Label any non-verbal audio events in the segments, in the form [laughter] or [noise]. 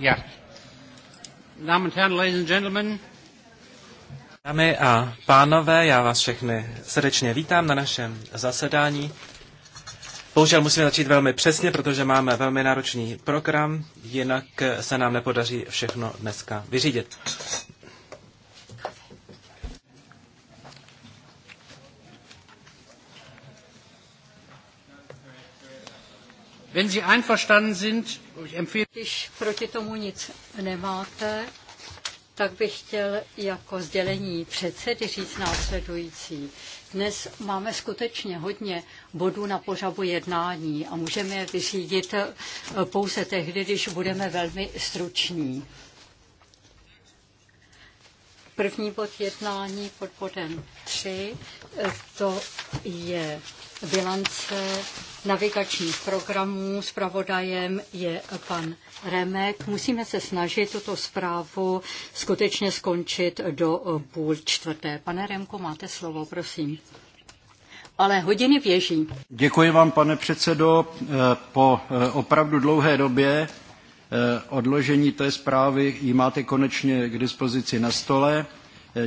Ja. Dámy and herren, ladies and gentlemen. Dámy a pánové, já vás všechny srdečně vítám na našem zasedání. Bohužel musíme začít velmi přesně, protože máme velmi náročný program, jinak se nám nepodaří všechno dneska vyřídit. Wenn Sie einverstanden sind, ich empfehle... Když proti tomu nic nemáte, tak bych chtěl jako sdělení předsedy říct následující. Dnes máme skutečně hodně bodů na pořadu jednání a můžeme je vyřídit eh, pouze tehdy, když budeme velmi struční. První bod jednání pod bodem 3, eh, to je bilance navigačních programů. Spravodajem je pan Remek. Musíme se snažit tuto zprávu skutečně skončit do eh, půl čtvrté. Pane Remku, máte slovo, prosím. Ale hodiny běží. Děkuji vám, pane předsedo. Eh, po eh, opravdu dlouhé době odložení té zprávy ji máte konečně k dispozici na stole.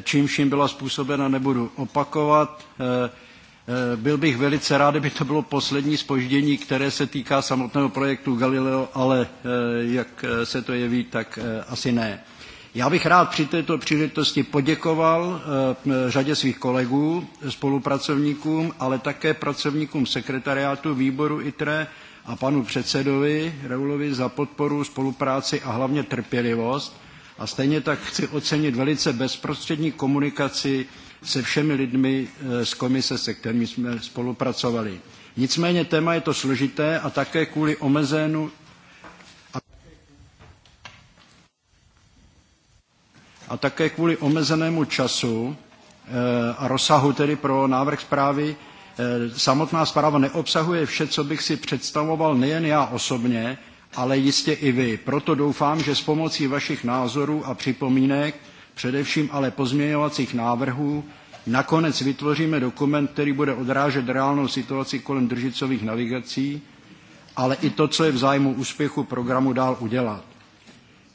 Čím vším byla způsobena, nebudu opakovat. Eh, byl bych velice rád, kdyby to bylo poslední spoždění, které se týká samotného projektu Galileo, ale eh, jak eh, se to jeví, tak asi ne. Já bych rád při této příležitosti poděkoval řadě svých kolegů, spolupracovníkům, ale také pracovníkům sekretariátu výboru ITRE a panu předsedovi Reulovi za podporu, spolupráci a hlavně trpělivost. A stejně tak chci ocenit velice bezprostřední komunikaci se všemi lidmi eh, z komise, se kterými jsme spolupracovali. Nicméně téma je to složité a také kvůli omezenému a také kvůli omezenému času eh, a rozsahu tedy pro návrh zprávy eh, samotná zpráva neobsahuje vše, co bych si představoval nejen já osobně, ale jistě i vy. Proto doufám, že s pomocí vašich názorů a připomínek především ale pozměňovacích návrhů, nakonec vytvoříme dokument, který bude odrážet reálnou situaci kolem držicových navigací, ale i to, co je v zájmu úspěchu programu dál udělat.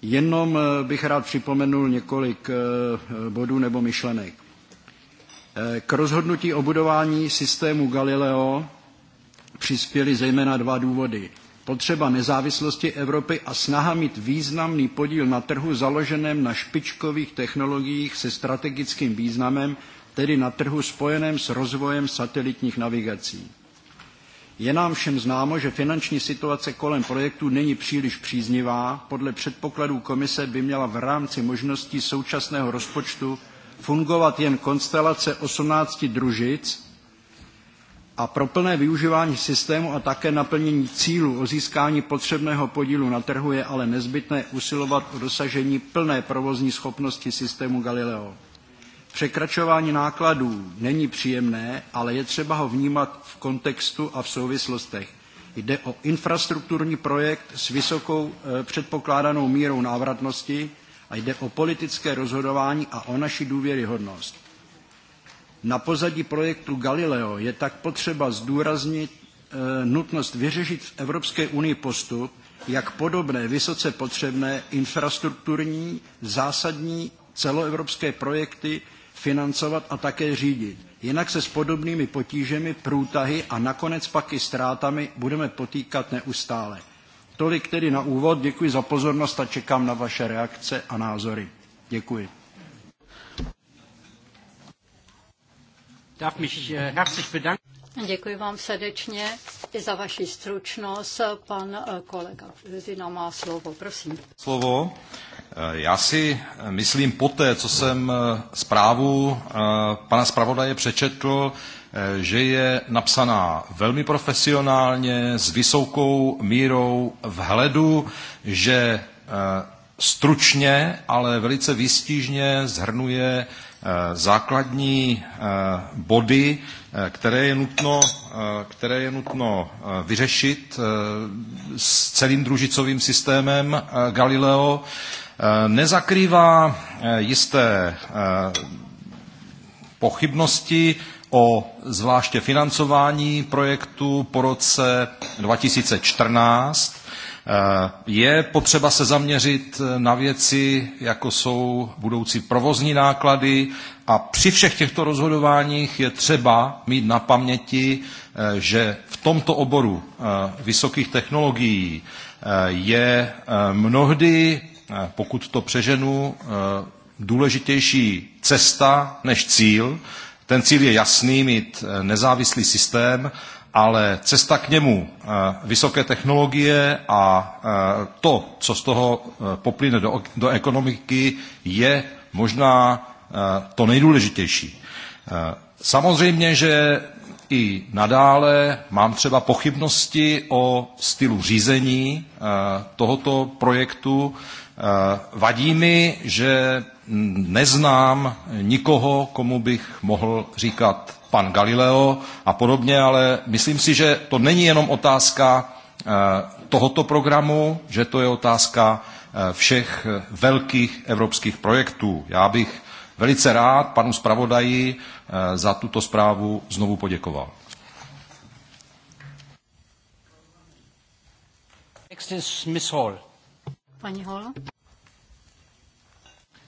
Jenom eh, bych rád připomenul několik eh, bodů nebo myšlenek. Eh, k rozhodnutí o budování systému Galileo přispěly zejména dva důvody – Potřeba nezávislosti Evropy a snaha mít významný podíl na trhu založeném na špičkových technologiích se strategickým významem, tedy na trhu spojeném s rozvojem satelitních navigací. Je nám všem známo, že finanční situace kolem projektu není příliš příznivá. Podle předpokladů komise by měla v rámci možností současného rozpočtu fungovat jen konstelace 18 družic, a pro plné využívání systému a také naplnění cílů o získání potřebného podílu na trhu je ale nezbytné usilovat o dosažení plné provozní schopnosti systému Galileo. Překračování nákladů není příjemné, ale je třeba ho vnímat v kontextu a v souvislostech. Jde o infrastrukturní projekt s vysokou e, předpokládanou mírou návratnosti a jde o politické rozhodování a o naši důvěryhodnost. Na pozadí projektu Galileo je tak potřeba zdůraznit eh, nutnost vyřešit v Evropské unii postup, jak podobné vysoce potřebné infrastrukturní, zásadní celoevropské projekty financovat a také řídit. Jinak se s podobnými potížemi, průtahy a nakonec pak i ztrátami budeme potýkat neustále. Tolik tedy na úvod, děkuji za pozornost a čekám na vaše reakce a názory. Děkuji. darf mich äh, herzlich bedanken. Děkuji vám srdečně i za vaši stručnost. Pan eh, kolega Vizina má slovo, prosím. Slovo. Eh, já si eh, myslím poté, co jsem zprávu pana zpravodaje přečetl, že je napsaná velmi profesionálně, s vysokou mírou vhledu, že stručně, ale velice výstižně zhrnuje Eh, základní eh, body, eh, které je nutno, které je nutno vyřešit s celým družicovým systémem Galileo, nezakrývá jisté pochybnosti o zvláště financování projektu po roce 2014 Eh, je potřeba se zaměřit eh, na věci, jako jsou budoucí provozní náklady a při všech těchto rozhodováních je třeba mít na paměti, eh, že v tomto oboru vysokých technologií je mnohdy, pokud to přeženu, důležitější cesta než cíl. Ten cíl je jasný, mít nezávislý systém, ale cesta k němu, eh, vysoké technologie a eh, to, co z toho eh, poplyne do, do ekonomiky, je možná to nejdůležitější. Samozřejmě, že i nadále mám třeba pochybnosti o stylu řízení tohoto projektu. Vadí mi, že neznám nikoho, komu bych mohl říkat pan Galileo a podobně, ale myslím si, že to není jenom otázka eh, tohoto programu, že to je otázka eh, všech eh, velkých evropských projektů. Já bych velice rád panu zpravodaji za tuto zprávu znovu poděkoval. Next is Miss Hall. Pani Hall.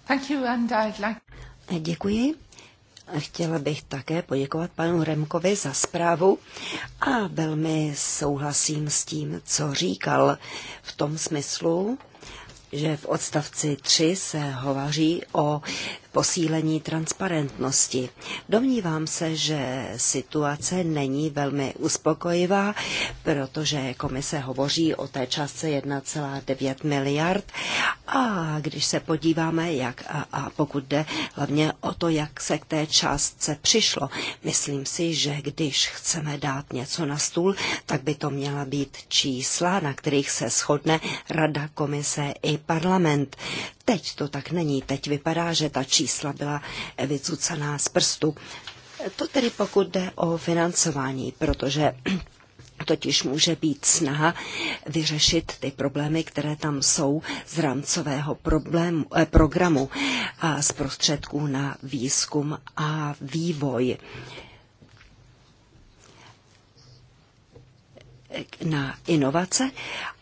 Thank you and I'd like... Děkuji. Chtěla bych také poděkovat panu Remkovi za zprávu a velmi souhlasím s tím, co říkal v tom smyslu, že v odstavci 3 se hovoří o posílení transparentnosti. Domnívám se, že situace není velmi uspokojivá, protože komise hovoří o té částce 1,9 miliard a když se podíváme, jak a, a pokud jde hlavně o to, jak se k té částce přišlo, myslím si, že když chceme dát něco na stůl, tak by to měla být čísla, na kterých se shodne Rada, Komise i parlament. Teď to tak není. Teď vypadá, že ta čísla byla vycucaná z prstu. To tedy pokud jde o financování, protože totiž může být snaha vyřešit ty problémy, které tam jsou z rámcového problému, eh, programu a z prostředků na výzkum a vývoj. Eh, na inovace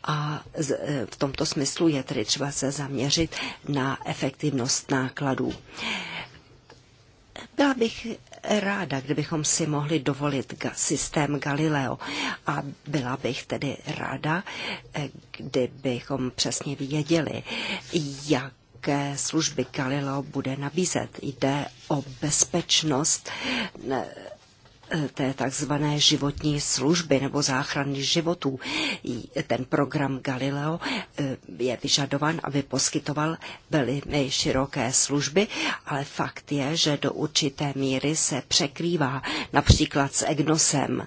a e, v tomto smyslu je tedy třeba se zaměřit na efektivnost nákladů. Byla bych ráda, kdybychom si mohli dovolit systém Galileo a byla bych tedy ráda, e, kdybychom přesně věděli, jak jaké služby Galileo bude nabízet. Jde o bezpečnost e, té takzvané životní služby nebo záchrany životů. Ten program Galileo eh, je vyžadovan, aby poskytoval velmi široké služby, ale fakt je, že do určité míry se překrývá například s EGNOSem,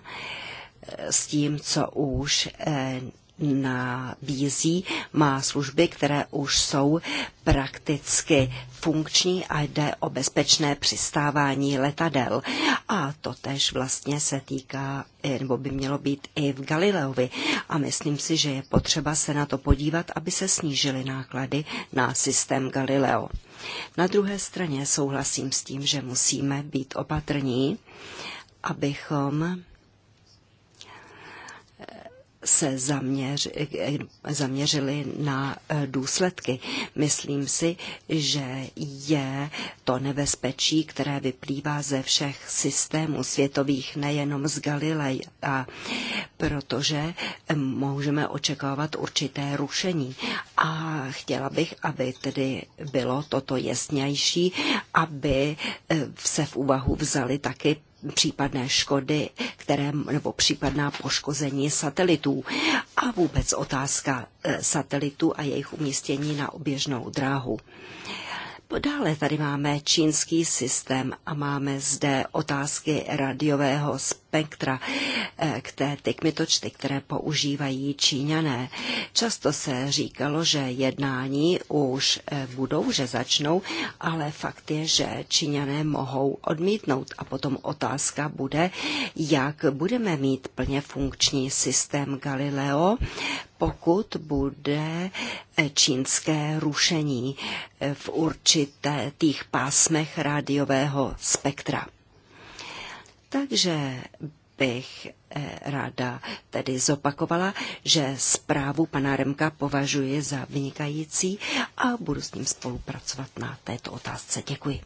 eh, s tím, co už eh, nabízí, má služby, které už jsou prakticky funkční a jde o bezpečné přistávání letadel. A to tež vlastně se týká, eh, nebo by mělo být i v Galileovi. A myslím si, že je potřeba se na to podívat, aby se snížily náklady na systém Galileo. Na druhé straně souhlasím s tím, že musíme být opatrní, abychom se zaměř, zaměřili na e, důsledky. Myslím si, že je to nebezpečí, které vyplývá ze všech systémů světových, nejenom z Galilei, a protože můžeme očekávat určité rušení. A chtěla bych, aby tedy bylo toto jasnější, aby e, se v úvahu vzali taky případné škody které, nebo případná poškození satelitů a vůbec otázka eh, satelitů a jejich umístění na oběžnou dráhu. Dále tady máme čínský systém a máme zde otázky radiového spektra, eh, které tykmitočty, které používají Číňané. Často se říkalo, že jednání už eh, budou, že začnou, ale fakt je, že Číňané mohou odmítnout. A potom otázka bude, jak budeme mít plně funkční systém Galileo, pokud bude eh, čínské rušení eh, v určitých pásmech rádiového spektra. Takže bych eh, ráda tedy zopakovala, že zprávu pana Remka považuji za vynikající a budu s ním spolupracovat na této otázce. Děkuji.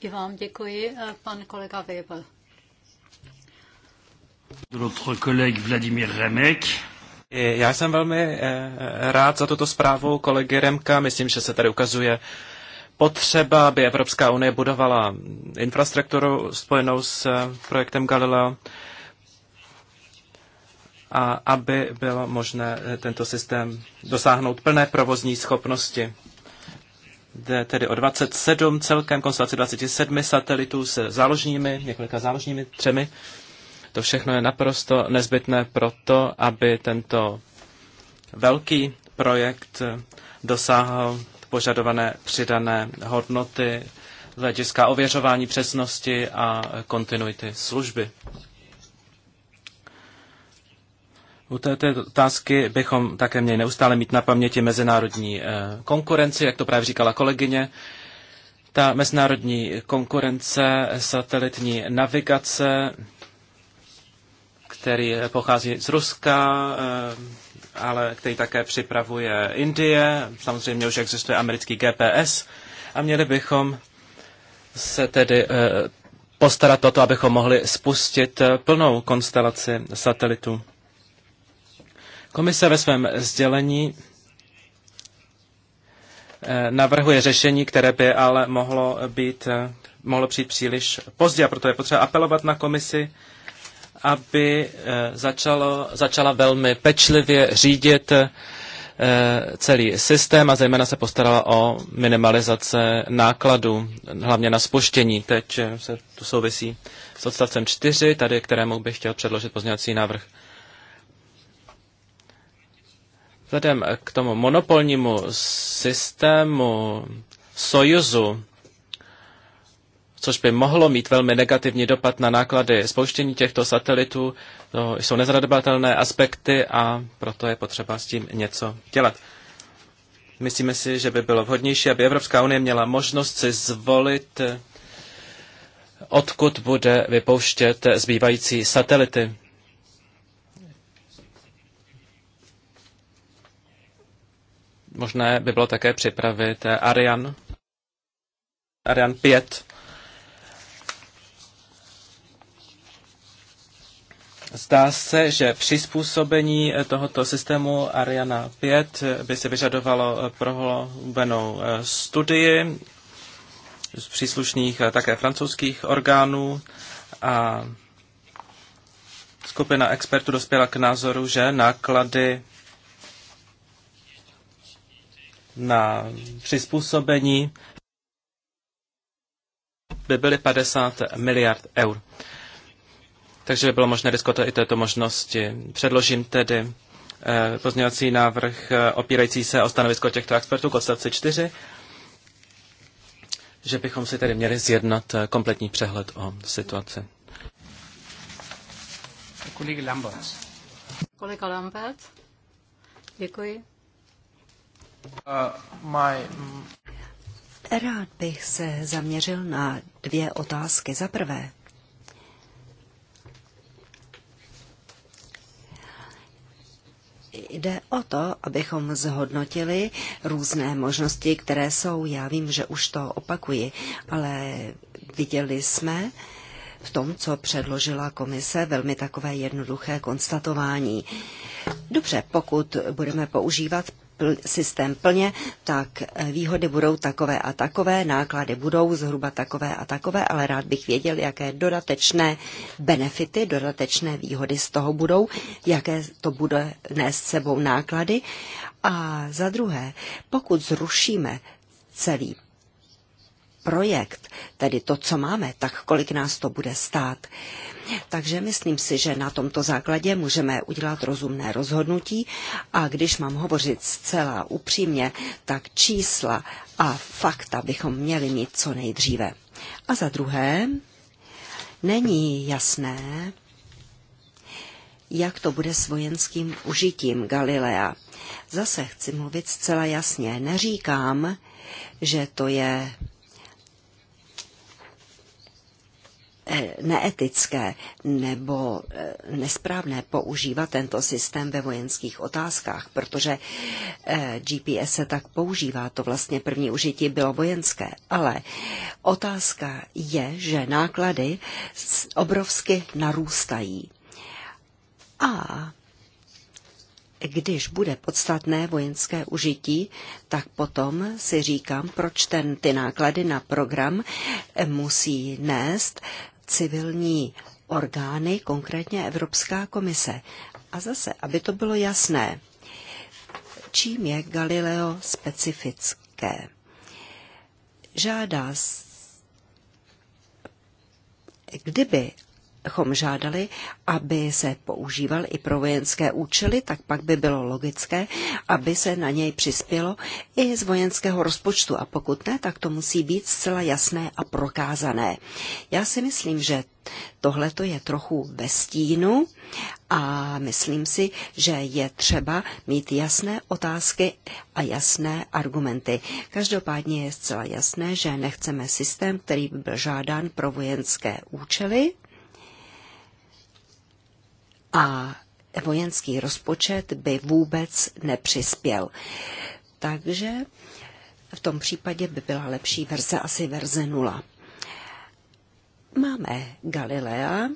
I vám děkuji, pan kolega Weber. Notre collègue Vladimir Remek. Já jsem velmi eh, eh, rád za tuto zprávu kolegy Remka. Myslím, že se tady ukazuje potřeba, aby Evropská unie budovala infrastrukturu spojenou s eh, projektem Galileo a aby bylo možné tento systém dosáhnout plné provozní schopnosti. Jde tedy o 27 celkem, konstelaci 27 satelitů se záložními, několika záložními třemi to všechno je naprosto nezbytné proto, aby tento velký projekt dosáhl požadované přidané hodnoty z hlediska ověřování přesnosti a kontinuity služby. U této otázky bychom také měli neustále mít na paměti mezinárodní eh, konkurenci, jak to právě říkala kolegyně. Ta mezinárodní konkurence, satelitní navigace který pochází z Ruska, eh, ale který také připravuje Indie. Samozřejmě už existuje americký GPS a měli bychom se tedy eh, postarat o to, abychom mohli spustit eh, plnou konstelaci satelitů. Komise ve svém sdělení navrhuje řešení, které by ale mohlo, být, mohlo přijít příliš pozdě, a proto je potřeba apelovat na komisi, aby eh, začalo, začala velmi pečlivě řídit eh, celý systém a zejména se postarala o minimalizace nákladů, hlavně na spuštění. Teď eh, se to souvisí s odstavcem 4, tady kterému bych chtěl předložit pozměňovací návrh. Vzhledem k tomu monopolnímu systému Sojuzu což by mohlo mít velmi negativní dopad na náklady spouštění těchto satelitů. To jsou nezradovatelné aspekty a proto je potřeba s tím něco dělat. Myslíme si, že by bylo vhodnější, aby Evropská unie měla možnost si zvolit, odkud bude vypouštět zbývající satelity. Možné by bylo také připravit Ariane, Ariane 5, Zdá se, že přizpůsobení eh, tohoto systému Ariana 5 eh, by se vyžadovalo eh, prohloubenou studii z příslušných také francouzských orgánů a skupina expertů dospěla k názoru, že náklady na přizpůsobení by byly 50 miliard eur takže by bylo možné diskutovat i této možnosti. Předložím tedy eh, pozměňovací návrh eh, opírající se o stanovisko těchto expertů k odstavci 4, že bychom si tedy měli zjednat eh, kompletní přehled o situaci. Kolega Lambert. Kolega Lambert. Děkuji. Uh, my... Rád bych se zaměřil na dvě otázky. Za prvé, Jde o to, abychom zhodnotili různé možnosti, které jsou. Já vím, že už to opakuji, ale viděli jsme v tom, co předložila komise, velmi takové jednoduché konstatování. Dobře, pokud budeme používat systém plně, tak eh, výhody budou takové a takové, náklady budou zhruba takové a takové, ale rád bych věděl, jaké dodatečné benefity, dodatečné výhody z toho budou, jaké to bude nést sebou náklady. A za druhé, pokud zrušíme celý projekt, tedy to, co máme, tak kolik nás to bude stát. Takže myslím si, že na tomto základě můžeme udělat rozumné rozhodnutí a když mám hovořit zcela upřímně, tak čísla a fakta bychom měli mít co nejdříve. A za druhé, není jasné, jak to bude s vojenským užitím Galilea. Zase chci mluvit zcela jasně. Neříkám, že to je Eh, neetické nebo eh, nesprávné používat tento systém ve vojenských otázkách, protože eh, GPS se tak používá, to vlastně první užití bylo vojenské, ale otázka je, že náklady obrovsky narůstají. A když bude podstatné vojenské užití, tak potom si říkám, proč ten, ty náklady na program musí nést civilní orgány, konkrétně Evropská komise. A zase, aby to bylo jasné, čím je Galileo specifické? Žádá, kdyby bychom žádali, aby se používal i pro vojenské účely, tak pak by bylo logické, aby se na něj přispělo i z vojenského rozpočtu a pokud ne, tak to musí být zcela jasné a prokázané. Já si myslím, že tohle to je trochu ve stínu a myslím si, že je třeba mít jasné otázky a jasné argumenty. Každopádně je zcela jasné, že nechceme systém, který by byl žádán pro vojenské účely, a vojenský rozpočet by vůbec nepřispěl. Takže v tom případě by byla lepší verze asi verze nula. Máme Galilea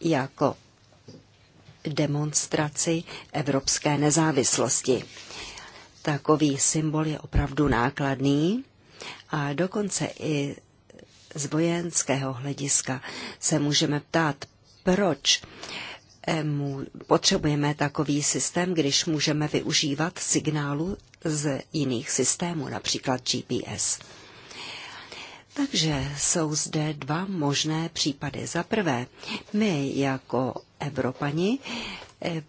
jako demonstraci evropské nezávislosti. Takový symbol je opravdu nákladný a dokonce i z vojenského hlediska se můžeme ptát, proč? potřebujeme takový systém, když můžeme využívat signálu z jiných systémů, například GPS. Takže jsou zde dva možné případy. Za prvé, my jako Evropani eh,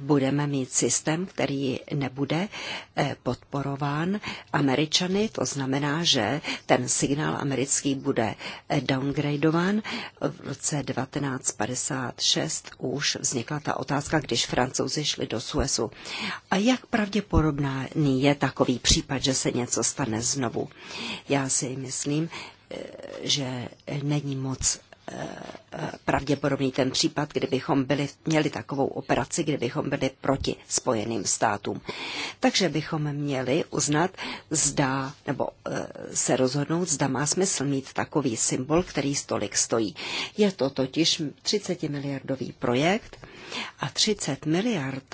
budeme mít systém, který nebude eh, podporován Američany, to znamená, že ten signál americký bude eh, downgradován. V roce 1956 už vznikla ta otázka, když francouzi šli do Suezu. A jak pravděpodobný je takový případ, že se něco stane znovu? Já si myslím, eh, že není moc pravděpodobný ten případ, kdybychom byli, měli takovou operaci, kdybychom byli proti Spojeným státům. Takže bychom měli uznat, zda, nebo eh, se rozhodnout, zda má smysl mít takový symbol, který stolik stojí. Je to totiž 30 miliardový projekt a 30 miliard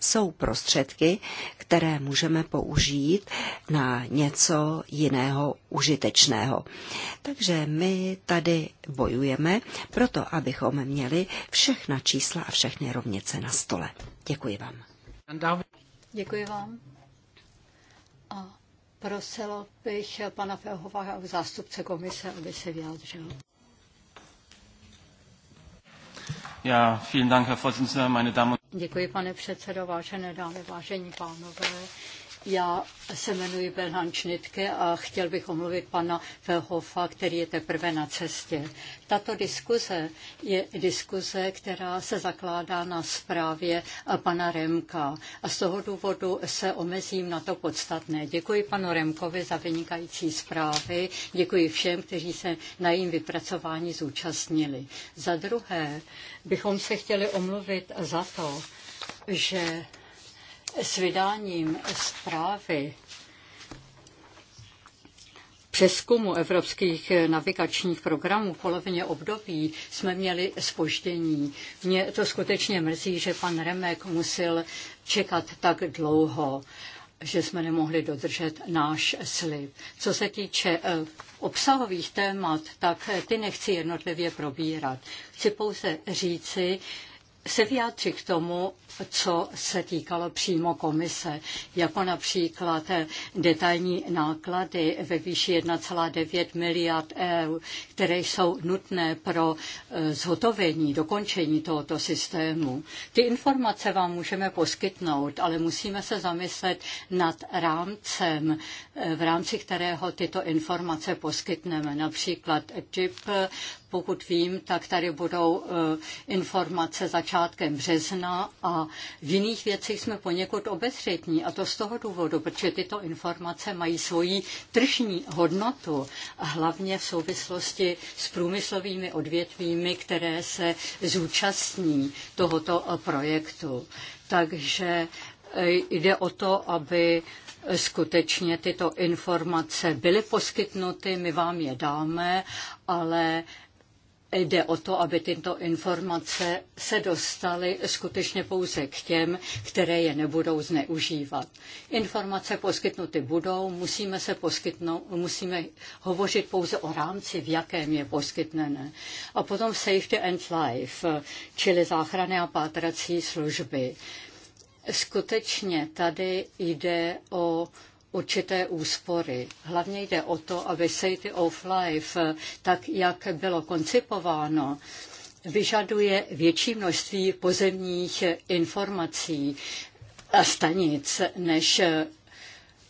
jsou prostředky, které můžeme použít na něco jiného užitečného. Takže my tady bojujeme proto, abychom měli všechna čísla a všechny rovnice na stole. Děkuji vám. Děkuji vám. A prosila bych pana Felhova, zástupce komise, aby se vyjádřil. Ja, vielen Dank, Herr Vorsitzender, meine Damen und Děkuji, pane předsedo, vážené dámy, vážení pánové. Já se jmenuji Belhan Čnitke a chtěl bych omluvit pana Velhofa, který je teprve na cestě. Tato diskuze je diskuze, která se zakládá na zprávě pana Remka a z toho důvodu se omezím na to podstatné. Děkuji panu Remkovi za vynikající zprávy, děkuji všem, kteří se na jím vypracování zúčastnili. Za druhé bychom se chtěli omluvit za to, že s vydáním zprávy přeskumu evropských navigačních programů v polovině období jsme měli spoždění. Mě to skutečně mrzí, že pan Remek musel čekat tak dlouho, že jsme nemohli dodržet náš slib. Co se týče eh, obsahových témat, tak ty nechci jednotlivě probírat. Chci pouze říci, se vyjádřit k tomu, co se týkalo přímo komise, jako například detailní náklady ve výši 1,9 miliard eur, které jsou nutné pro eh, zhotovení, dokončení tohoto systému. Ty informace vám můžeme poskytnout, ale musíme se zamyslet nad rámcem, eh, v rámci kterého tyto informace poskytneme. Například JIP pokud vím, tak tady budou e, informace začátkem března a v jiných věcech jsme poněkud obezřetní. A to z toho důvodu, protože tyto informace mají svoji tržní hodnotu, a hlavně v souvislosti s průmyslovými odvětvími, které se zúčastní tohoto e, projektu. Takže e, jde o to, aby skutečně tyto informace byly poskytnuty, my vám je dáme, ale Jde o to, aby tyto informace se dostaly skutečně pouze k těm, které je nebudou zneužívat. Informace poskytnuty budou, musíme, se poskytnout, musíme hovořit pouze o rámci, v jakém je poskytnené. A potom Safety and Life, čili záchrany a pátrací služby. Skutečně tady jde o určité úspory. Hlavně jde o to, aby Safety of Life, tak jak bylo koncipováno, vyžaduje větší množství pozemních informací a stanic, než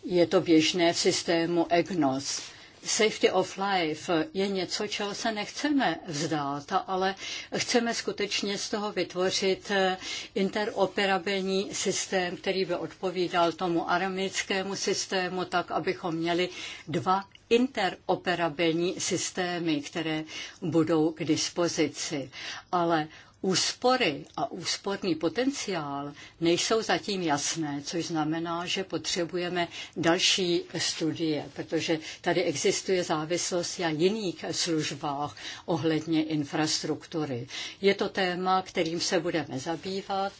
je to běžné v systému EGNOS. Safety of Life je něco, čeho se nechceme vzdát, ale chceme skutečně z toho vytvořit eh, interoperabilní systém, který by odpovídal tomu aramickému systému, tak abychom měli dva interoperabilní systémy, které budou k dispozici. Ale Úspory a úsporný potenciál nejsou zatím jasné, což znamená, že potřebujeme další studie, protože tady existuje závislost na jiných službách ohledně infrastruktury. Je to téma, kterým se budeme zabývat,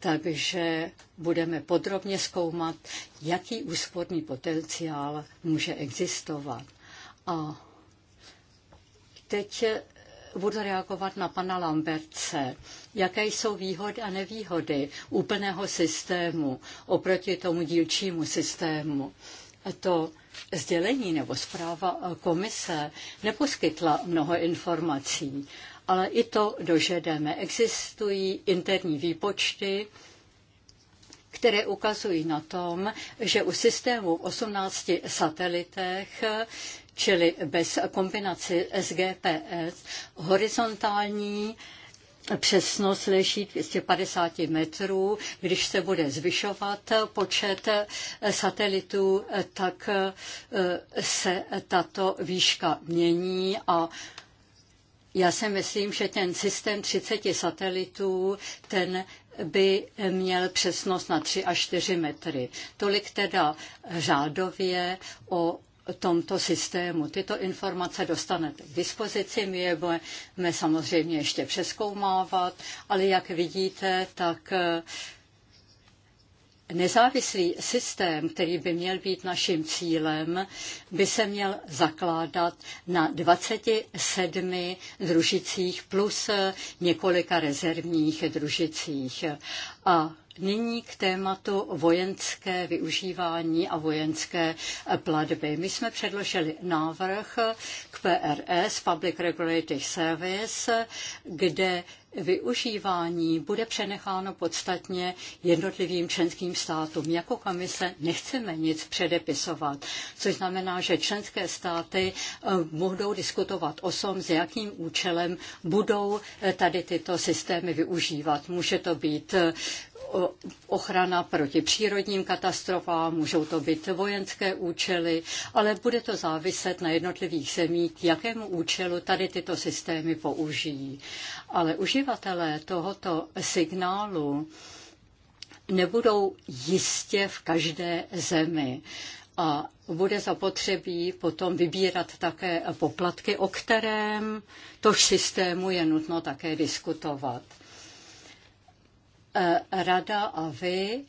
takže budeme podrobně zkoumat, jaký úsporný potenciál může existovat. A teď budu reagovat na pana Lamberce. Jaké jsou výhody a nevýhody úplného systému oproti tomu dílčímu systému? To sdělení nebo zpráva komise neposkytla mnoho informací, ale i to dožedeme. Existují interní výpočty, které ukazují na tom, že u systému v 18 satelitech čili bez kombinace SGPS, horizontální přesnost leží 250 metrů. Když se bude zvyšovat počet satelitů, tak eh, se tato výška mění a já si myslím, že ten systém 30 satelitů, ten by měl přesnost na 3 až 4 metry. Tolik teda řádově o tomto systému. Tyto informace dostanete k dispozici, my je budeme samozřejmě ještě přeskoumávat, ale jak vidíte, tak eh, nezávislý systém, který by měl být naším cílem, by se měl zakládat na 27 družicích plus eh, několika rezervních družicích. A Nyní k tématu vojenské využívání a vojenské eh, platby. My jsme předložili návrh k PRS, Public Regulated Service, kde využívání bude přenecháno podstatně jednotlivým členským státům. Jako komise nechceme nic předepisovat, což znamená, že členské státy eh, mohou diskutovat o tom, s jakým účelem budou eh, tady tyto systémy využívat. Může to být ochrana proti přírodním katastrofám, můžou to být vojenské účely, ale bude to záviset na jednotlivých zemích, k jakému účelu tady tyto systémy použijí. Ale uživatelé tohoto signálu nebudou jistě v každé zemi. A bude zapotřebí potom vybírat také poplatky, o kterém tož systému je nutno také diskutovat. E, Rada a vy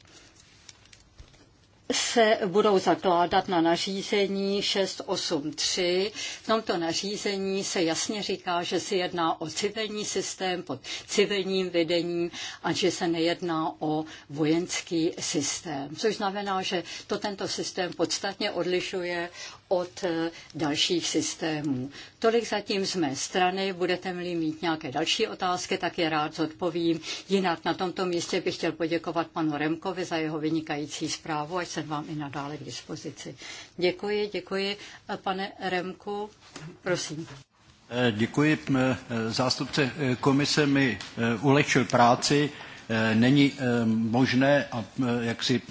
se budou zakládat na nařízení 683. V tomto nařízení se jasně říká, že se jedná o civilní systém pod civilním vedením a že se nejedná o vojenský systém. Což znamená, že to tento systém podstatně odlišuje od eh, dalších systémů. Tolik zatím z mé strany. Budete-li mít nějaké další otázky, tak je rád zodpovím. Jinak na tomto místě bych chtěl poděkovat panu Remkovi za jeho vynikající zprávu, ať jsem vám i nadále k dispozici. Děkuji, děkuji. Eh, pane Remku, prosím. Eh, děkuji. Zástupce komise mi ulehčil práci. Není možné, jak si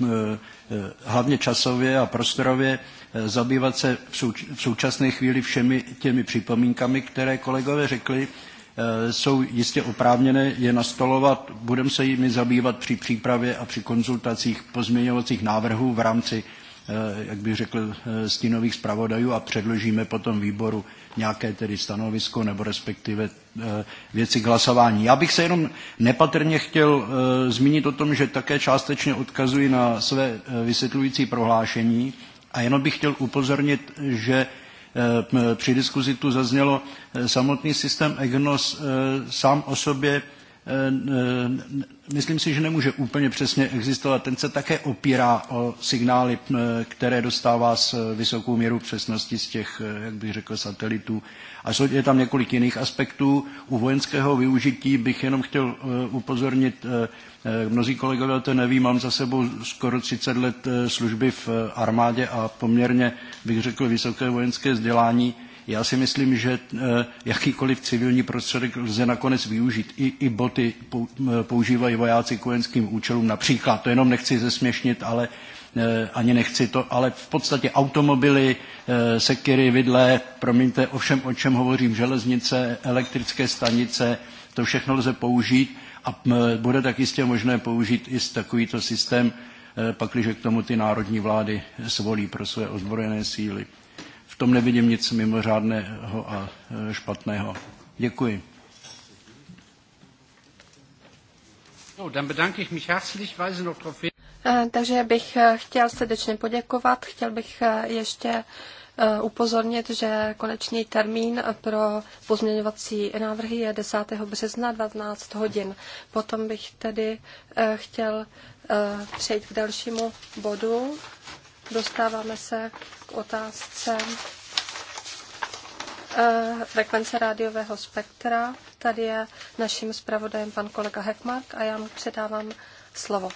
hlavně časově a prostorově, Eh, zabývat se v současné chvíli všemi těmi připomínkami, které kolegové řekli, eh, jsou jistě oprávněné je nastolovat. Budeme se jimi zabývat při přípravě a při konzultacích pozměňovacích návrhů v rámci, eh, jak bych řekl, stínových zpravodajů a předložíme potom výboru nějaké tedy stanovisko nebo respektive věci k hlasování. Já bych se jenom nepatrně chtěl zmínit o tom, že také částečně odkazuji na své vysvětlující prohlášení, a jenom bych chtěl upozornit, že eh, při diskuzi tu zaznělo, eh, samotný systém EGNOS eh, sám o sobě myslím si, že nemůže úplně přesně existovat. Ten se také opírá o signály, které dostává s vysokou měrou přesnosti z těch, jak bych řekl, satelitů a je tam několik jiných aspektů. U vojenského využití bych jenom chtěl eh, upozornit, eh, eh, mnozí kolegové to neví, mám za sebou skoro 30 let služby v armádě a poměrně, bych řekl, vysoké vojenské vzdělání. Já si myslím, že jakýkoliv civilní prostředek lze nakonec využít. I, i boty používají vojáci k vojenským účelům například. To jenom nechci zesměšnit, ale Eh, ani nechci to, ale v podstatě automobily, eh, sekiry, vidle, promiňte, o všem, o čem hovořím, železnice, elektrické stanice, to všechno lze použít a eh, bude tak jistě možné použít i takovýto systém, pakliže k tomu ty národní vlády svolí pro své ozbrojené síly. V tom nevidím nic mimořádného a špatného. Děkuji. No, dann bedanke ich mich herzlich, weise noch darauf hin, Eh, takže bych eh, chtěl srdečně poděkovat. Chtěl bych eh, ještě upozornit, že konečný termín pro pozměňovací návrhy je 10. března 12 hodin. Potom bych tedy chtěl přejít k dalšímu bodu. Dostáváme se k otázce frekvence rádiového spektra. Tady je naším zpravodajem pan kolega Hekmark a já mu předávám slovo.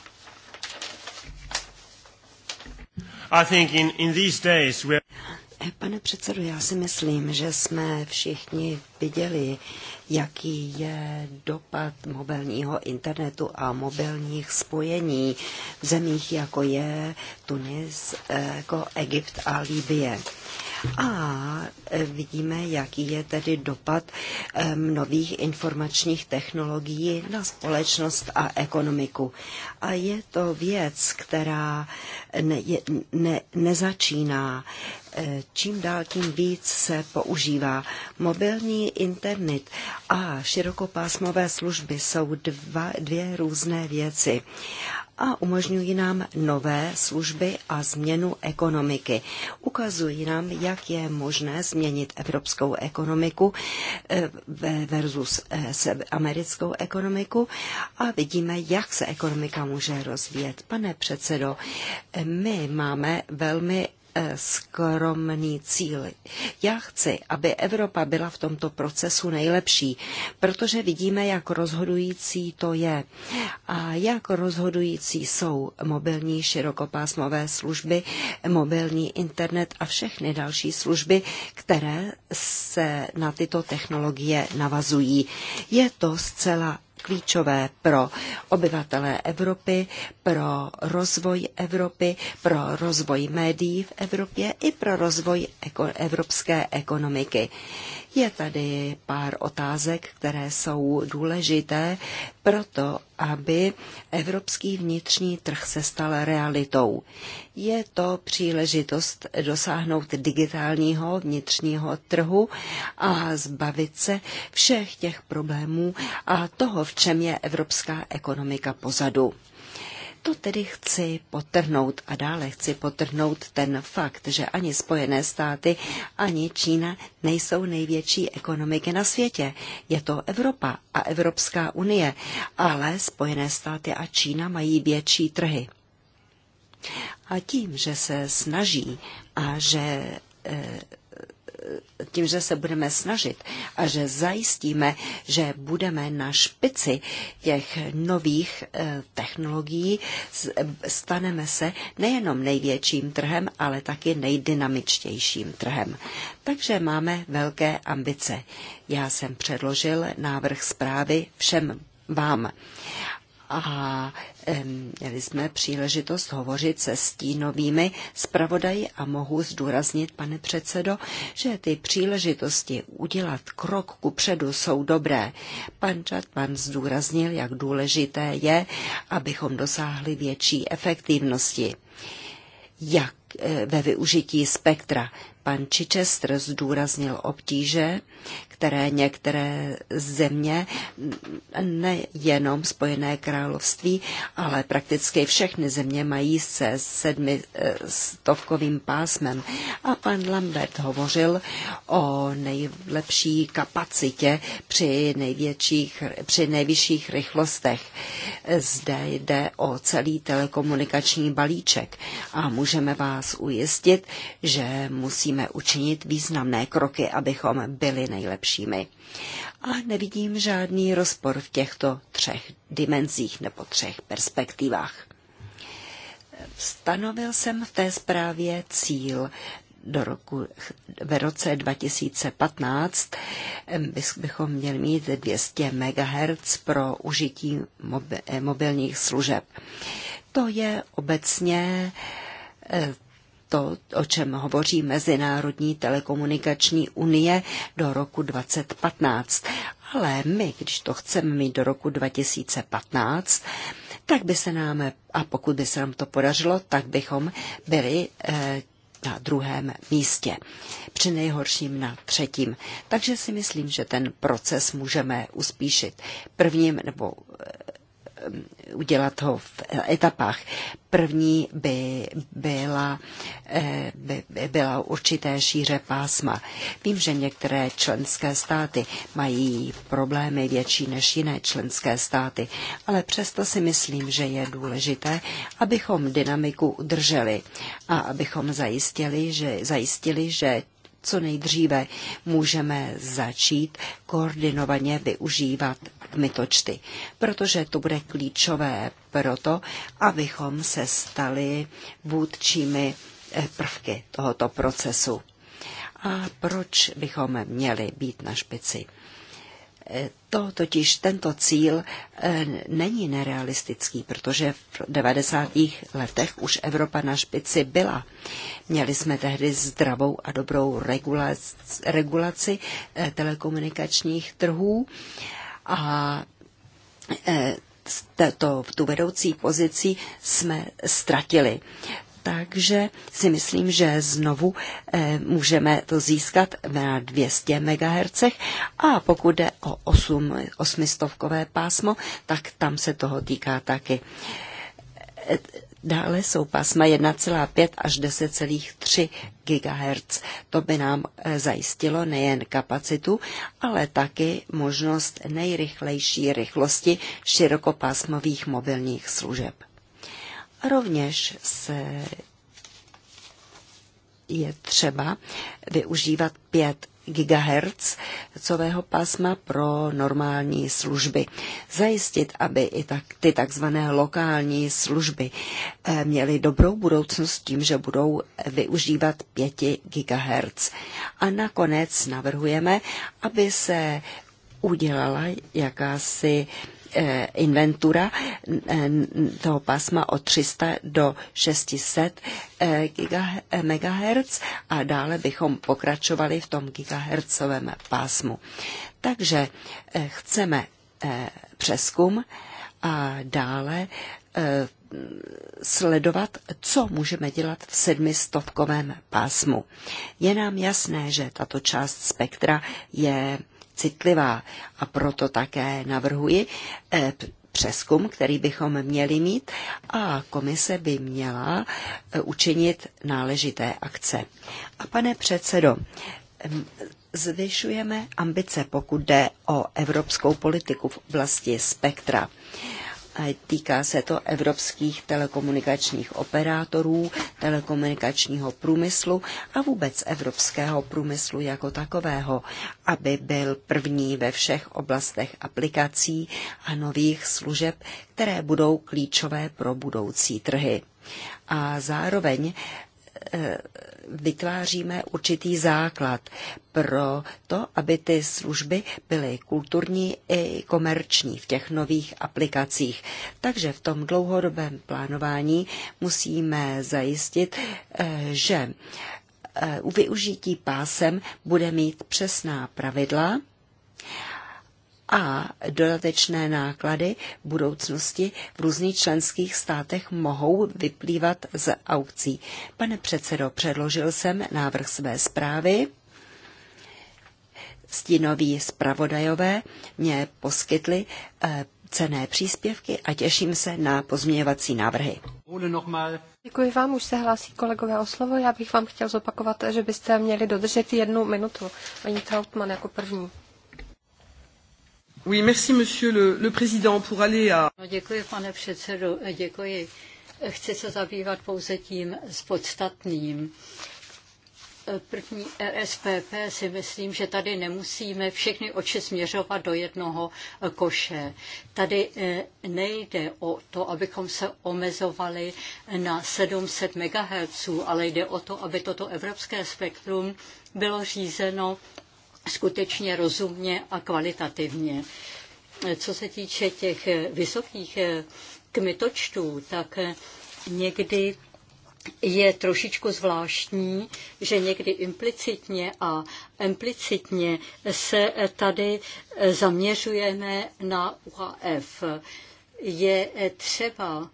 Eh, pane předsedo, já si myslím, že jsme všichni viděli, jaký je dopad mobilního internetu a mobilních spojení v zemích, jako je Tunis, eh, jako Egypt a Libie. A e, vidíme, jaký je tedy dopad e, nových informačních technologií na společnost a ekonomiku. A je to věc, která ne, ne, nezačíná čím dál tím víc se používá. Mobilní internet a širokopásmové služby jsou dva, dvě různé věci a umožňují nám nové služby a změnu ekonomiky. Ukazují nám, jak je možné změnit evropskou ekonomiku eh, versus eh, americkou ekonomiku a vidíme, jak se ekonomika může rozvíjet. Pane předsedo, eh, my máme velmi Eh, skromný cíl. Já chci, aby Evropa byla v tomto procesu nejlepší, protože vidíme, jak rozhodující to je a jak rozhodující jsou mobilní širokopásmové služby, mobilní internet a všechny další služby, které se na tyto technologie navazují. Je to zcela klíčové pro obyvatele Evropy, pro rozvoj Evropy, pro rozvoj médií v Evropě i pro rozvoj evropské ekonomiky. Je tady pár otázek, které jsou důležité pro to, aby evropský vnitřní trh se stal realitou. Je to příležitost dosáhnout digitálního vnitřního trhu a zbavit se všech těch problémů a toho, v čem je evropská ekonomika pozadu. To tedy chci potrhnout a dále chci potrhnout ten fakt, že ani Spojené státy, ani Čína nejsou největší ekonomiky na světě. Je to Evropa a Evropská unie, ale Spojené státy a Čína mají větší trhy. A tím, že se snaží a že e, tím, že se budeme snažit a že zajistíme, že budeme na špici těch nových eh, technologií, staneme se nejenom největším trhem, ale taky nejdynamičtějším trhem. Takže máme velké ambice. Já jsem předložil návrh zprávy všem vám a měli jsme příležitost hovořit se stínovými zpravodaji a mohu zdůraznit, pane předsedo, že ty příležitosti udělat krok ku předu jsou dobré. Pan Čatman zdůraznil, jak důležité je, abychom dosáhli větší efektivnosti. Jak eh, ve využití spektra. Pan Čičestr zdůraznil obtíže, které některé země, nejenom Spojené království, ale prakticky všechny země mají se sedmi e, stovkovým pásmem. A pan Lambert hovořil o nejlepší kapacitě při, největších, při nejvyšších rychlostech. Zde jde o celý telekomunikační balíček a můžeme vás ujistit, že musíme učinit významné kroky, abychom byli nejlepší dalšími. A nevidím žádný rozpor v těchto třech dimenzích nebo třech perspektivách. Stanovil jsem v té zprávě cíl do roku, v roce 2015 bychom měli mít 200 MHz pro užití mobilních služeb. To je obecně eh, to, o čem hovoří Mezinárodní telekomunikační unie do roku 2015. Ale my, když to chceme mít do roku 2015, tak by se nám, a pokud by se nám to podařilo, tak bychom byli eh, na druhém místě, při nejhorším na třetím. Takže si myslím, že ten proces můžeme uspíšit. Prvním nebo eh, Eh, udělat ho v etapách. První by byla, eh, by byla určité šíře pásma. Vím, že některé členské státy mají problémy větší než jiné členské státy, ale přesto si myslím, že je důležité, abychom dynamiku udrželi a abychom zajistili, že, zajistili, že co nejdříve můžeme začít koordinovaně využívat kmitočty, protože to bude klíčové proto, abychom se stali vůdčími eh, prvky tohoto procesu. A proč bychom měli být na špici? To totiž tento cíl eh, není nerealistický, protože v 90. letech už Evropa na špici byla. Měli jsme tehdy zdravou a dobrou regulaci, regulaci eh, telekomunikačních trhů a eh, to, tu vedoucí pozici jsme ztratili. Takže si myslím, že znovu eh, můžeme to získat na 200 MHz a pokud jde o 8, 800 pásmo, tak tam se toho týká taky. Eh, dále jsou pásma 1,5 až 10,3 GHz. To by nám eh, zajistilo nejen kapacitu, ale taky možnost nejrychlejší rychlosti širokopásmových mobilních služeb. Rovněž se je třeba využívat 5 GHz cového pásma pro normální služby. Zajistit, aby i tak, ty takzvané lokální služby eh, měly dobrou budoucnost tím, že budou využívat 5 GHz. A nakonec navrhujeme, aby se udělala jakási Eh, inventura eh, toho pásma od 300 do 600 eh, MHz a dále bychom pokračovali v tom gigahertzovém pásmu. Takže chceme přeskum a dále sledovat, co můžeme dělat v sedmistovkovém pásmu. Je nám jasné, že tato část spektra je citlivá a proto také navrhuji eh, přeskum, který bychom měli mít a komise by měla eh, učinit náležité akce. A pane předsedo, zvyšujeme ambice, pokud jde o evropskou politiku v oblasti spektra. Týká se to evropských telekomunikačních operátorů, telekomunikačního průmyslu a vůbec evropského průmyslu jako takového, aby byl první ve všech oblastech aplikací a nových služeb, které budou klíčové pro budoucí trhy. A zároveň Eh, vytváříme určitý základ pro to, aby ty služby byly kulturní i komerční v těch nových aplikacích. Takže v tom dlouhodobém plánování musíme zajistit, eh, že eh, u využití pásem bude mít přesná pravidla a dodatečné náklady v budoucnosti v různých členských státech mohou vyplývat z aukcí. Pane předsedo, předložil jsem návrh své zprávy. Stinoví zpravodajové mě poskytli eh, cené příspěvky a těším se na pozměňovací návrhy. Děkuji vám, už se hlásí kolegové o slovo. Já bych vám chtěl zopakovat, že byste měli dodržet jednu minutu. Paní Trautmann jako první. Oui, merci, monsieur le, le président, pour aller à... No, děkuji, pane předsedo, děkuji. Chci se zabývat pouze tím s podstatným. První e SPP si myslím, že tady nemusíme všechny oči směřovat do jednoho koše. Tady eh, nejde o to, abychom se omezovali na 700 MHz, ale jde o to, aby toto evropské spektrum bylo řízeno skutečně rozumně a kvalitativně. Co se týče těch vysokých kmitočtů, tak někdy je trošičku zvláštní, že někdy implicitně a implicitně se tady zaměřujeme na UHF. Je třeba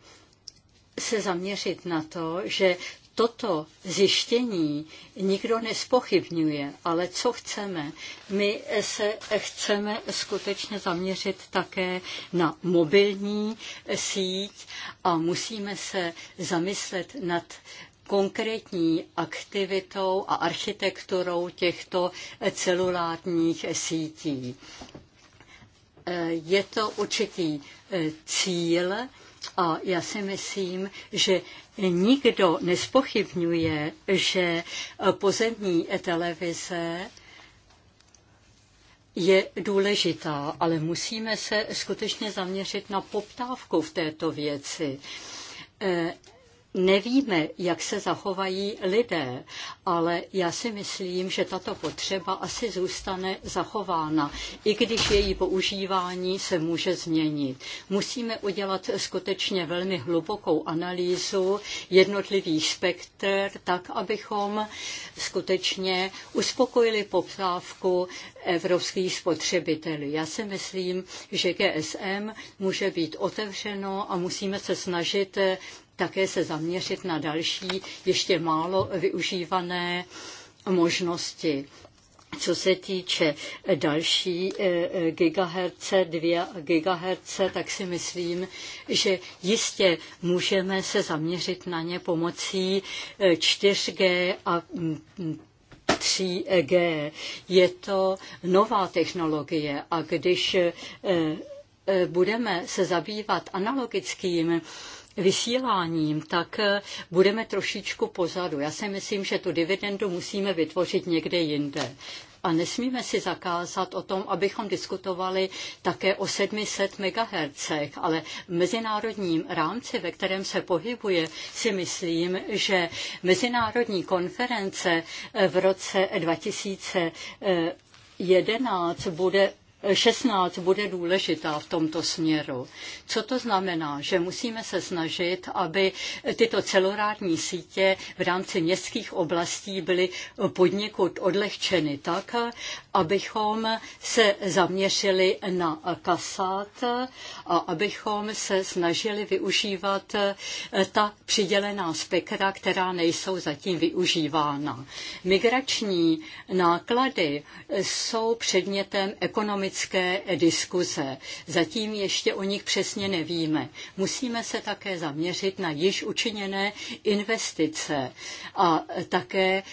se zaměřit na to, že toto zjištění nikdo nespochybňuje, ale co chceme? My se chceme skutečně zaměřit také na mobilní síť a musíme se zamyslet nad konkrétní aktivitou a architekturou těchto celulárních sítí. Eh, je to určitý eh, cíl, a já si myslím, že Nikdo nespochybňuje, že pozemní televize je důležitá, ale musíme se skutečně zaměřit na poptávku v této věci. Eh, nevíme, jak se zachovají lidé, ale já si myslím, že tato potřeba asi zůstane zachována, i když její používání se může změnit. Musíme udělat skutečně velmi hlubokou analýzu jednotlivých spektr, tak, abychom skutečně uspokojili poptávku evropských spotřebitelů. Já si myslím, že GSM může být otevřeno a musíme se snažit také se zaměřit na další, ještě málo využívané možnosti. Co se týče další eh, eh, gigaherce, 2 gigaherce, tak si myslím, že jistě můžeme se zaměřit na ně pomocí 4G eh, a 3G. Mm, mm, Je to nová technologie a když budeme se zabývat analogickým vysíláním, tak eh, budeme trošičku pozadu. Já si myslím, že tu dividendu musíme vytvořit někde jinde. A nesmíme si zakázat o tom, abychom diskutovali také o 700 MHz, ale v mezinárodním rámci, ve kterém se pohybuje, si myslím, že mezinárodní konference eh, v roce 2000 11 eh, bude 16 bude důležitá v tomto směru. Co to znamená? Že musíme se snažit, aby tyto celorádní sítě v rámci městských oblastí byly podněkud odlehčeny tak, abychom se zaměřili na kasát a abychom se snažili využívat ta přidělená spektra, která nejsou zatím využívána. Migrační náklady jsou předmětem ekonomické ekonomické diskuze. Zatím ještě o nich přesně nevíme. Musíme se také zaměřit na již učiněné investice a také e,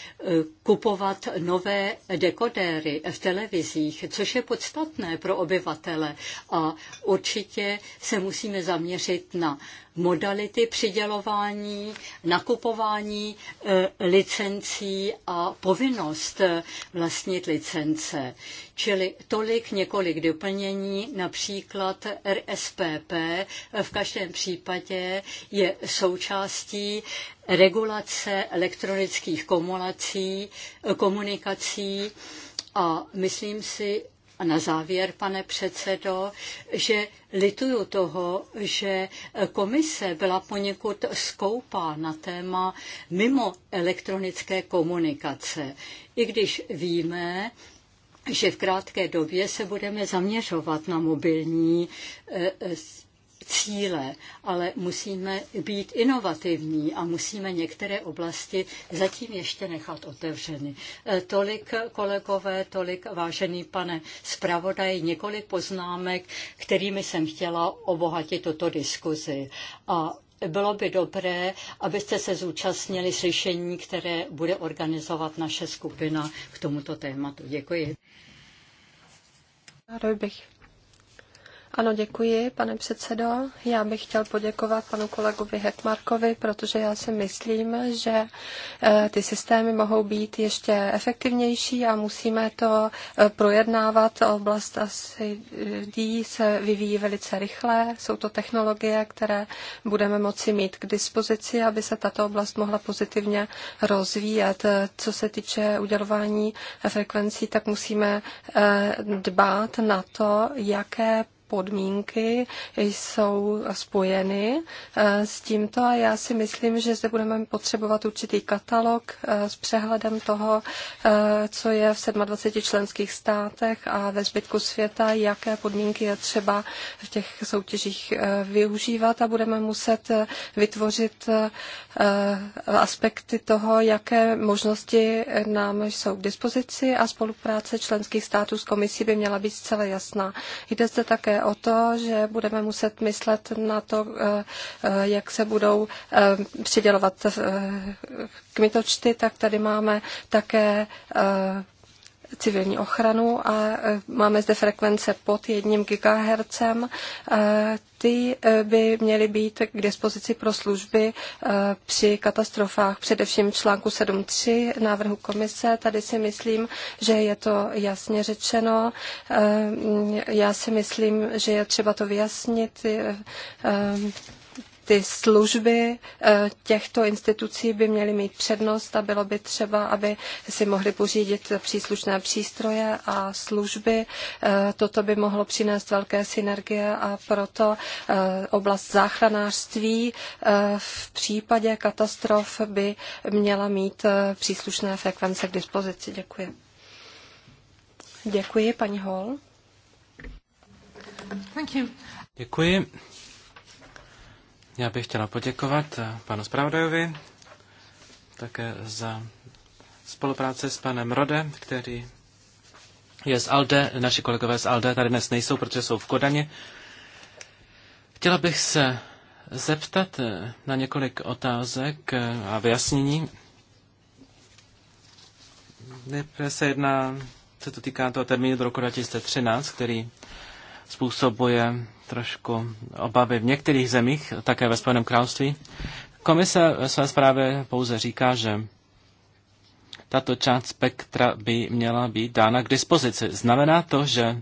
kupovat nové dekodéry v televizích, což je podstatné pro obyvatele a určitě se musíme zaměřit na modality přidělování, nakupování e, licencí a povinnost e, vlastnit licence. Čili tolik několik doplnění, například RSPP v každém případě je součástí regulace elektronických komulací, komunikací a myslím si, a na závěr, pane předsedo, že lituju toho, že komise byla poněkud skoupá na téma mimo elektronické komunikace. I když víme, že v krátké době se budeme zaměřovat na mobilní e, e, cíle, ale musíme být inovativní a musíme některé oblasti zatím ještě nechat otevřeny. E, tolik kolegové, tolik vážený pane zpravodaj, několik poznámek, kterými jsem chtěla obohatit tuto diskuzi. A bylo by dobré, abyste se zúčastnili slyšení, které bude organizovat naše skupina k tomuto tématu. Děkuji. Rojbich. Ano, děkuji, pane předsedo. Já bych chtěl poděkovat panu kolegovi Hekmarkovi, protože já si myslím, že eh, ty systémy mohou být ještě efektivnější a musíme to eh, projednávat. Oblast asi D se vyvíjí velice rychle. Jsou to technologie, které budeme moci mít k dispozici, aby se tato oblast mohla pozitivně rozvíjet. Co se týče udělování frekvencí, tak musíme eh, dbát na to, jaké podmínky jsou spojeny eh, s tímto a já si myslím, že zde budeme potřebovat určitý katalog eh, s přehledem toho, eh, co je v 27 členských státech a ve zbytku světa, jaké podmínky je třeba v těch soutěžích využívat a budeme muset vytvořit aspekty toho, jaké možnosti nám jsou k dispozici a spolupráce členských států s komisí by měla být zcela jasná. Jde zde také o to, že budeme muset myslet na to, eh, eh, jak se budou eh, přidělovat kmitočty, tak tady máme také civilní ochranu a e, máme zde frekvence pod jedním GHz. E, ty e, by měly být k dispozici pro služby při katastrofách, především v článku 7.3 návrhu komise. Tady si myslím, že je to jasně řečeno. Já si myslím, že je třeba to vyjasnit ty služby eh, těchto institucí by měly mít přednost a bylo by třeba, aby si mohli pořídit příslušné přístroje a služby. Eh, Toto by mohlo přinést velké synergie a proto eh, oblast záchranářství v případě katastrof by měla mít příslušné frekvence k dispozici. Děkuji. Děkuji, paní Hall. Děkuji. Já bych chtěla poděkovat panu Spravodajovi také za spolupráci s panem Rodem, který je z ALDE. Naši kolegové z ALDE tady dnes nejsou, protože jsou v Kodaně. Chtěla bych se zeptat na několik otázek a vyjasnění. Nejprve se jedná, co to týká toho termínu do roku 2013, který způsobuje trošku obavy v některých zemích, také ve Spojeném království. Komise ve své zprávě pouze říká, že tato část spektra by měla být dána k dispozici. Znamená to, že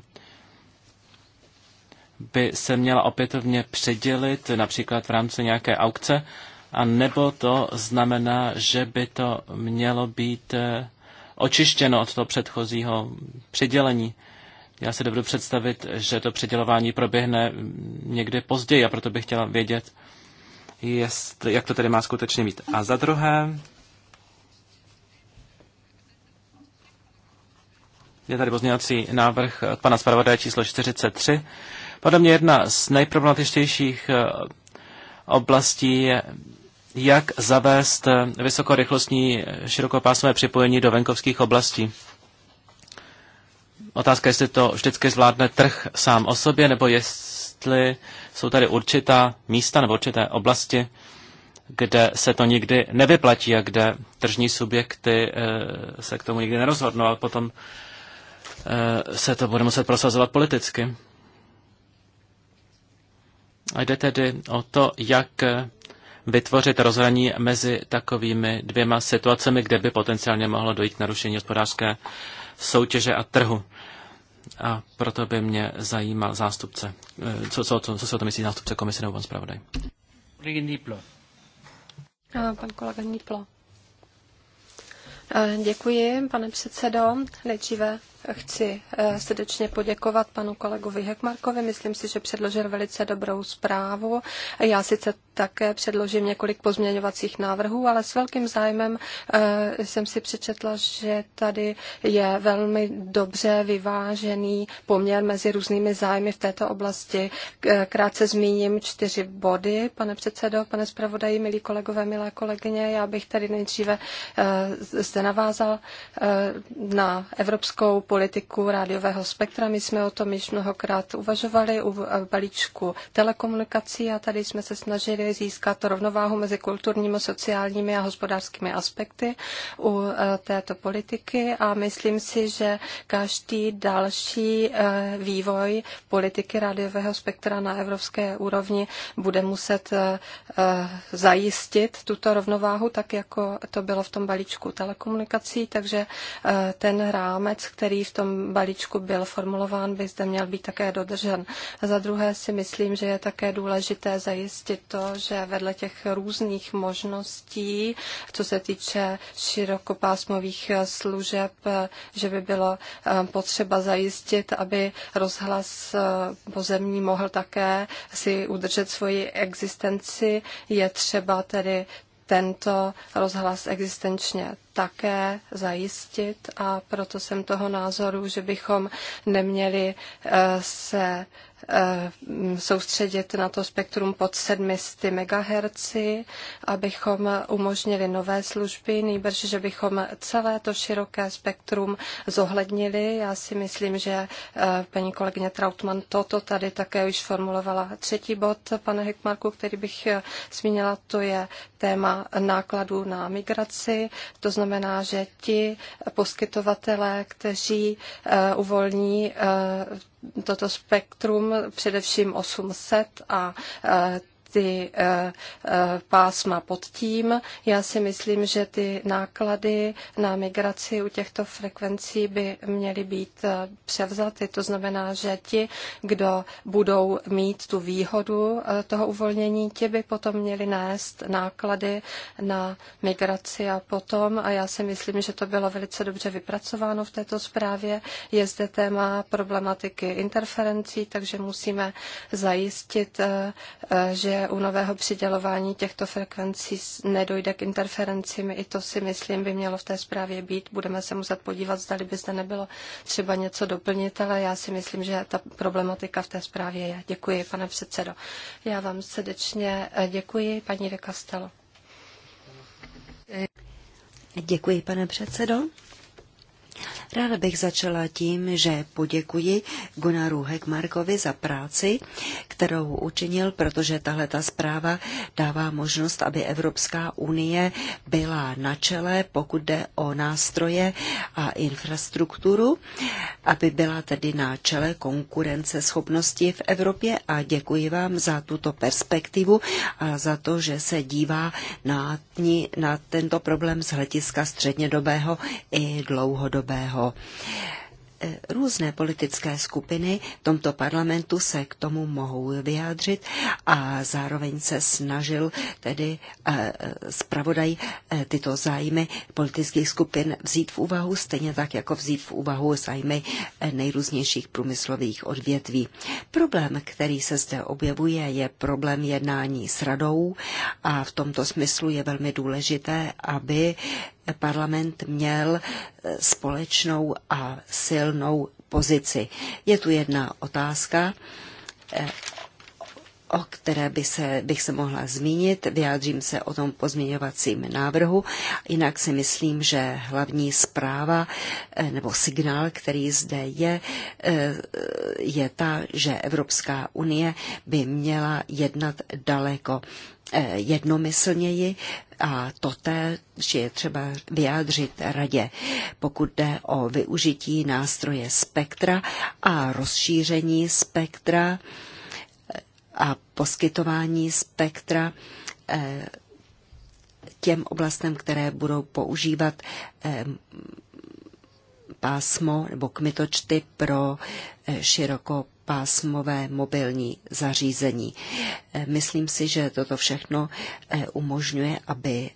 by se měla opětovně předělit například v rámci nějaké aukce, a nebo to znamená, že by to mělo být eh, očištěno od toho předchozího předělení. Já si dovedu představit, že to předělování proběhne někdy později a proto bych chtěla vědět, jest, jak to tedy má skutečně být. A za druhé, je tady pozměňovací návrh od pana zpravodaje číslo 43. Podle mě jedna z nejproblematičtějších eh, oblastí je, jak zavést eh, vysokorychlostní eh, širokopásmové připojení do venkovských oblastí. Otázka, jestli to vždycky zvládne trh sám o sobě, nebo jestli jsou tady určitá místa nebo určité oblasti, kde se to nikdy nevyplatí a kde tržní subjekty eh, se k tomu nikdy nerozhodnou a potom eh, se to bude muset prosazovat politicky. A jde tedy o to, jak vytvořit rozhraní mezi takovými dvěma situacemi, kde by potenciálně mohlo dojít k narušení hospodářské soutěže a trhu a proto by mě zajímal zástupce, eh, co, co, co, co se o to myslí zástupce komise nebo pan zpravodaj. Pan kolega Niplo. Eh, děkuji, pane předsedo. Nejdříve Chci eh, srdečně poděkovat panu kolegovi Hekmarkovi. Myslím si, že předložil velice dobrou zprávu. Já sice také předložím několik pozměňovacích návrhů, ale s velkým zájmem eh, jsem si přečetla, že tady je velmi dobře vyvážený poměr mezi různými zájmy v této oblasti. Eh, krátce zmíním čtyři body. Pane předsedo, pane zpravodaji, milí kolegové, milé kolegyně, já bych tady nejdříve zde navázal na evropskou politiku rádiového spektra. My jsme o tom již mnohokrát uvažovali u balíčku telekomunikací a tady jsme se snažili získat rovnováhu mezi kulturními, sociálními a hospodářskými aspekty u e, této politiky a myslím si, že každý další e, vývoj politiky rádiového spektra na evropské úrovni bude muset e, zajistit tuto rovnováhu, tak jako to bylo v tom balíčku telekomunikací, takže ten rámec, který v tom balíčku byl formulován, by zde měl být také dodržen. A za druhé si myslím, že je také důležité zajistit to, že vedle těch různých možností, co se týče širokopásmových služeb, že by bylo eh, potřeba zajistit, aby rozhlas eh, pozemní mohl také si udržet svoji existenci. Je třeba tedy tento rozhlas existenčně také zajistit a proto jsem toho názoru, že bychom neměli eh, se Eh, soustředit na to spektrum pod 700 MHz, abychom umožnili nové služby, nejbrž, že bychom celé to široké spektrum zohlednili. Já si myslím, že eh, paní kolegyně Trautmann toto tady také už formulovala. Třetí bod, pane Hekmarku, který bych eh, zmínila, to je téma nákladů na migraci. To znamená, že ti poskytovatelé, kteří uvolní toto spektrum, především 800 a eh, ty eh, eh, pásma pod tím. Já si myslím, že ty náklady na migraci u těchto frekvencí by měly být eh, převzaty. To znamená, že ti, kdo budou mít tu výhodu toho uvolnění, ti by potom měli nést náklady na migraci a potom, a já si myslím, že to bylo velice dobře vypracováno v této zprávě, je zde téma problematiky interferencí, takže musíme zajistit, že u nového přidělování těchto frekvencí nedojde k interferencím. I to si myslím by mělo v té zprávě být. Budeme se muset podívat, zda by zde nebylo třeba něco doplnit, ale já si myslím, že ta problematika v té zprávě je. Děkuji, pane předsedo. Já vám srdečně eh, děkuji, paní de Castello. Děkuji, pane předsedo. Ráda bych začala tím, že poděkuji Gunaru Hekmarkovi za práci, kterou učinil, protože tahle ta zpráva dává možnost, aby Evropská unie byla na čele, pokud jde o nástroje a infrastrukturu, aby byla tedy na čele konkurence schopnosti v Evropě a děkuji vám za tuto perspektivu a za to, že se dívá na, na tento problém z hlediska střednědobého i dlouhodobého dlouhodobého. Eh, různé politické skupiny v tomto parlamentu se k tomu mohou vyjádřit a zároveň se snažil tedy eh, zpravodaj eh, tyto zájmy politických skupin vzít v úvahu, stejně tak jako vzít v úvahu zájmy nejrůznějších průmyslových odvětví. Problém, který se zde objevuje, je problém jednání s radou a v tomto smyslu je velmi důležité, aby parlament měl eh, společnou a silnou pozici. Je tu jedna otázka eh, o které by se, bych se mohla zmínit. Vyjádřím se o tom pozměňovacím návrhu. Jinak si myslím, že hlavní zpráva eh, nebo signál, který zde je, eh, je ta, že Evropská unie by měla jednat daleko eh, jednomyslněji a té, že je třeba vyjádřit radě, pokud jde o využití nástroje spektra a rozšíření spektra, a poskytování spektra eh, těm oblastem, které budou používat eh, pásmo nebo kmitočty pro eh, široko pásmové mobilní zařízení. Myslím si, že toto všechno umožňuje, aby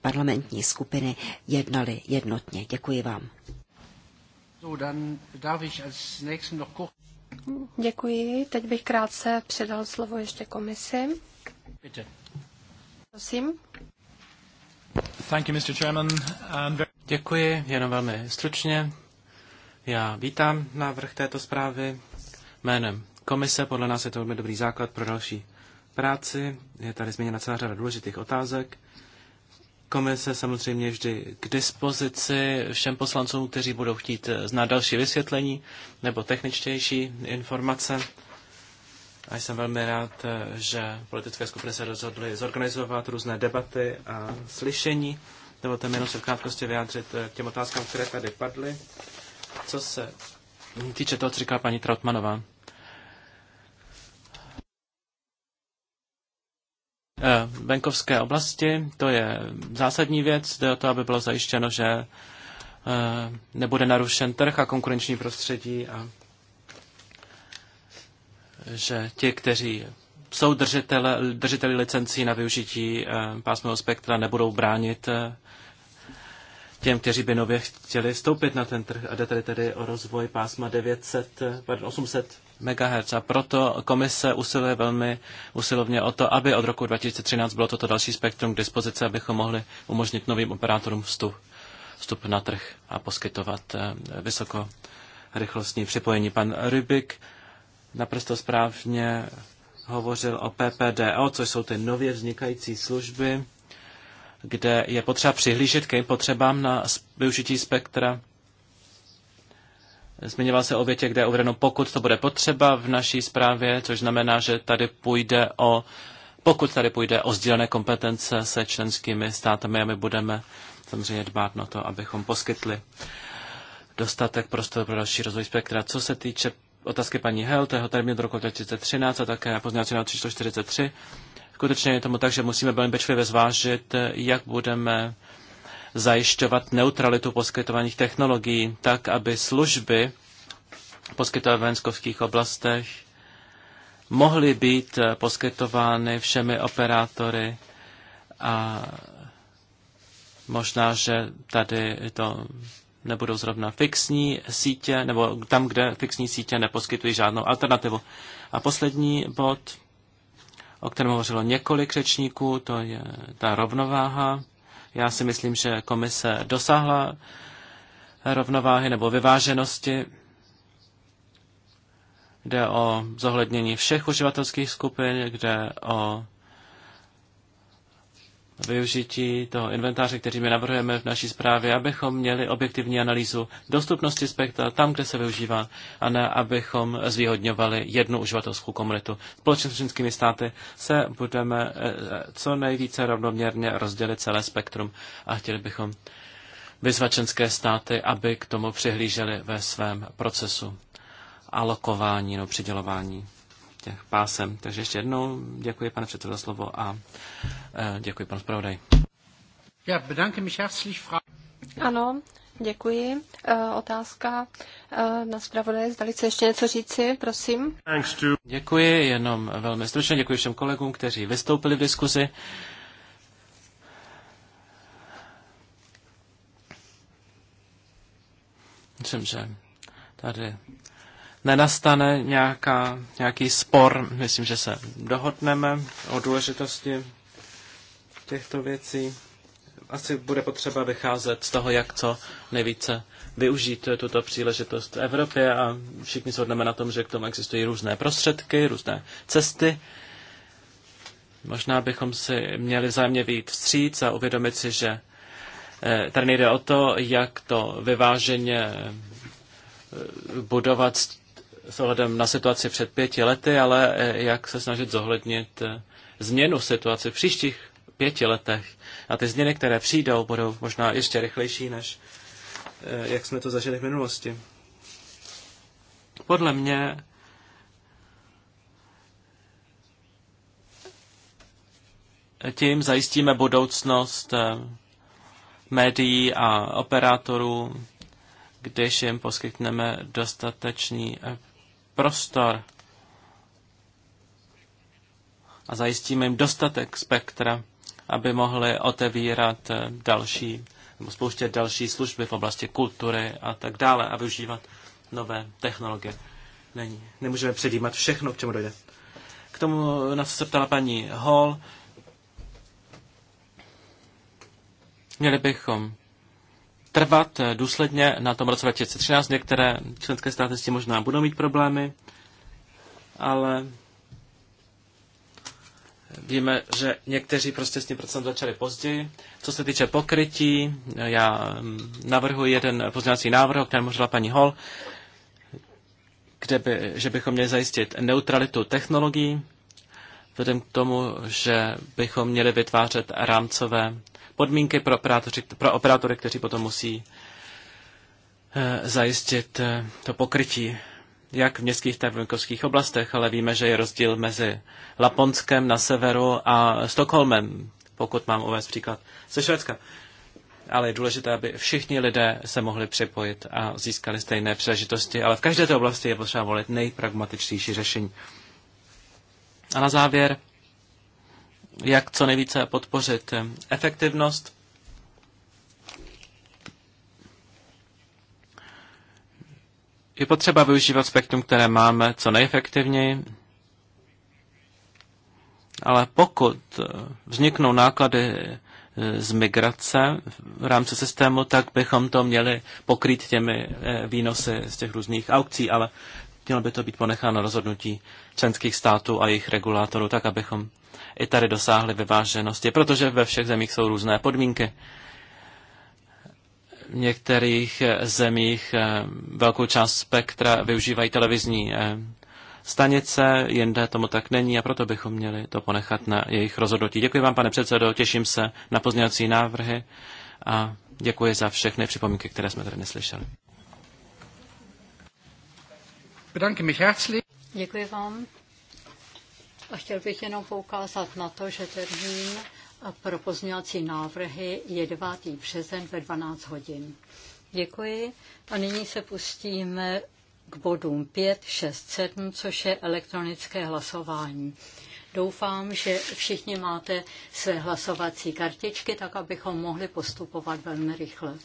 parlamentní skupiny jednaly jednotně. Děkuji vám. So, dann darf ich als noch... Děkuji. Teď bych krátce předal slovo ještě komisi. Bitte. Prosím. Thank you, Mr. Chairman. Děkuji, jenom velmi stručně. Já vítám návrh této zprávy jménem komise. Podle nás je to velmi dobrý základ pro další práci. Je tady zmíněna celá řada důležitých otázek Komise samozřejmě vždy k dispozici všem poslancům, kteří budou chtít znát další vysvětlení nebo techničtější informace. A jsem velmi rád, že politické skupiny se rozhodly zorganizovat různé debaty a slyšení. Dovolte mi jenom se v krátkosti vyjádřit k těm otázkám, které tady padly. Co se týče toho, co říká paní Trautmanová. Eh, venkovské oblasti. To je zásadní věc, jde o to, aby bylo zajištěno, že eh, nebude narušen trh a konkurenční prostředí a že ti, kteří jsou držitele, držiteli licencí na využití eh, pásmového spektra, nebudou bránit těm, kteří by nově chtěli vstoupit na ten trh. A jde tady tedy o rozvoj pásma 900, pardon, 800 MHz. A proto komise usiluje velmi usilovně o to, aby od roku 2013 bylo toto další spektrum k dispozici, abychom mohli umožnit novým operátorům vstup, vstup na trh a poskytovat eh, vysokorychlostní připojení. Pan Rybik naprosto správně hovořil o PPDO, což jsou ty nově vznikající služby, kde je potřeba přihlížet k potřebám na využití spektra Zmiňoval se o větě, kde je uvedeno, pokud to bude potřeba v naší zprávě, což znamená, že tady půjde o, pokud tady půjde o sdílené kompetence se členskými státy, a my budeme samozřejmě dbát na to, abychom poskytli dostatek prostoru pro další rozvoj spektra. Co se týče otázky paní Hel, tého termín do roku 2013 a také pozměňovací na 343, skutečně je tomu tak, že musíme velmi pečlivě zvážit, jak budeme zajišťovat neutralitu poskytovaných technologií tak, aby služby poskytované v venskovských oblastech mohly být eh, poskytovány všemi operátory a možná, že tady to nebudou zrovna fixní sítě, nebo tam, kde fixní sítě neposkytují žádnou alternativu. A poslední bod, o kterém hovořilo několik řečníků, to je ta rovnováha já si myslím, že komise dosáhla rovnováhy nebo vyváženosti. Jde o zohlednění všech uživatelských skupin, kde o využití toho inventáře, který my navrhujeme v naší zprávě, abychom měli objektivní analýzu dostupnosti spektra tam, kde se využívá, a ne abychom zvýhodňovali jednu uživatelskou komunitu. Společně s členskými státy se budeme eh, co nejvíce rovnoměrně rozdělit celé spektrum a chtěli bychom vyzvat členské státy, aby k tomu přihlíželi ve svém procesu alokování nebo přidělování těch pásem. Takže ještě jednou děkuji, pane předsedo, za slovo a eh, děkuji, pan zpravodaj. Já bedanke mich herzlich, Ano, děkuji. Eh, otázka eh, na zpravodaje, zdali se ještě něco říci, prosím. Děkuji, jenom velmi stručně děkuji všem kolegům, kteří vystoupili v diskuzi. Myslím, že tady nenastane nějaká, nějaký spor. Myslím, že se dohodneme o důležitosti těchto věcí. Asi bude potřeba vycházet z toho, jak co nejvíce využít tuto příležitost v Evropě a všichni shodneme na tom, že k tomu existují různé prostředky, různé cesty. Možná bychom si měli vzájemně vyjít vstříc a uvědomit si, že eh, tady nejde o to, jak to vyváženě eh, budovat s ohledem na situaci před pěti lety, ale eh, jak se snažit zohlednit eh, změnu situace v příštích pěti letech. A ty změny, které přijdou, budou možná ještě rychlejší, než eh, jak jsme to zažili v minulosti. Podle mě tím zajistíme budoucnost médií a operátorů, když jim poskytneme dostatečný prostor a zajistíme jim dostatek spektra, aby mohli otevírat eh, další nebo spouštět další služby v oblasti kultury a tak dále a využívat nové technologie. Není. Nemůžeme předjímat všechno, k čemu dojde. K tomu, na co se ptala paní Hall, měli bychom trvat důsledně na tom roce 2013. Některé členské státy s tím možná budou mít problémy, ale víme, že někteří prostě s tím procesem začali později. Co se týče pokrytí, já mm, navrhuji jeden pozměňovací návrh, o kterém mluvila paní Hall, kde by, že bychom měli zajistit neutralitu technologií, vzhledem k tomu, že bychom měli vytvářet rámcové podmínky pro operátory, pro operátory kteří potom musí eh, zajistit eh, to pokrytí jak v městských, tak v venkovských oblastech, ale víme, že je rozdíl mezi Laponskem na severu a Stockholmem, pokud mám uvést příklad ze Švédska. Ale je důležité, aby všichni lidé se mohli připojit a získali stejné příležitosti, ale v každé té oblasti je potřeba volit nejpragmatičtější řešení. A na závěr, jak co nejvíce podpořit efektivnost. Je potřeba využívat spektrum, které máme, co nejefektivněji, ale pokud vzniknou náklady eh, z migrace v rámci systému, tak bychom to měli pokrýt těmi eh, výnosy z těch různých aukcí, ale mělo by to být ponecháno rozhodnutí členských států a jejich regulátorů, tak abychom i tady dosáhli vyváženosti, protože ve všech zemích jsou různé podmínky. V některých eh, zemích eh, velkou část spektra využívají televizní eh, stanice, jinde tomu tak není a proto bychom měli to ponechat na jejich rozhodnutí. Děkuji vám, pane předsedo, těším se na pozměňovací návrhy a děkuji za všechny připomínky, které jsme tady neslyšeli. Bedanke mich herzlich. Děkuji vám. A chtěl bych jenom poukázat na to, že termín pro pozměňovací návrhy je 9. březen ve 12 hodin. Děkuji a nyní se pustíme k bodům 5, 6, 7, což je elektronické hlasování. Doufám, že všichni máte své hlasovací kartičky, tak abychom mohli postupovat velmi rychle.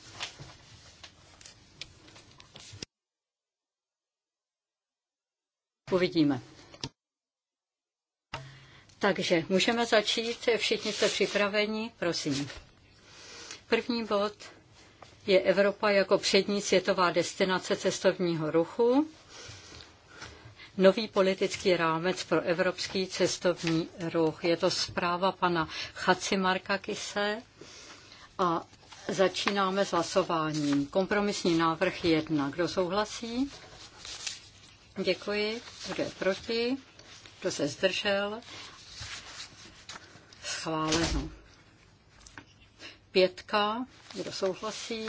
Uvidíme. Takže můžeme začít, všichni jste připraveni, prosím. První bod je Evropa jako přední světová destinace cestovního ruchu. Nový politický rámec pro evropský cestovní ruch. Je to zpráva pana Chacimarka Kise a začínáme s hlasováním. Kompromisní návrh jedna. Kdo souhlasí? Děkuji. Kdo je proti? Kdo se zdržel? Schváleno. Pětka. Kdo souhlasí?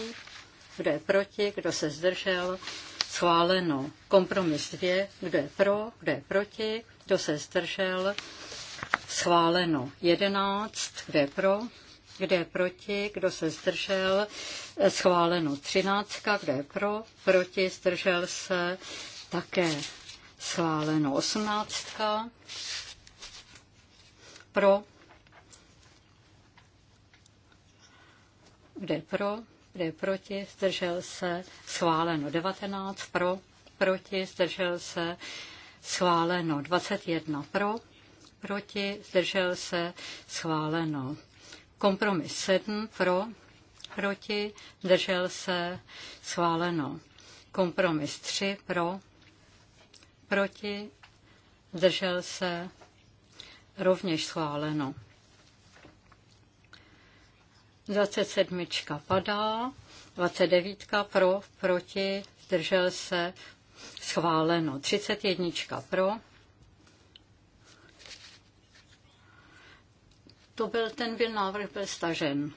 Kdo je proti? Kdo se zdržel? Schváleno. Kompromis dvě. Kdo je pro? Kdo je proti? Kdo se zdržel? Schváleno. Jedenáct. Kdo je pro? Kdo je proti? Kdo se zdržel? Schváleno. Třináctka. Kdo je pro? Proti? Zdržel se? také schváleno osmnáctka Pro, kde pro, kde proti, zdržel se, schváleno 19, pro, proti, zdržel se, schváleno 21, pro, proti, zdržel se, schváleno. Kompromis 7, pro, proti, zdržel se, schváleno. Kompromis 3, pro, proti, zdržel se, rovněž schváleno. 27 padá, 29 pro, proti, zdržel se, schváleno. 31 pro. To byl, ten byl návrh, byl stažen.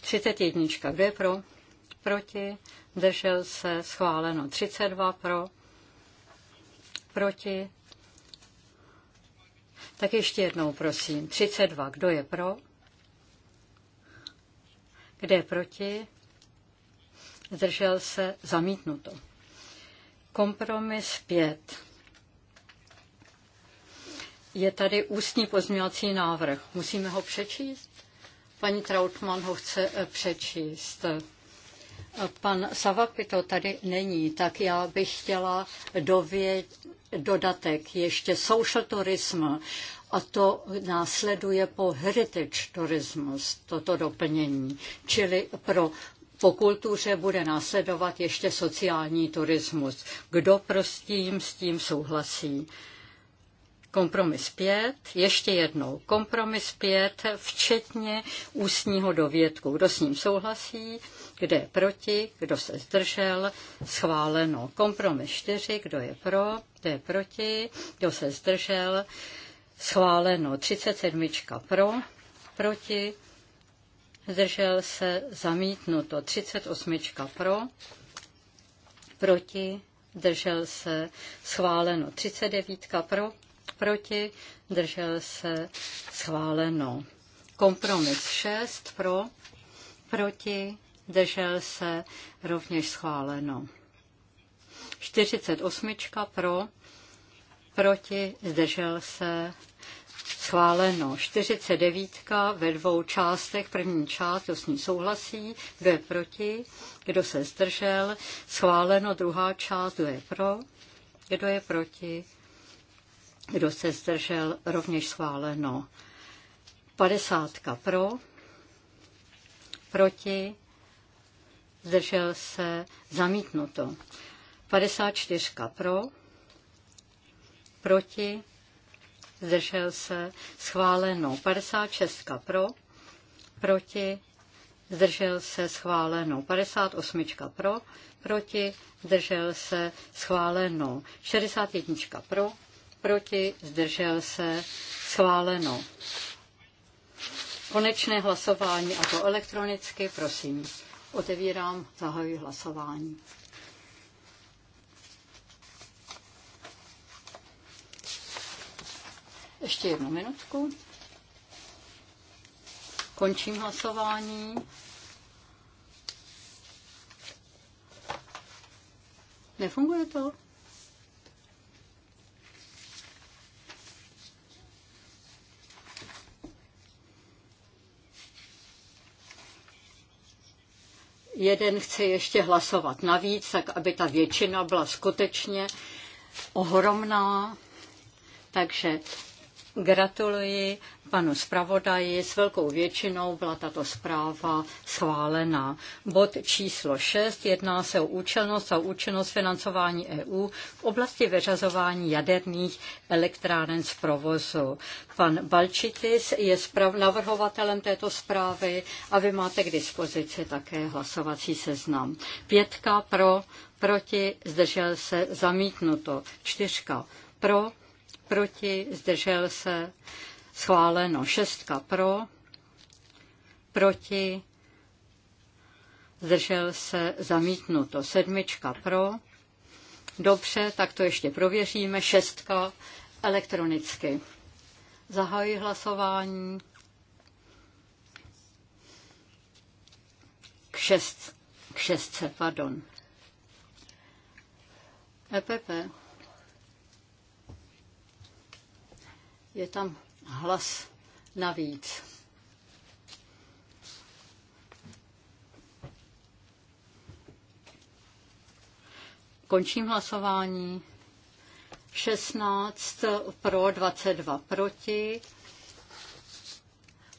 31. Kdo je pro? Proti. Držel se. Schváleno. 32 pro. Proti? Tak ještě jednou, prosím. 32. Kdo je pro? Kde je proti? Zdržel se? Zamítnuto. Kompromis 5. Je tady ústní pozměňovací návrh. Musíme ho přečíst? Paní Trautmann ho chce eh, přečíst. Pan Savapito tady není, tak já bych chtěla dovět, dodatek ještě social tourism a to následuje po heritage turismus, toto doplnění. Čili pro po kultuře bude následovat ještě sociální turismus. Kdo prostím s tím souhlasí? Kompromis 5, ještě jednou. Kompromis 5, včetně ústního dovědku. Kdo s ním souhlasí, kde je proti, kdo se zdržel, schváleno. Kompromis 4, kdo je pro, kdo je proti, kdo se zdržel, schváleno. 37 pro, proti, zdržel se, zamítnuto. 38 pro, proti, zdržel se, schváleno. 39 pro, proti, držel se schváleno. Kompromis 6 pro, proti, držel se rovněž schváleno. 48 pro, proti, zdržel se schváleno. 49 ve dvou částech, první část, kdo s ní souhlasí, kdo je proti, kdo se zdržel, schváleno druhá část, kdo je pro, kdo je proti, kdo se zdržel, rovněž schváleno. 50 pro, proti, zdržel se, zamítnuto. 54 pro, proti, zdržel se, schváleno. 56 pro, proti, zdržel se, schváleno. 58 pro, proti, zdržel se, schváleno. 61 pro, proti, zdržel se, schváleno. Konečné hlasování, a to elektronicky, prosím. Otevírám, zahajuji hlasování. Ještě jednu minutku. Končím hlasování. Nefunguje to? jeden chce ještě hlasovat navíc, tak aby ta většina byla skutečně ohromná. Takže Gratuluji panu zpravodaji, s velkou většinou byla tato zpráva schválena. Bod číslo 6 jedná se o účelnost a účinnost financování EU v oblasti vyřazování jaderných elektráren z provozu. Pan Balčitis je sprav, navrhovatelem této zprávy a vy máte k dispozici také hlasovací seznam. Pětka pro, proti, zdržel se, zamítnuto. Čtyřka pro, proti, zdržel se, schváleno. Šestka pro, proti, zdržel se, zamítnuto. Sedmička pro, dobře, tak to ještě prověříme. Šestka elektronicky. Zahajuji hlasování. K, šest, k šestce, pardon. EPP. je tam hlas navíc. Končím hlasování. 16 pro, 22 proti,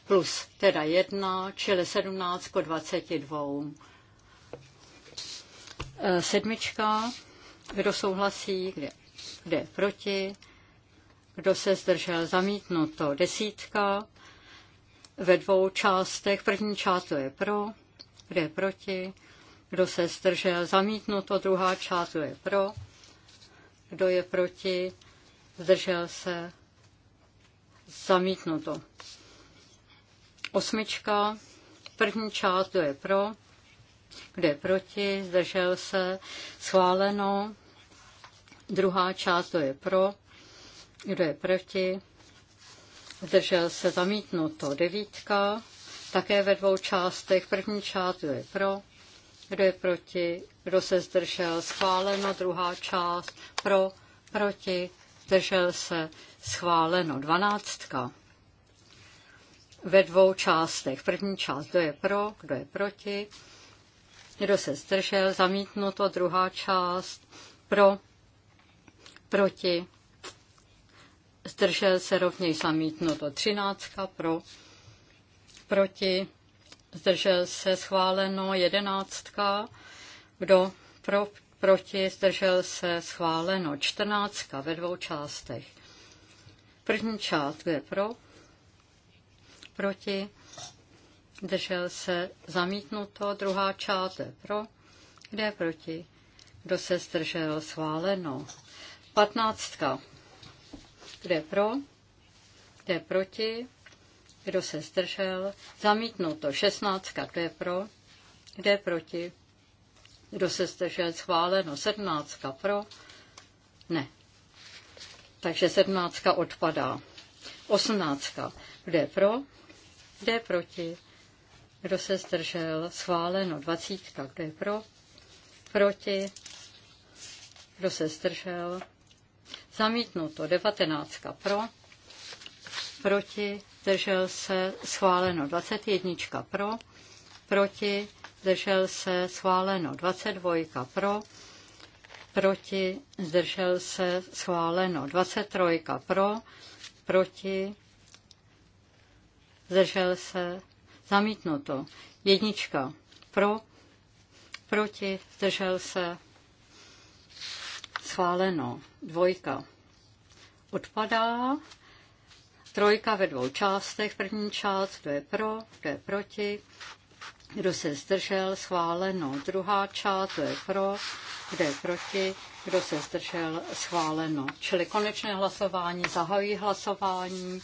plus teda 1, čili 17 ko 22. Sedmička, kdo souhlasí, kde, kde je proti, kdo se zdržel, zamítnuto. Desítka ve dvou částech. První část to je pro, kde je proti, kdo se zdržel, zamítnuto. Druhá část to je pro, kdo je proti, zdržel se, zamítnuto. Osmička, první část to je pro, kde je proti, zdržel se, schváleno. Druhá část to je pro, kdo je proti? Zdržel se zamítnuto. Devítka. Také ve dvou částech. První část, kdo je pro? Kdo je proti? Kdo se zdržel? Schváleno. Druhá část. Pro? Proti? Zdržel se? Schváleno. Dvanáctka. Ve dvou částech. První část, kdo je pro? Kdo je proti? Kdo se zdržel? Zamítnuto. Druhá část. Pro? Proti? zdržel se rovněž zamítnuto 13 pro, proti, zdržel se schváleno 11, kdo pro, proti, zdržel se schváleno 14 ve dvou částech. První část, kde pro, proti, zdržel se zamítnuto, druhá část, je pro, kde proti, kdo se zdržel schváleno. 15. Kdo je pro? Kdo je proti? Kdo se zdržel? Zamítnuto. 16. Kdo je pro? Kdo je proti? Kdo se zdržel? Schváleno. 17. Pro? Ne. Takže 17. odpadá. 18. Kdo je pro? Kdo je proti? Kdo se zdržel? Schváleno. 20. Kdo je pro? Proti? Kdo se zdržel? Zamítnuto 19 pro, proti, zdržel se, schváleno 21 pro, proti, zdržel se, schváleno 22 pro, proti, zdržel se, schváleno 23 pro, proti, zdržel se, zamítnuto jednička pro, proti, zdržel se, schváleno. Dvojka odpadá. Trojka ve dvou částech. První část, kdo je pro, kdo je proti. Kdo se zdržel, schváleno. Druhá část, kdo je pro, kdo je proti, kdo se zdržel, schváleno. Čili konečné hlasování, zahají hlasování.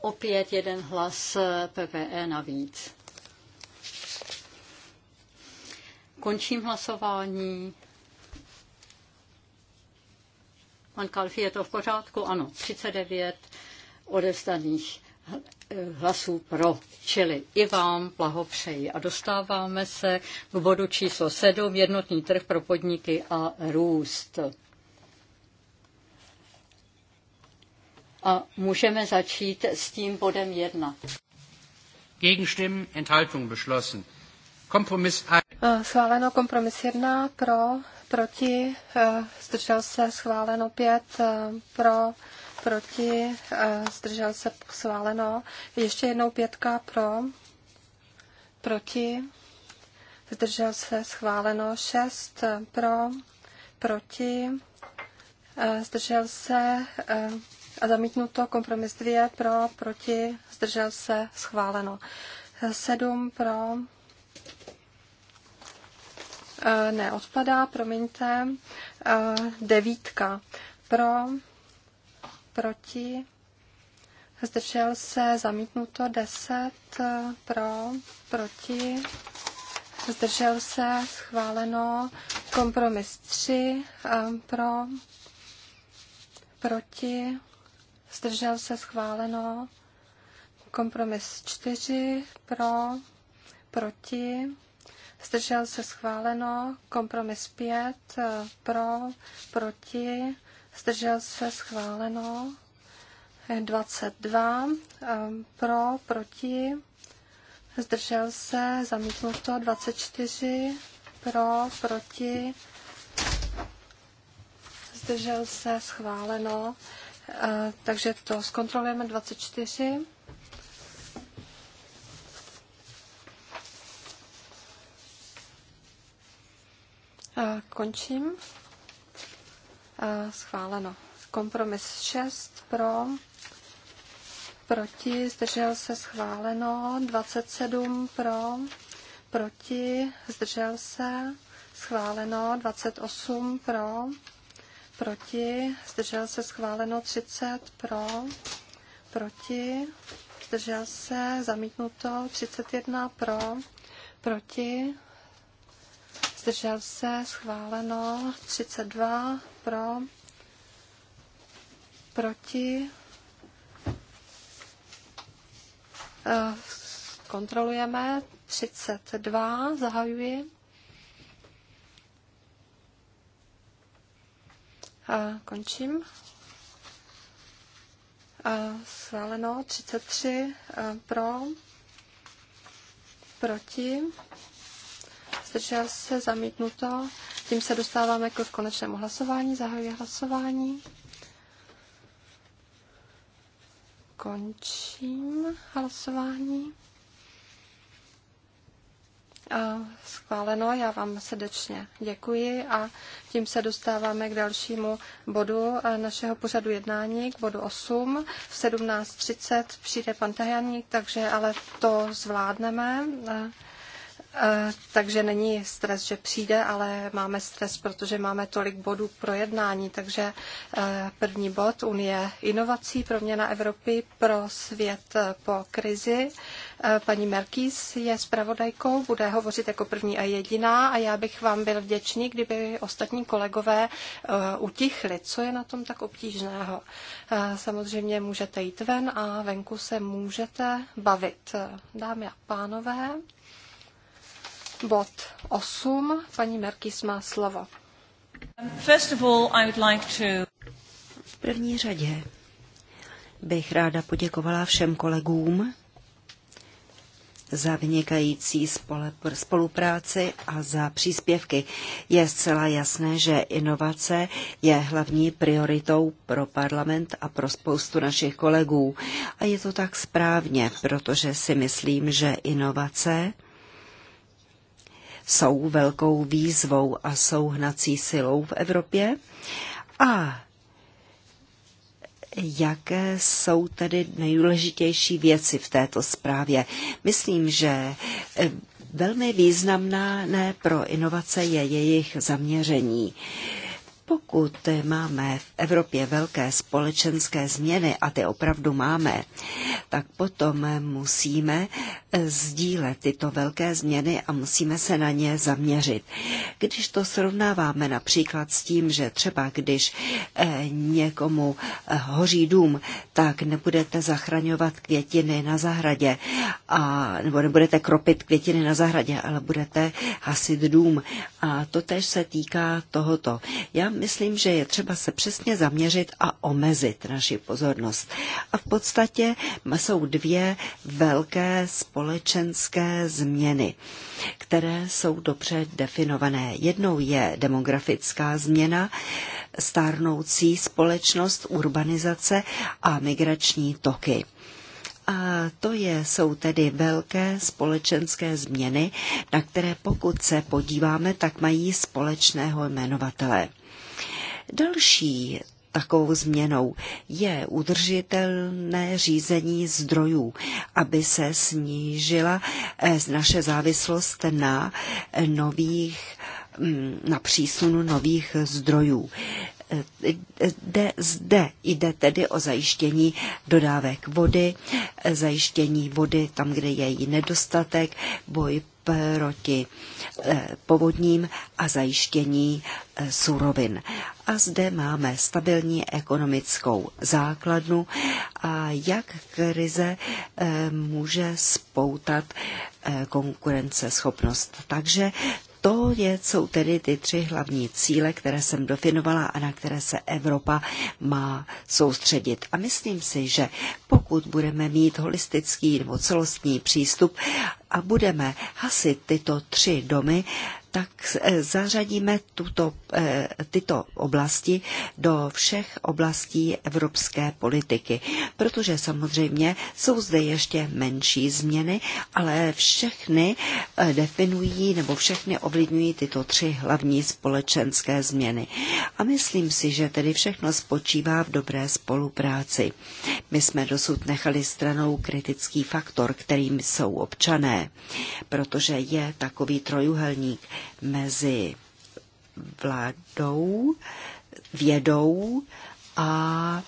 Opět jeden hlas PPE navíc. Končím hlasování. Pan Kalfi, je to v pořádku? Ano, 39 odevzdaných hlasů pro, čili i vám blahopřeji. A dostáváme se k bodu číslo 7, jednotný trh pro podniky a růst. A můžeme začít s tím bodem 1. Gegenstimmen, Enthaltung beschlossen. Kompromis eh, Schváleno kompromis 1 pro, proti, eh, zdržel se schváleno 5 eh, pro, proti, zdržel se schváleno. Ještě jednou pětka pro, proti, zdržel se schváleno 6 pro, proti, zdržel se a zamítnuto kompromis 2 pro, proti, zdržel se schváleno. 7 pro, Eh, ne, odpadá, promiňte, eh, devítka pro, proti, zdržel se, zamítnuto, deset pro, proti, zdržel se, schváleno, kompromis tři eh, pro, proti, zdržel se, schváleno, kompromis čtyři pro, proti, Zdržel se schváleno. Kompromis 5 eh, pro, proti. Zdržel se schváleno. 22 eh, pro, proti. Zdržel se zamítnuto. 24 pro, proti. Zdržel se schváleno. Eh, takže to zkontrolujeme 24. Končím. Schváleno. Kompromis 6 pro, proti, zdržel se schváleno, 27 pro, proti, zdržel se, schváleno, 28 pro, proti, zdržel se, schváleno, 30 pro, proti, zdržel se, zamítnuto, 31 pro, proti, zdržel se, schváleno 32 pro, proti, eh, kontrolujeme 32, zahajuji. A eh, končím. A eh, schváleno 33 pro, proti, zdržel se, zamítnuto. Tím se dostáváme k konečnému hlasování, zahajuji hlasování. Končím hlasování. A schváleno, já vám srdečně děkuji a tím se dostáváme k dalšímu bodu eh, našeho pořadu jednání, k bodu 8. V 17.30 přijde pan Tajaník, takže ale to zvládneme. Eh, Eh, takže není stres, že přijde, ale máme stres, protože máme tolik bodů k projednání. Takže eh, první bod Unie inovací, pro na Evropy pro svět eh, po krizi. Paní Merkis je zpravodajkou, bude hovořit jako první a jediná a já bych vám byl vděčný, kdyby ostatní kolegové utichli, co je na tom tak obtížného. Samozřejmě můžete jít ven a venku se můžete bavit. Dámy a pánové, Bod 8. Paní Merkis má slovo. First of all, I would like to... V první řadě bych ráda poděkovala všem kolegům za vynikající spolupráci a za příspěvky. Je zcela jasné, že inovace je hlavní prioritou pro parlament a pro spoustu našich kolegů. A je to tak správně, protože si myslím, že inovace jsou velkou výzvou a jsou hnací silou v Evropě. A jaké jsou tedy nejdůležitější věci v této zprávě. Myslím, že eh, velmi významná ne pro inovace je jejich zaměření. Pokud máme v Evropě velké společenské změny, a ty opravdu máme, tak potom musíme eh, sdílet tyto velké změny a musíme se na ně zaměřit. Když to srovnáváme například s tím, že třeba když eh, někomu eh, hoří dům, tak nebudete zachraňovat květiny na zahradě, a, nebo nebudete kropit květiny na zahradě, ale budete hasit dům. A to tež se týká tohoto. Já myslím, že je třeba se přesně zaměřit a omezit naši pozornost. A v podstatě jsou dvě velké společenské změny, které jsou dobře definované. Jednou je demografická změna, stárnoucí společnost, urbanizace a migrační toky. A to je, jsou tedy velké společenské změny, na které pokud se podíváme, tak mají společného jmenovatele. Další takovou změnou je udržitelné řízení zdrojů, aby se snížila eh, naše závislost na nových mm, na přísunu nových zdrojů. Jde, zde jde tedy o zajištění dodávek vody, zajištění vody tam, kde je její nedostatek, boj proti eh, povodním a zajištění eh, surovin. A zde máme stabilní ekonomickou základnu a jak krize eh, může spoutat konkurenceschopnost. Takže to je, jsou tedy ty tři hlavní cíle, které jsem definovala a na které se Evropa má soustředit. A myslím si, že pokud budeme mít holistický nebo celostní přístup a budeme hasit tyto tři domy, tak eh, zařadíme tuto, eh, tyto oblasti do všech oblastí evropské politiky, protože samozřejmě jsou zde ještě menší změny, ale všechny eh, definují nebo všechny ovlivňují tyto tři hlavní společenské změny. A myslím si, že tedy všechno spočívá v dobré spolupráci. My jsme dosud nechali stranou kritický faktor, kterým jsou občané, protože je takový trojuhelník mezi vládou, vědou a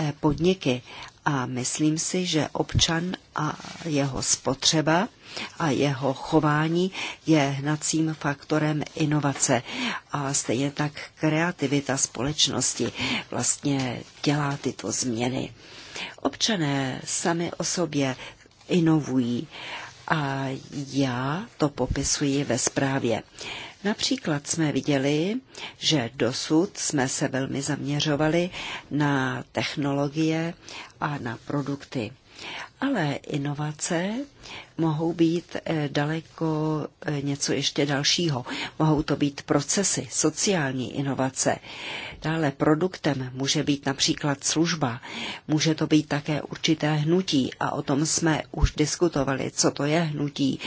e, podniky. A myslím si, že občan a jeho spotřeba a jeho chování je hnacím faktorem inovace. A stejně tak kreativita společnosti vlastně dělá tyto změny. Občané sami o sobě inovují a já to popisuji ve zprávě. Například jsme viděli, že dosud jsme se velmi zaměřovali na technologie a na produkty. Ale inovace mohou být eh, daleko eh, něco ještě dalšího. Mohou to být procesy, sociální inovace. Dále produktem může být například služba, může to být také určité hnutí a o tom jsme už diskutovali, co to je hnutí.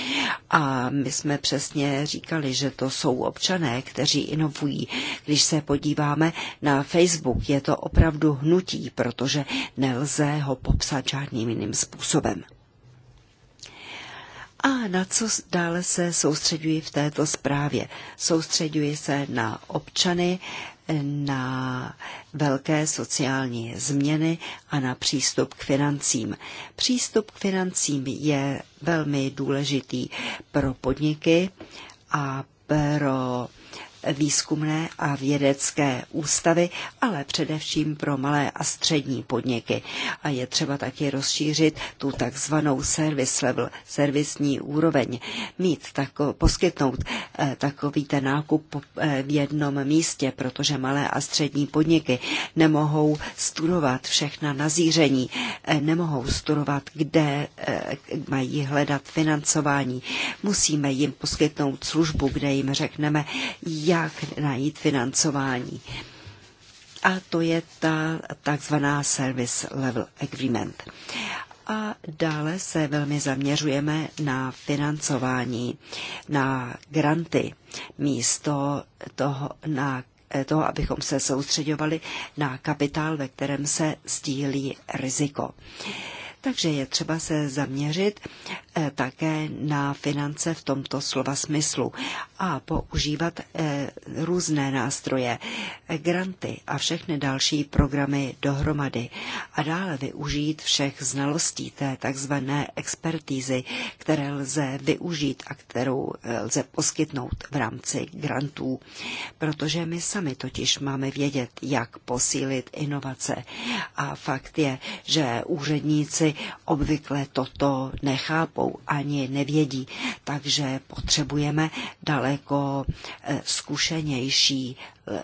A my jsme přesně říkali, že to jsou občané, kteří inovují. Když se podíváme na Facebook, je to opravdu hnutí, protože nelze ho popsat žádným jiným způsobem. A na co dále se soustředuji v této zprávě? Soustředuji se na občany, na velké sociální změny a na přístup k financím. Přístup k financím je velmi důležitý pro podniky a pro výzkumné a vědecké ústavy, ale především pro malé a střední podniky. A je třeba taky rozšířit tu takzvanou service level, servisní úroveň, mít tako, poskytnout eh, takový ten nákup eh, v jednom místě, protože malé a střední podniky nemohou studovat všechna nazíření, eh, nemohou studovat, kde mají hledat financování. Musíme jim poskytnout službu, kde jim řekneme, jak jak najít financování. A to je ta takzvaná Service Level Agreement. A dále se velmi zaměřujeme na financování, na granty, místo toho, na toho, abychom se soustředovali na kapitál, ve kterém se sdílí riziko. Uh, takže je třeba se zaměřit eh, také na finance v tomto slova smyslu a používat eh, různé nástroje, eh, granty a všechny další programy dohromady a dále využít všech znalostí té takzvané expertízy, které lze využít a kterou lze poskytnout v rámci grantů. Protože my sami totiž máme vědět, jak posílit inovace. A fakt je, že úředníci obvykle toto nechápou ani nevědí, takže potřebujeme daleko eh, zkušenější eh,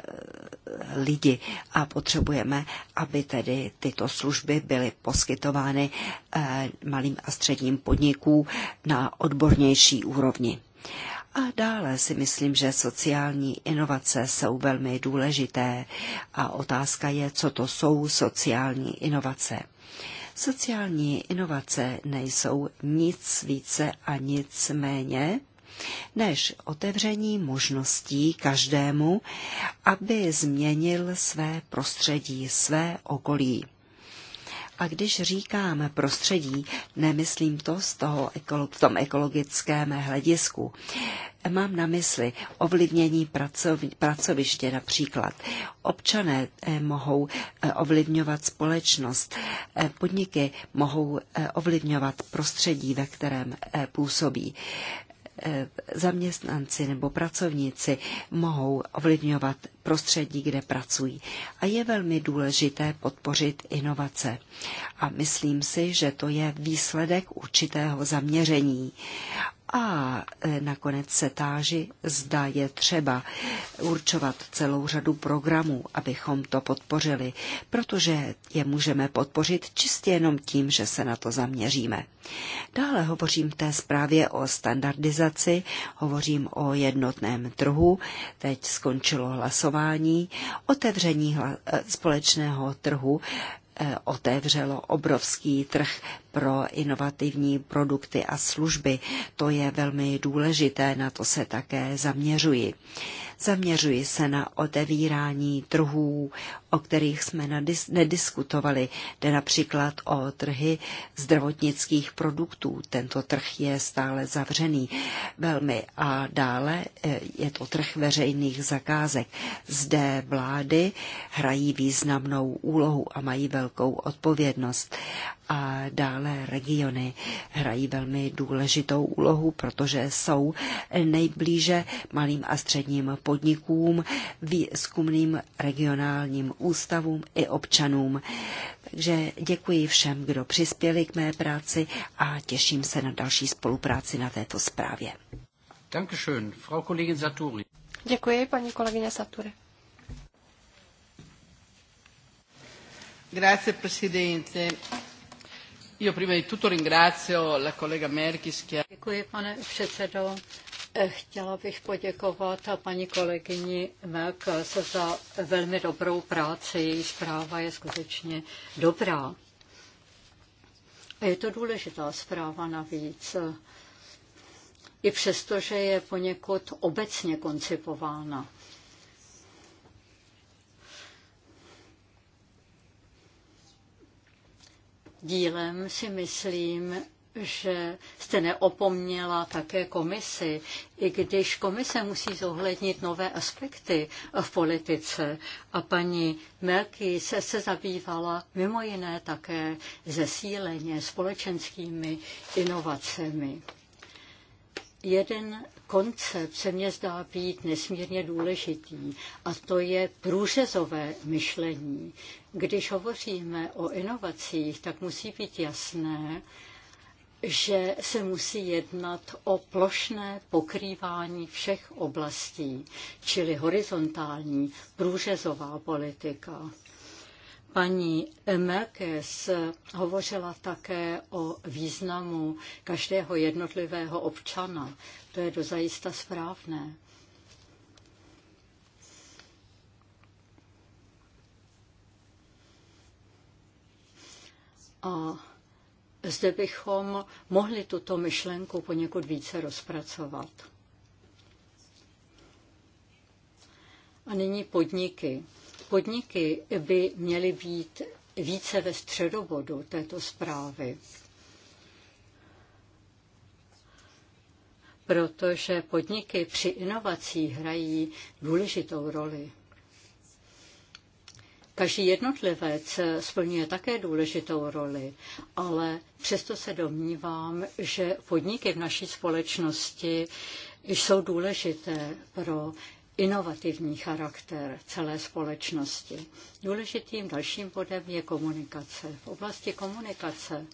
lidi a potřebujeme, aby tedy tyto služby byly poskytovány eh, malým a středním podnikům na odbornější úrovni. A dále si myslím, že sociální inovace jsou velmi důležité a otázka je, co to jsou sociální inovace. Sociální inovace nejsou nic více a nic méně než otevření možností každému, aby změnil své prostředí, své okolí. A když říkám prostředí, nemyslím to z toho v tom ekologickém hledisku. Mám na mysli ovlivnění pracov, pracoviště například. Občané eh, mohou eh, ovlivňovat společnost, eh, podniky mohou ovlivňovat prostředí, ve kterém působí. Eh, zaměstnanci nebo pracovníci mohou ovlivňovat prostředí, kde pracují. A je velmi důležité podpořit inovace. A myslím si, že to je výsledek určitého zaměření. A e, nakonec se táži, zda je třeba určovat celou řadu programů, abychom to podpořili, protože je můžeme podpořit čistě jenom tím, že se na to zaměříme. Dále hovořím v té zprávě o standardizaci, hovořím o jednotném trhu, teď skončilo hlasování, otevření hla- e, společného trhu e, otevřelo obrovský trh pro inovativní produkty a služby. To je velmi důležité, na to se také zaměřuji. Zaměřuji se na otevírání trhů, o kterých jsme nediskutovali. Jde například o trhy zdravotnických produktů. Tento trh je stále zavřený velmi. A dále eh, je to trh veřejných zakázek. Zde vlády hrají významnou úlohu a mají velkou odpovědnost a dále regiony hrají velmi důležitou úlohu, protože jsou nejblíže malým a středním podnikům, výzkumným regionálním ústavům i občanům. Takže děkuji všem, kdo přispěli k mé práci a těším se na další spolupráci na této zprávě. Dankeschön, Frau Kollegin Saturi. Děkuji, paní kolegyně Saturi. Grazie, Presidente. Io prima di tutto ringrazio la collega Merkis. Děkuji, pane předsedo. Eh, chtěla bych poděkovat a paní kolegyni Mek za velmi dobrou práci. Její zpráva je skutečně dobrá. A je to důležitá zpráva navíc. I přesto, že je poněkud obecně koncipována. dílem si myslím, že jste neopomněla také komisi, i když komise musí zohlednit nové aspekty v politice. A paní Melky se, se zabývala mimo jiné také zesíleně společenskými inovacemi. Jeden koncept se mně zdá být nesmírně důležitý a to je průřezové myšlení. Když hovoříme o inovacích, tak musí být jasné, že se musí jednat o plošné pokrývání všech oblastí, čili horizontální průřezová politika. Paní Merkes hovořila také o významu každého jednotlivého občana. To je dozajista správné. A zde bychom mohli tuto myšlenku poněkud více rozpracovat. A nyní podniky. Podniky by měly být více ve středobodu této zprávy. protože podniky při inovacích hrají důležitou roli. Každý jednotlivec splňuje také důležitou roli, ale přesto se domnívám, že podniky v naší společnosti jsou důležité pro inovativní charakter celé společnosti. Důležitým dalším bodem je komunikace. V oblasti komunikace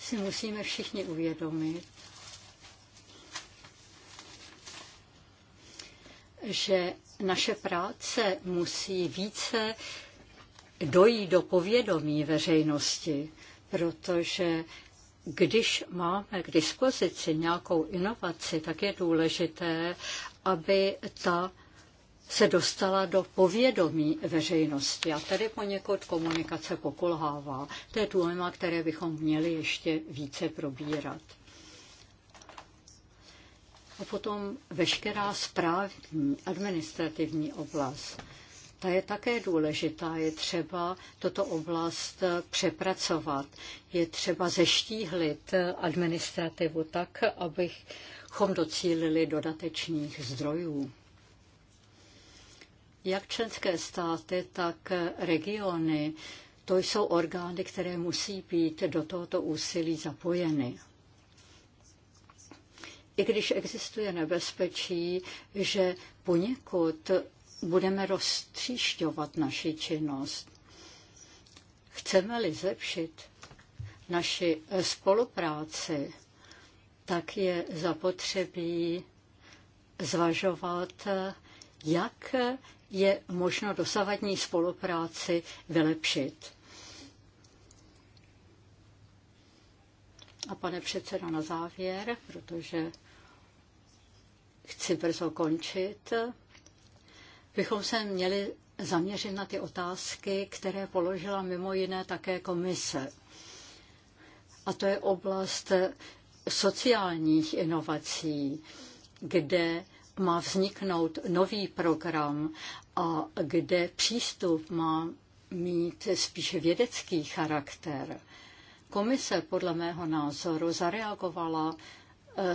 si musíme všichni uvědomit, že naše práce musí více dojít do povědomí veřejnosti, protože když máme k dispozici nějakou inovaci, tak je důležité, aby ta se dostala do povědomí veřejnosti a tady poněkud komunikace pokulhává. To je téma, které bychom měli ještě více probírat. A potom veškerá správní, administrativní oblast ta je také důležitá. Je třeba toto oblast přepracovat. Je třeba zeštíhlit administrativu tak, abychom docílili dodatečných zdrojů. Jak členské státy, tak regiony, to jsou orgány, které musí být do tohoto úsilí zapojeny. I když existuje nebezpečí, že poněkud budeme roztříšťovat naši činnost. Chceme-li zlepšit naši eh, spolupráci, tak je zapotřebí zvažovat, eh, jak je možno dosavadní spolupráci vylepšit. A pane předseda, na závěr, protože chci brzo končit, bychom se měli zaměřit na ty otázky, které položila mimo jiné také komise. A to je oblast sociálních inovací, kde má vzniknout nový program a kde přístup má mít spíše vědecký charakter. Komise podle mého názoru zareagovala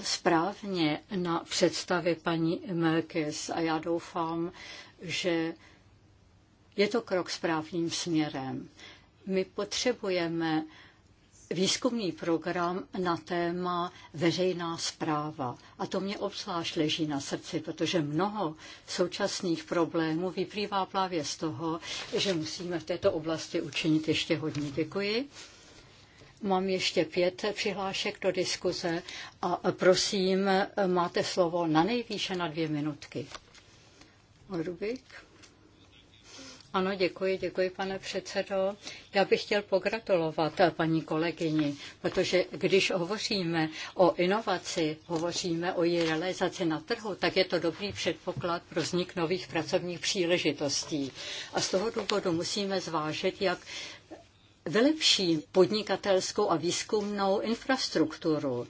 správně na představě paní Melkis a já doufám, že je to krok správným směrem. My potřebujeme výzkumný program na téma veřejná zpráva. A to mě obzvlášť leží na srdci, protože mnoho současných problémů vyplývá právě z toho, že musíme v této oblasti učinit ještě hodně. Děkuji. Mám ještě pět přihlášek do diskuze a prosím, máte slovo na nejvýše na dvě minutky. Rubik. Ano, děkuji, děkuji, pane předsedo. Já bych chtěl pogratulovat paní kolegyni, protože když hovoříme o inovaci, hovoříme o její realizaci na trhu, tak je to dobrý předpoklad pro vznik nových pracovních příležitostí. A z toho důvodu musíme zvážit, jak vylepší podnikatelskou a výzkumnou infrastrukturu.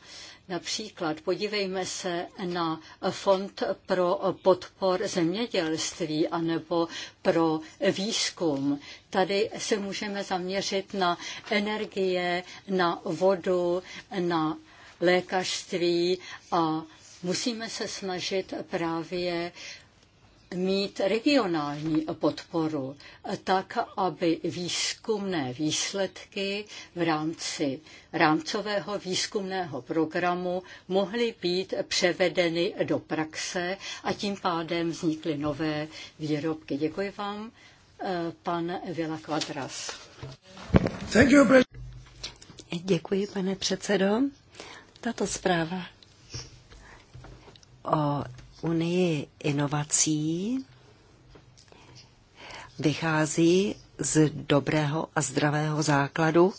Například podívejme se na Fond pro podpor zemědělství anebo pro výzkum. Tady se můžeme zaměřit na energie, na vodu, na lékařství a musíme se snažit právě mít regionální podporu, tak aby výzkumné výsledky v rámci rámcového výzkumného programu mohly být převedeny do praxe a tím pádem vznikly nové výrobky. Děkuji vám, eh, pan Vila Quadras. Děkuji, pane předsedo. Tato zpráva o unii inovací vychází z dobrého a zdravého základu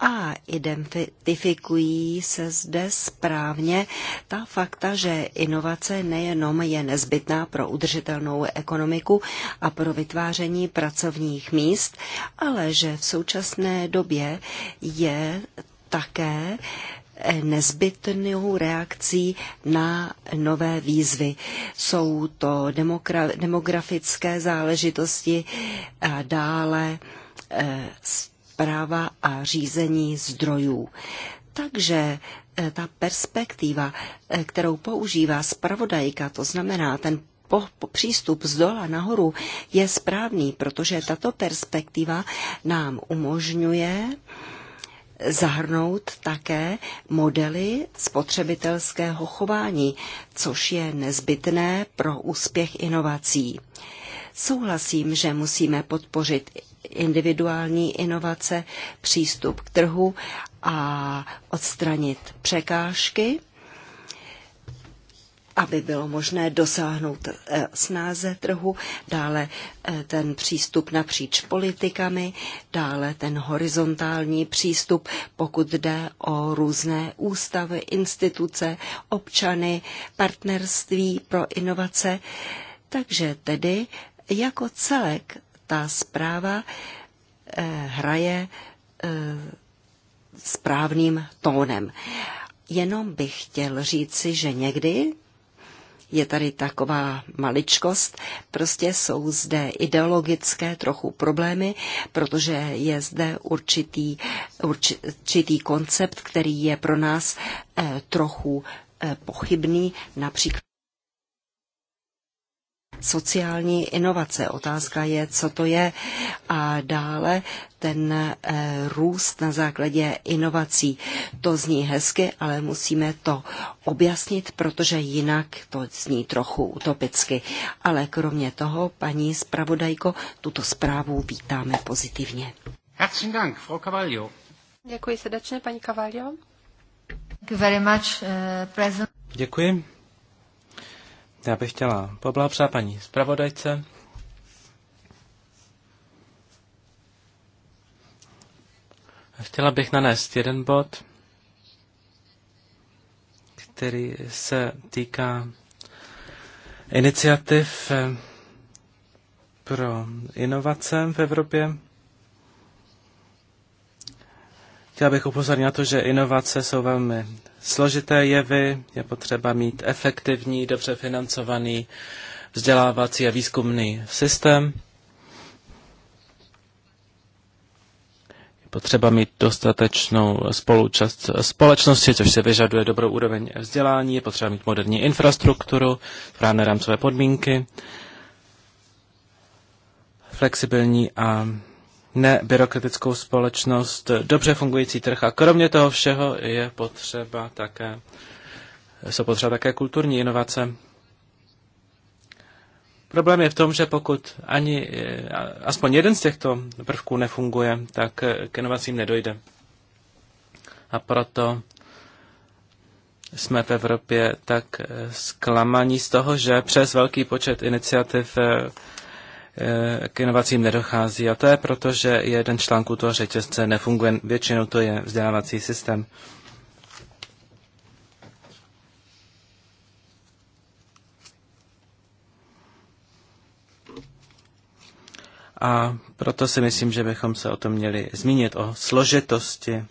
a identifikují se zde správně ta fakta, že inovace nejenom je nezbytná pro udržitelnou ekonomiku a pro vytváření pracovních míst, ale že v současné době je také nezbytnou reakcí na nové výzvy. Jsou to demografické záležitosti a dále eh, zpráva a řízení zdrojů. Takže eh, ta perspektiva, eh, kterou používá zpravodajka, to znamená ten po, po přístup z dola nahoru, je správný, protože tato perspektiva nám umožňuje eh, zahrnout také modely spotřebitelského chování, což je nezbytné pro úspěch inovací. Souhlasím, že musíme podpořit individuální inovace, přístup k trhu a odstranit překážky aby bylo možné dosáhnout eh, snáze trhu, dále eh, ten přístup napříč politikami, dále ten horizontální přístup, pokud jde o různé ústavy, instituce, občany, partnerství pro inovace. Takže tedy jako celek ta zpráva eh, hraje správným tónem. Jenom bych chtěl říci, že někdy je tady taková maličkost. Prostě jsou zde ideologické trochu problémy, protože je zde určitý, určitý koncept, který je pro nás eh, trochu eh, pochybný, například sociální inovace. Otázka je, co to je. A dále ten eh, růst na základě inovací. To zní hezky, ale musíme to objasnit, protože jinak to zní trochu utopicky. Ale kromě toho, paní zpravodajko, tuto zprávu vítáme pozitivně. Herzlichen Dank, Frau Cavaglio. Děkuji srdečně, paní Cavaglio. Very much, eh, Děkuji. Já bych chtěla poblahopřát paní zpravodajce. Chtěla bych nanést jeden bod, který se týká iniciativ eh, pro inovace v Evropě. Chtěla bych upozornit na to, že inovace jsou velmi složité jevy, je potřeba mít efektivní, dobře financovaný vzdělávací a výzkumný systém. Je potřeba mít dostatečnou spolučast společnosti, což se vyžaduje dobrou úroveň vzdělání, je potřeba mít moderní infrastrukturu, správné rámcové podmínky, flexibilní a nebyrokratickou společnost, dobře fungující trh a kromě toho všeho je potřeba také, jsou potřeba také kulturní inovace. Problém je v tom, že pokud ani eh, aspoň jeden z těchto prvků nefunguje, tak k inovacím nedojde. A proto jsme v Evropě tak eh, zklamaní z toho, že přes velký počet iniciativ eh, Eh, k inovacím nedochází. A to je proto, že jeden článku toho řetězce nefunguje. Většinou to je vzdělávací systém. A proto si myslím, že bychom se o tom měli zmínit, o složitosti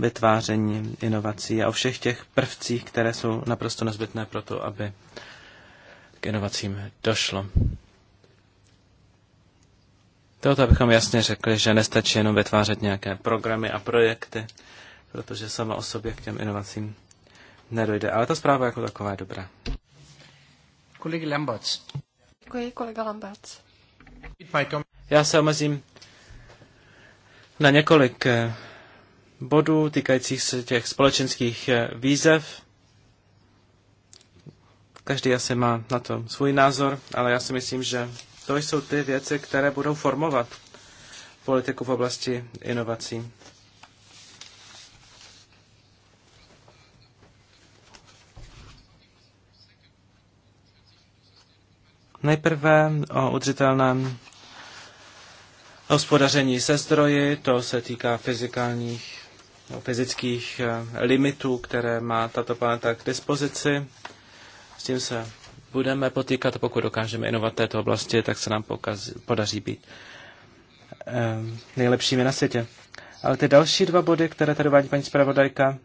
vytváření inovací a o všech těch prvcích, které jsou naprosto nezbytné pro to, aby k inovacím došlo. Toto bychom jasně řekli, že nestačí jenom vytvářet nějaké programy a projekty, protože sama o sobě k těm inovacím nedojde. Ale ta zpráva jako taková je dobrá. Kolega Lambac. Děkuji, kolega Lambac. Já se omezím na několik eh, bodů týkajících se těch společenských eh, výzev. Každý asi má na to svůj názor, ale já si myslím, že to jsou ty věci, které budou formovat politiku v oblasti inovací. Nejprve o udržitelném hospodaření se zdroji, to se týká fyzikálních, no, fyzických eh, limitů, které má tato planeta k dispozici. S tím se budeme potýkat. Pokud dokážeme inovat této oblasti, tak se nám pokaz, podaří být ehm, nejlepšími na světě. Ale ty další dva body, které tady vádí paní zpravodajka,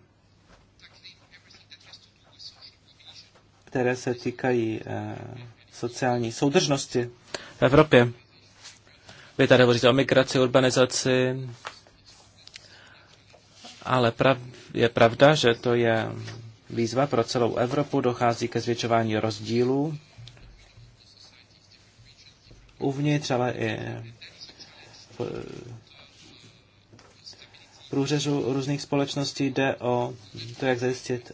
které se týkají eh, sociální soudržnosti v Evropě. Vy tady hovoříte o migraci, urbanizaci, ale prav, je pravda, že to je výzva pro celou Evropu, dochází ke zvětšování rozdílů uvnitř, ale i v průřežu různých společností jde o to, jak zajistit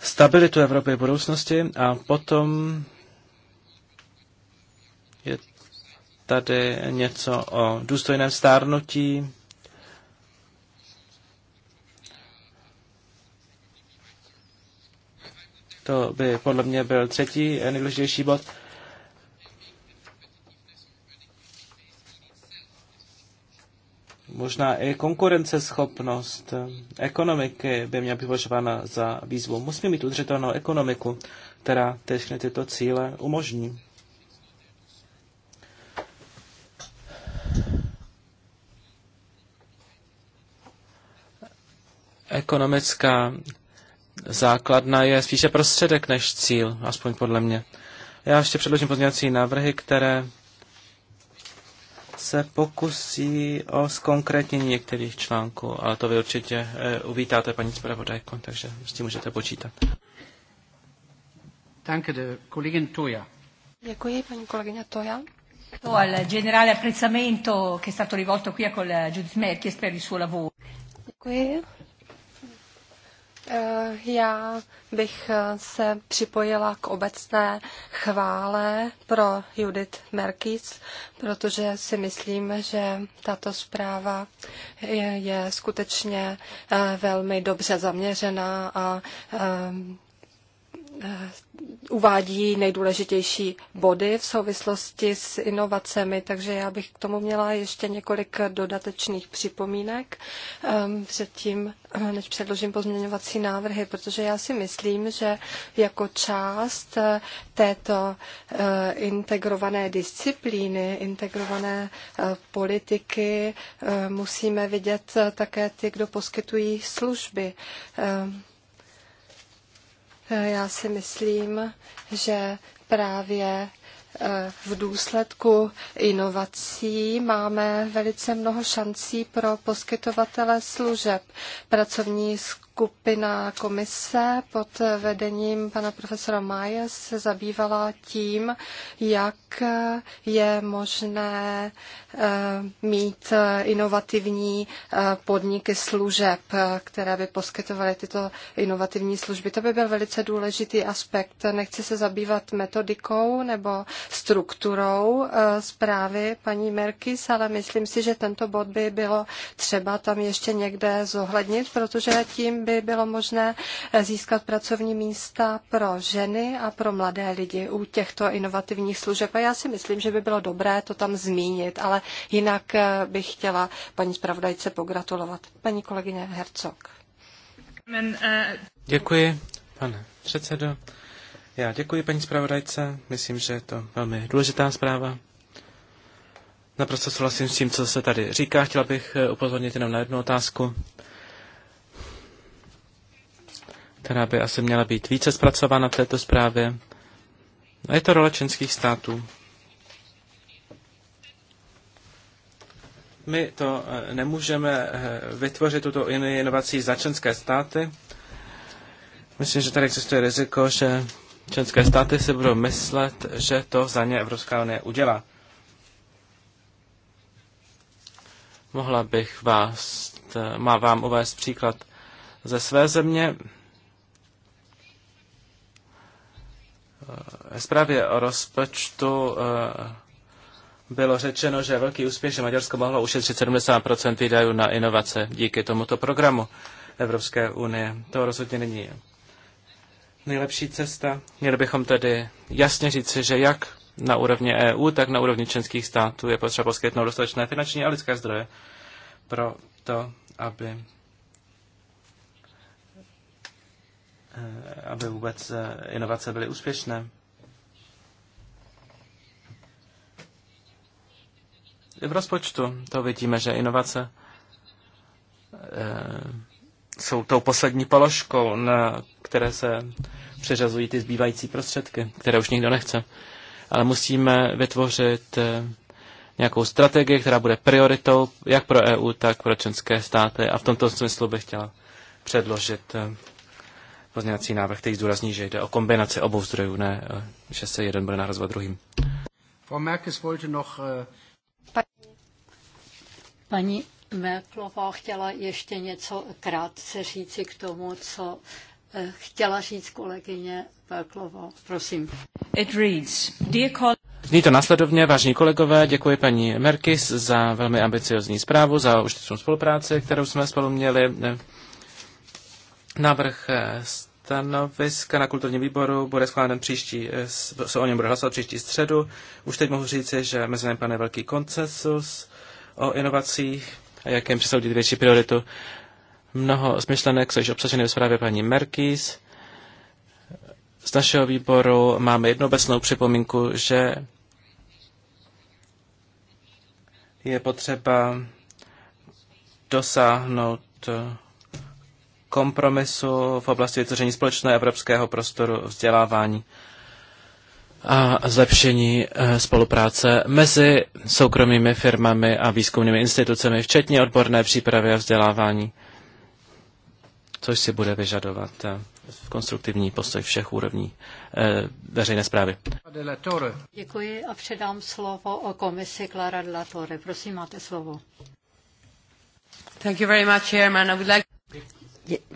stabilitu Evropy v budoucnosti a potom je tady něco o důstojném stárnutí, To by podle mě byl třetí nejdůležitější bod. Možná i konkurenceschopnost ekonomiky by měla být považována za výzvu. Musíme mít udržitelnou ekonomiku, která všechny tyto cíle umožní. Ekonomická základna je spíše prostředek než cíl, aspoň podle mě. Já ještě předložím pozměňovací návrhy, které se pokusí o zkonkrétnění některých článků, ale to vy určitě eh, uvítáte, paní zpravodajko, takže s tím můžete počítat. Děkuji, paní kolegyně Toja. Děkuji. Eh, já bych eh, se připojila k obecné chvále pro Judith Merkis, protože si myslím, že tato zpráva je, je skutečně eh, velmi dobře zaměřená a Eh, uvádí nejdůležitější body v souvislosti s inovacemi, takže já bych k tomu měla ještě několik dodatečných připomínek ehm, předtím, eh, než předložím pozměňovací návrhy, protože já si myslím, že jako část eh, této integrované disciplíny, integrované politiky musíme vidět také ty, kdo poskytují služby. Ehm, já si myslím, že právě eh, v důsledku inovací máme velice mnoho šancí pro poskytovatele služeb. Pracovní skupina komise pod vedením pana profesora Maje se zabývala tím, jak je možné eh, mít inovativní eh, podniky služeb, které by poskytovaly tyto inovativní služby. To by byl velice důležitý aspekt. Nechci se zabývat metodikou nebo strukturou eh, zprávy paní Merkis, ale myslím si, že tento bod by bylo třeba tam ještě někde zohlednit, protože tím by bylo možné získat pracovní místa pro ženy a pro mladé lidi u těchto inovativních služeb. A já si myslím, že by bylo dobré to tam zmínit, ale jinak eh, bych chtěla paní zpravodajce pogratulovat. Paní kolegyně Hercog. Děkuji, pane předsedo. Já děkuji paní zpravodajce, myslím, že je to velmi důležitá zpráva. Naprosto souhlasím s tím, co se tady říká. Chtěla bych eh, upozornit jenom na jednu otázku která by asi měla být více zpracována v této zprávě. A je to role členských států. My to eh, nemůžeme eh, vytvořit tuto inovací za členské státy. Myslím, že tady existuje riziko, že členské státy si budou myslet, že to za ně Evropská unie udělá. Mohla bych vás, eh, má vám uvést příklad ze své země. Eh, zprávě o rozpočtu eh, bylo řečeno, že velký úspěch, že Maďarsko mohlo ušetřit 70 výdajů na inovace díky tomuto programu Evropské unie. To rozhodně není nejlepší cesta. Měli bychom tedy jasně říci, že jak na úrovni EU, tak na úrovni členských států je potřeba poskytnout dostatečné finanční a lidské zdroje pro to, aby Eh, aby vůbec eh, inovace byly úspěšné. I v rozpočtu to vidíme, že inovace eh, jsou tou poslední položkou, na které se přeřazují ty zbývající prostředky, které už nikdo nechce. Ale musíme vytvořit nějakou strategii, která bude prioritou jak pro EU, tak pro členské státy. A v tomto smyslu bych chtěla předložit pozměňovací návrh, který zdůrazní, že jde o kombinaci obou zdrojů, ne eh, že se jeden bude nahrazovat druhým. Eh, paní Merklová chtěla ještě něco krátce říci k tomu, co eh, chtěla říct kolegyně Merklová. Prosím. It reads, dear Zní to následovně, vážní kolegové, děkuji paní Merkis za velmi ambiciozní zprávu, za užitečnou spolupráci, kterou jsme spolu měli Návrh eh, stanoviska na kulturní výboru bude schválen příští, eh, se o něm bude hlasovat příští středu. Už teď mohu říci, že mezi námi panuje velký koncensus o inovacích a jak jim přisoudit větší prioritu. Mnoho z jsou již obsaženy ve zprávě paní Merkis. Z našeho výboru máme jednu obecnou připomínku, že je potřeba dosáhnout eh, kompromisu v oblasti vytvoření společného evropského prostoru vzdělávání a zlepšení eh, spolupráce mezi soukromými firmami a výzkumnými institucemi, včetně odborné přípravy a vzdělávání, což si bude vyžadovat eh, konstruktivní postoj všech úrovní eh, veřejné zprávy. Děkuji a předám slovo o komisi Clara de la Torre. Prosím, máte slovo. Thank you very much, Chairman. I would like...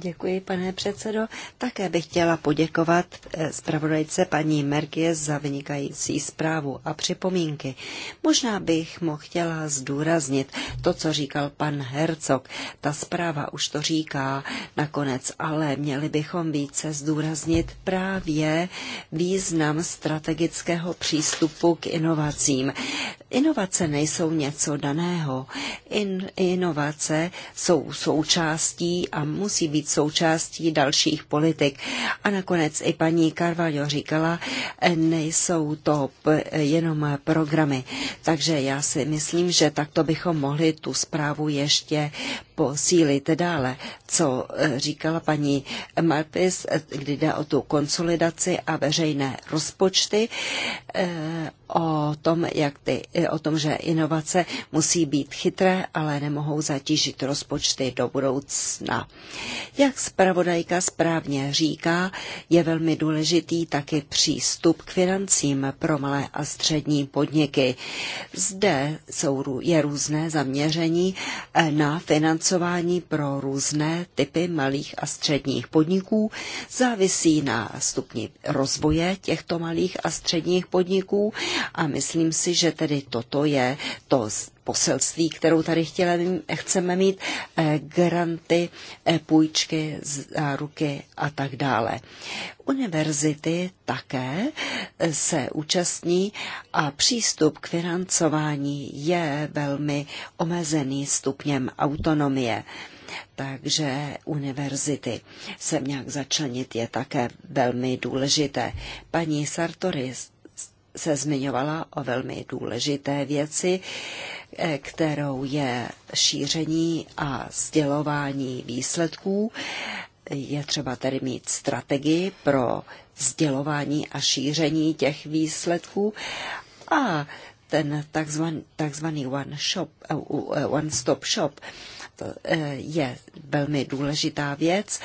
Děkuji, pane předsedo. Také bych chtěla poděkovat eh, zpravodajce paní Merkie za vynikající zprávu a připomínky. Možná bych mu chtěla zdůraznit to, co říkal pan Hercog. Ta zpráva už to říká nakonec, ale měli bychom více zdůraznit právě význam strategického přístupu k inovacím. Inovace nejsou něco daného. In, inovace jsou součástí a musí musí být součástí dalších politik. A nakonec i paní Carvalho říkala, e, nejsou to jenom programy. Takže já si myslím, že takto bychom mohli tu zprávu ještě posílit dále, co e, říkala paní Marpis, e, kdy jde o tu konsolidaci a veřejné rozpočty, o tom, jak ty, o tom, že inovace musí být chytré, ale nemohou zatížit rozpočty do budoucna. Jak zpravodajka správně říká, je velmi důležitý taky přístup k financím pro malé a střední podniky. Zde jsou, je různé zaměření eh, na financování pro různé typy malých a středních podniků. Závisí na stupni rozvoje těchto malých a středních podniků a myslím si, že tedy toto je to poselství, kterou tady chtěle, chceme mít, eh, granty, eh, půjčky, záruky a tak dále. Univerzity také eh, se účastní a přístup k financování je velmi omezený stupněm autonomie. Takže univerzity se nějak začlenit je také velmi důležité. Paní Sartori se zmiňovala o velmi důležité věci, E, kterou je šíření a sdělování výsledků. Je třeba tedy mít strategii pro sdělování a šíření těch výsledků a ten takzvaný, takzvaný one, shop, e, e, one stop shop Eh, je velmi důležitá věc,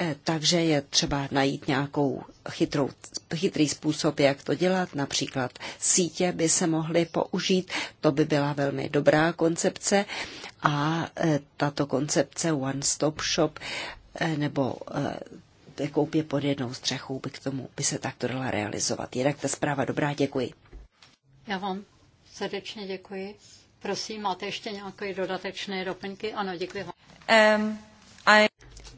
eh, takže je třeba najít nějakou chytrou, chytrý způsob, jak to dělat. Například sítě by se mohly použít, to by byla velmi dobrá koncepce a eh, tato koncepce One Stop Shop nebo koupě pod jednou střechou by k tomu by se takto dala realizovat. Jinak ta zpráva dobrá, děkuji. Já vám srdečně děkuji. Prosím, máte ještě nějaké dodatečné doplňky? Ano, děkuji. Um, I...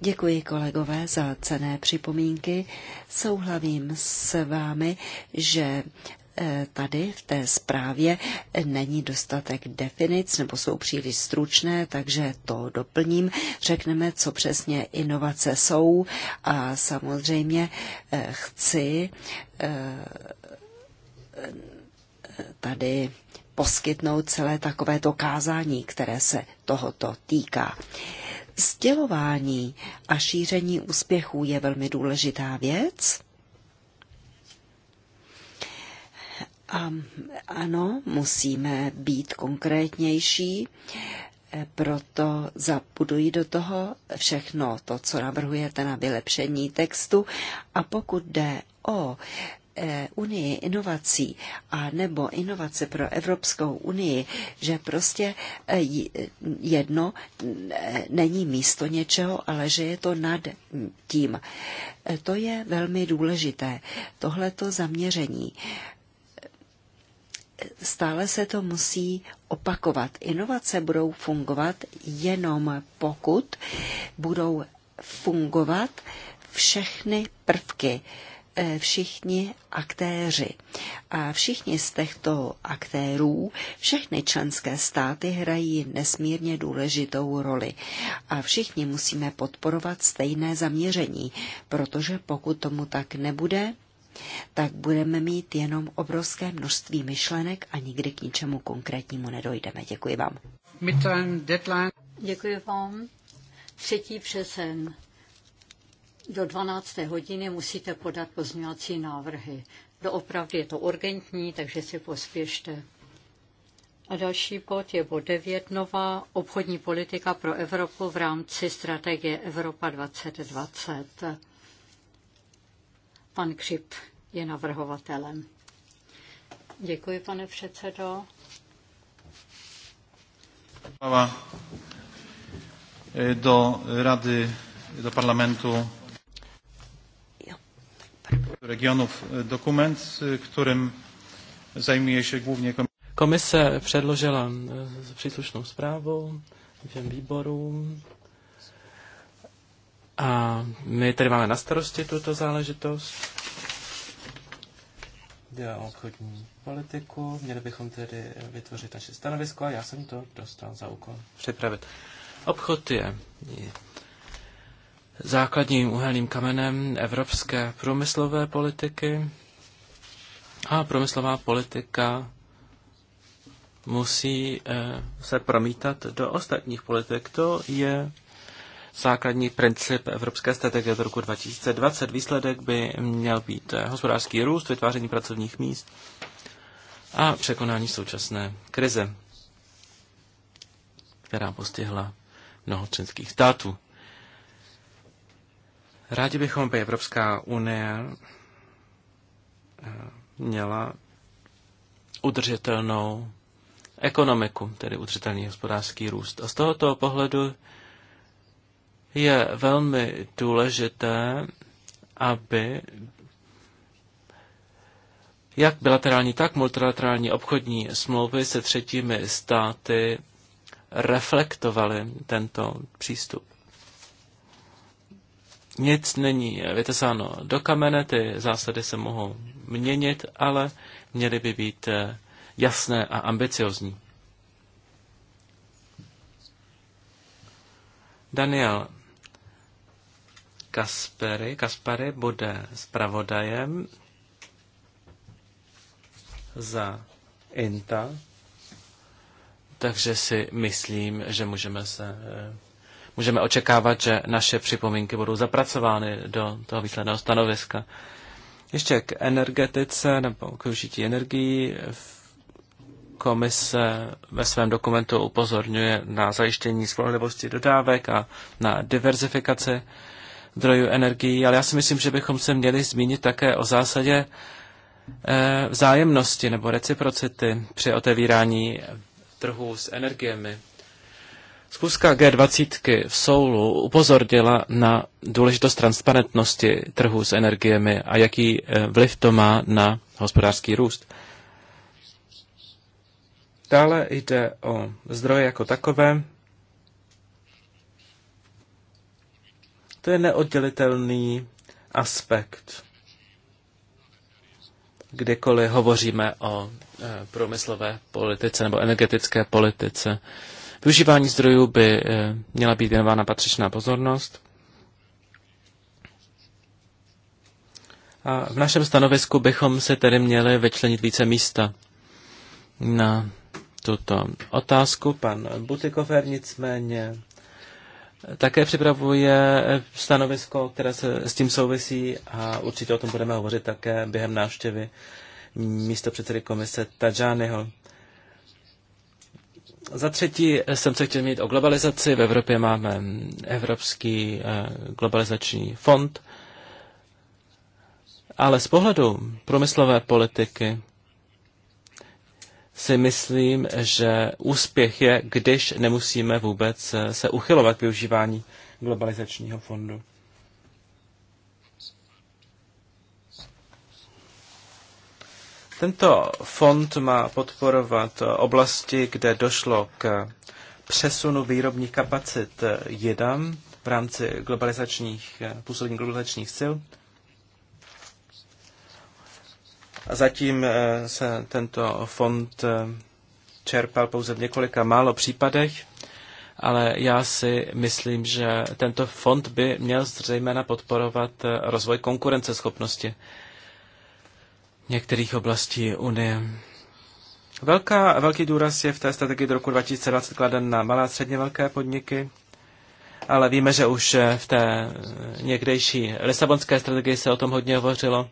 Děkuji kolegové za cené připomínky. Souhlavím s vámi, že eh, tady v té zprávě není dostatek definic nebo jsou příliš stručné, takže to doplním. Řekneme, co přesně inovace jsou a samozřejmě eh, chci eh, tady poskytnout celé takovéto kázání, které se tohoto týká. Sdělování a šíření úspěchů je velmi důležitá věc. A, ano, musíme být konkrétnější, proto zapuduji do toho všechno to, co navrhujete na vylepšení textu. A pokud jde o unii inovací a nebo inovace pro Evropskou unii, že prostě eh, jedno eh, není místo něčeho, ale že je to nad tím. Eh, to je velmi důležité, tohleto zaměření stále se to musí opakovat. Inovace budou fungovat jenom pokud budou fungovat všechny prvky Eh, všichni aktéři. A všichni z těchto aktérů, všechny členské státy hrají nesmírně důležitou roli. A všichni musíme podporovat stejné zaměření, protože pokud tomu tak nebude, tak budeme mít jenom obrovské množství myšlenek a nikdy k ničemu konkrétnímu nedojdeme. Děkuji vám. Děkuji vám. Třetí přesen do 12. hodiny musíte podat pozměňovací návrhy. Doopravdy je to urgentní, takže si pospěšte. A další bod je bod 9. Nová obchodní politika pro Evropu v rámci strategie Evropa 2020. Pan Křip je navrhovatelem. Děkuji, pane předsedo. E, do Rady, do parlamentu Regionův e, dokument, e, kterým zajmuje se hlavně Komise předložila e, příslušnou zprávu všem výborům a my tady máme na starosti tuto záležitost. Jde o obchodní politiku, měli bychom tedy vytvořit naše stanovisko a já jsem to dostal za úkol připravit. Obchod je základním uhelným kamenem evropské průmyslové politiky. A průmyslová politika musí eh, se promítat do ostatních politik. To je základní princip Evropské strategie z roku 2020. Výsledek by měl být eh, hospodářský růst, vytváření pracovních míst a překonání současné krize, která postihla mnoho členských států. Rádi bychom, aby Evropská unie eh, měla udržitelnou ekonomiku, tedy udržitelný hospodářský růst. A z tohoto pohledu je velmi důležité, aby jak bilaterální, tak multilaterální obchodní smlouvy se třetími státy reflektovaly tento přístup nic není vytesáno do kamene, ty zásady se mohou měnit, ale měly by být eh, jasné a ambiciozní. Daniel Kaspery, Kaspary bude zpravodajem za INTA, takže si myslím, že můžeme se eh, můžeme očekávat, že naše připomínky budou zapracovány do toho výsledného stanoviska. Ještě k energetice nebo k využití energií. Komise ve svém dokumentu upozorňuje na zajištění spolehlivosti dodávek a na diverzifikaci zdrojů energií, ale já si myslím, že bychom se měli zmínit také o zásadě eh, vzájemnosti nebo reciprocity při otevírání trhu s energiemi. Zkuska G20 v Soulu upozornila na důležitost transparentnosti trhu s energiemi a jaký eh, vliv to má na hospodářský růst. Dále jde o zdroje jako takové. To je neoddělitelný aspekt, kdykoliv hovoříme o eh, průmyslové politice nebo energetické politice. Využívání zdrojů by eh, měla být věnována patřičná pozornost. A v našem stanovisku bychom se tedy měli vyčlenit více místa na tuto otázku. Pan Butikofer nicméně také připravuje stanovisko, které se s tím souvisí a určitě o tom budeme hovořit také během návštěvy místo předsedy komise Tajányho. Za třetí eh, jsem se chtěl mít o globalizaci. V Evropě máme mm, Evropský eh, globalizační fond, ale z pohledu průmyslové politiky si myslím, že úspěch je, když nemusíme vůbec eh, se uchylovat k využívání globalizačního fondu. Tento fond má podporovat oblasti, kde došlo k přesunu výrobních kapacit jedam v rámci globalizačních, působení globalizačních sil. A zatím eh, se tento fond eh, čerpal pouze v několika málo případech, ale já si myslím, že tento fond by měl zřejmě podporovat eh, rozvoj konkurenceschopnosti některých oblastí Unie. Velká, velký důraz je v té strategii do roku 2020 kladen na malé a středně velké podniky, ale víme, že už eh, v té eh, někdejší Lisabonské strategii se o tom hodně hovořilo.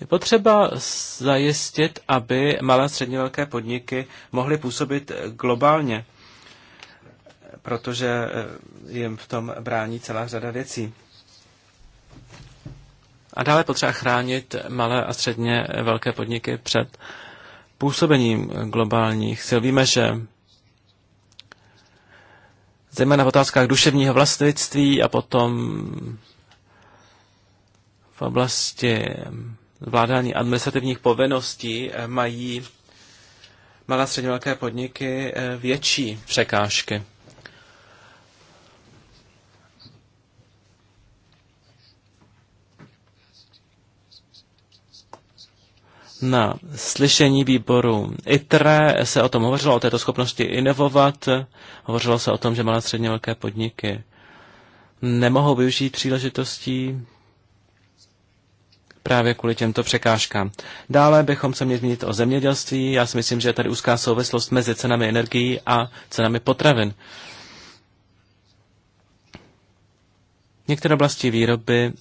Je potřeba zajistit, aby malé a středně velké podniky mohly působit globálně protože eh, jim v tom brání celá řada věcí. A dále potřeba chránit malé a středně velké podniky před působením globálních sil. Víme, že zejména v otázkách duševního vlastnictví a potom v oblasti vládání administrativních povinností eh, mají malé a středně velké podniky eh, větší překážky. Na slyšení výboru ITRE se o tom hovořilo, o této schopnosti inovovat. Hovořilo se o tom, že malé středně velké podniky nemohou využít příležitostí právě kvůli těmto překážkám. Dále bychom se měli zmínit o zemědělství. Já si myslím, že je tady úzká souvislost mezi cenami energií a cenami potravin. Některé oblasti výroby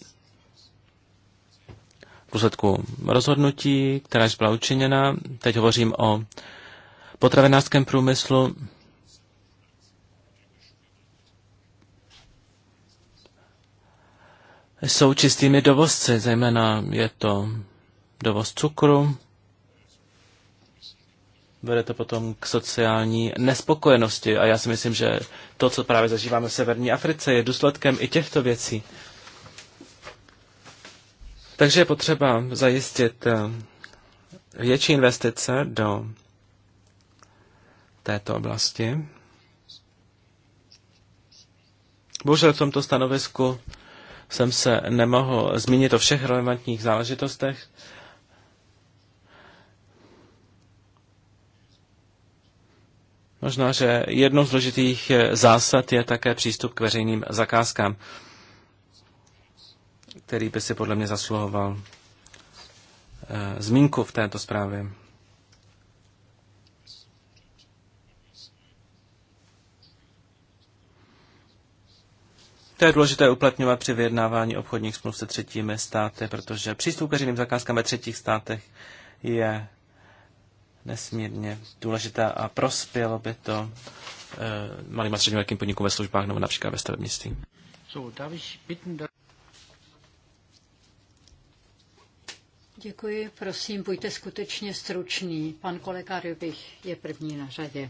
důsledku rozhodnutí, která již byla učiněna. Teď hovořím o potravinářském průmyslu. Jsou čistými dovozci, zejména je to dovoz cukru. Vede to potom k sociální nespokojenosti a já si myslím, že to, co právě zažíváme v severní Africe, je důsledkem i těchto věcí. Takže je potřeba zajistit eh, větší investice do této oblasti. Bohužel v tomto stanovisku jsem se nemohl zmínit o všech relevantních záležitostech. Možná, že jednou z důležitých eh, zásad je také přístup k veřejným zakázkám který by si podle mě zasluhoval eh, zmínku v této zprávě. To je důležité uplatňovat při vyjednávání obchodních smluv se třetími státy, protože přístup k veřejným zakázkám ve třetích státech je nesmírně důležité a prospělo by to e, malým a středním velkým podnikům ve službách nebo například ve stavebnictví. So, Děkuji, prosím, buďte skutečně stručný. Pan kolega Rybich je první na řadě.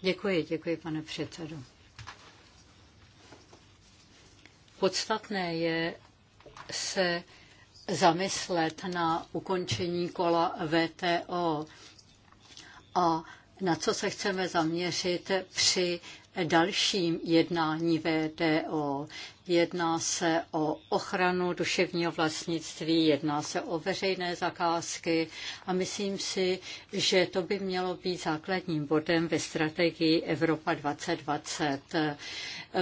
Děkuji, děkuji, pane předsedo. Podstatné je se zamyslet na ukončení kola VTO a na co se chceme zaměřit při dalším jednání VTO. Jedná se o ochranu duševního vlastnictví, jedná se o veřejné zakázky a myslím si, že to by mělo být základním bodem ve strategii Evropa 2020.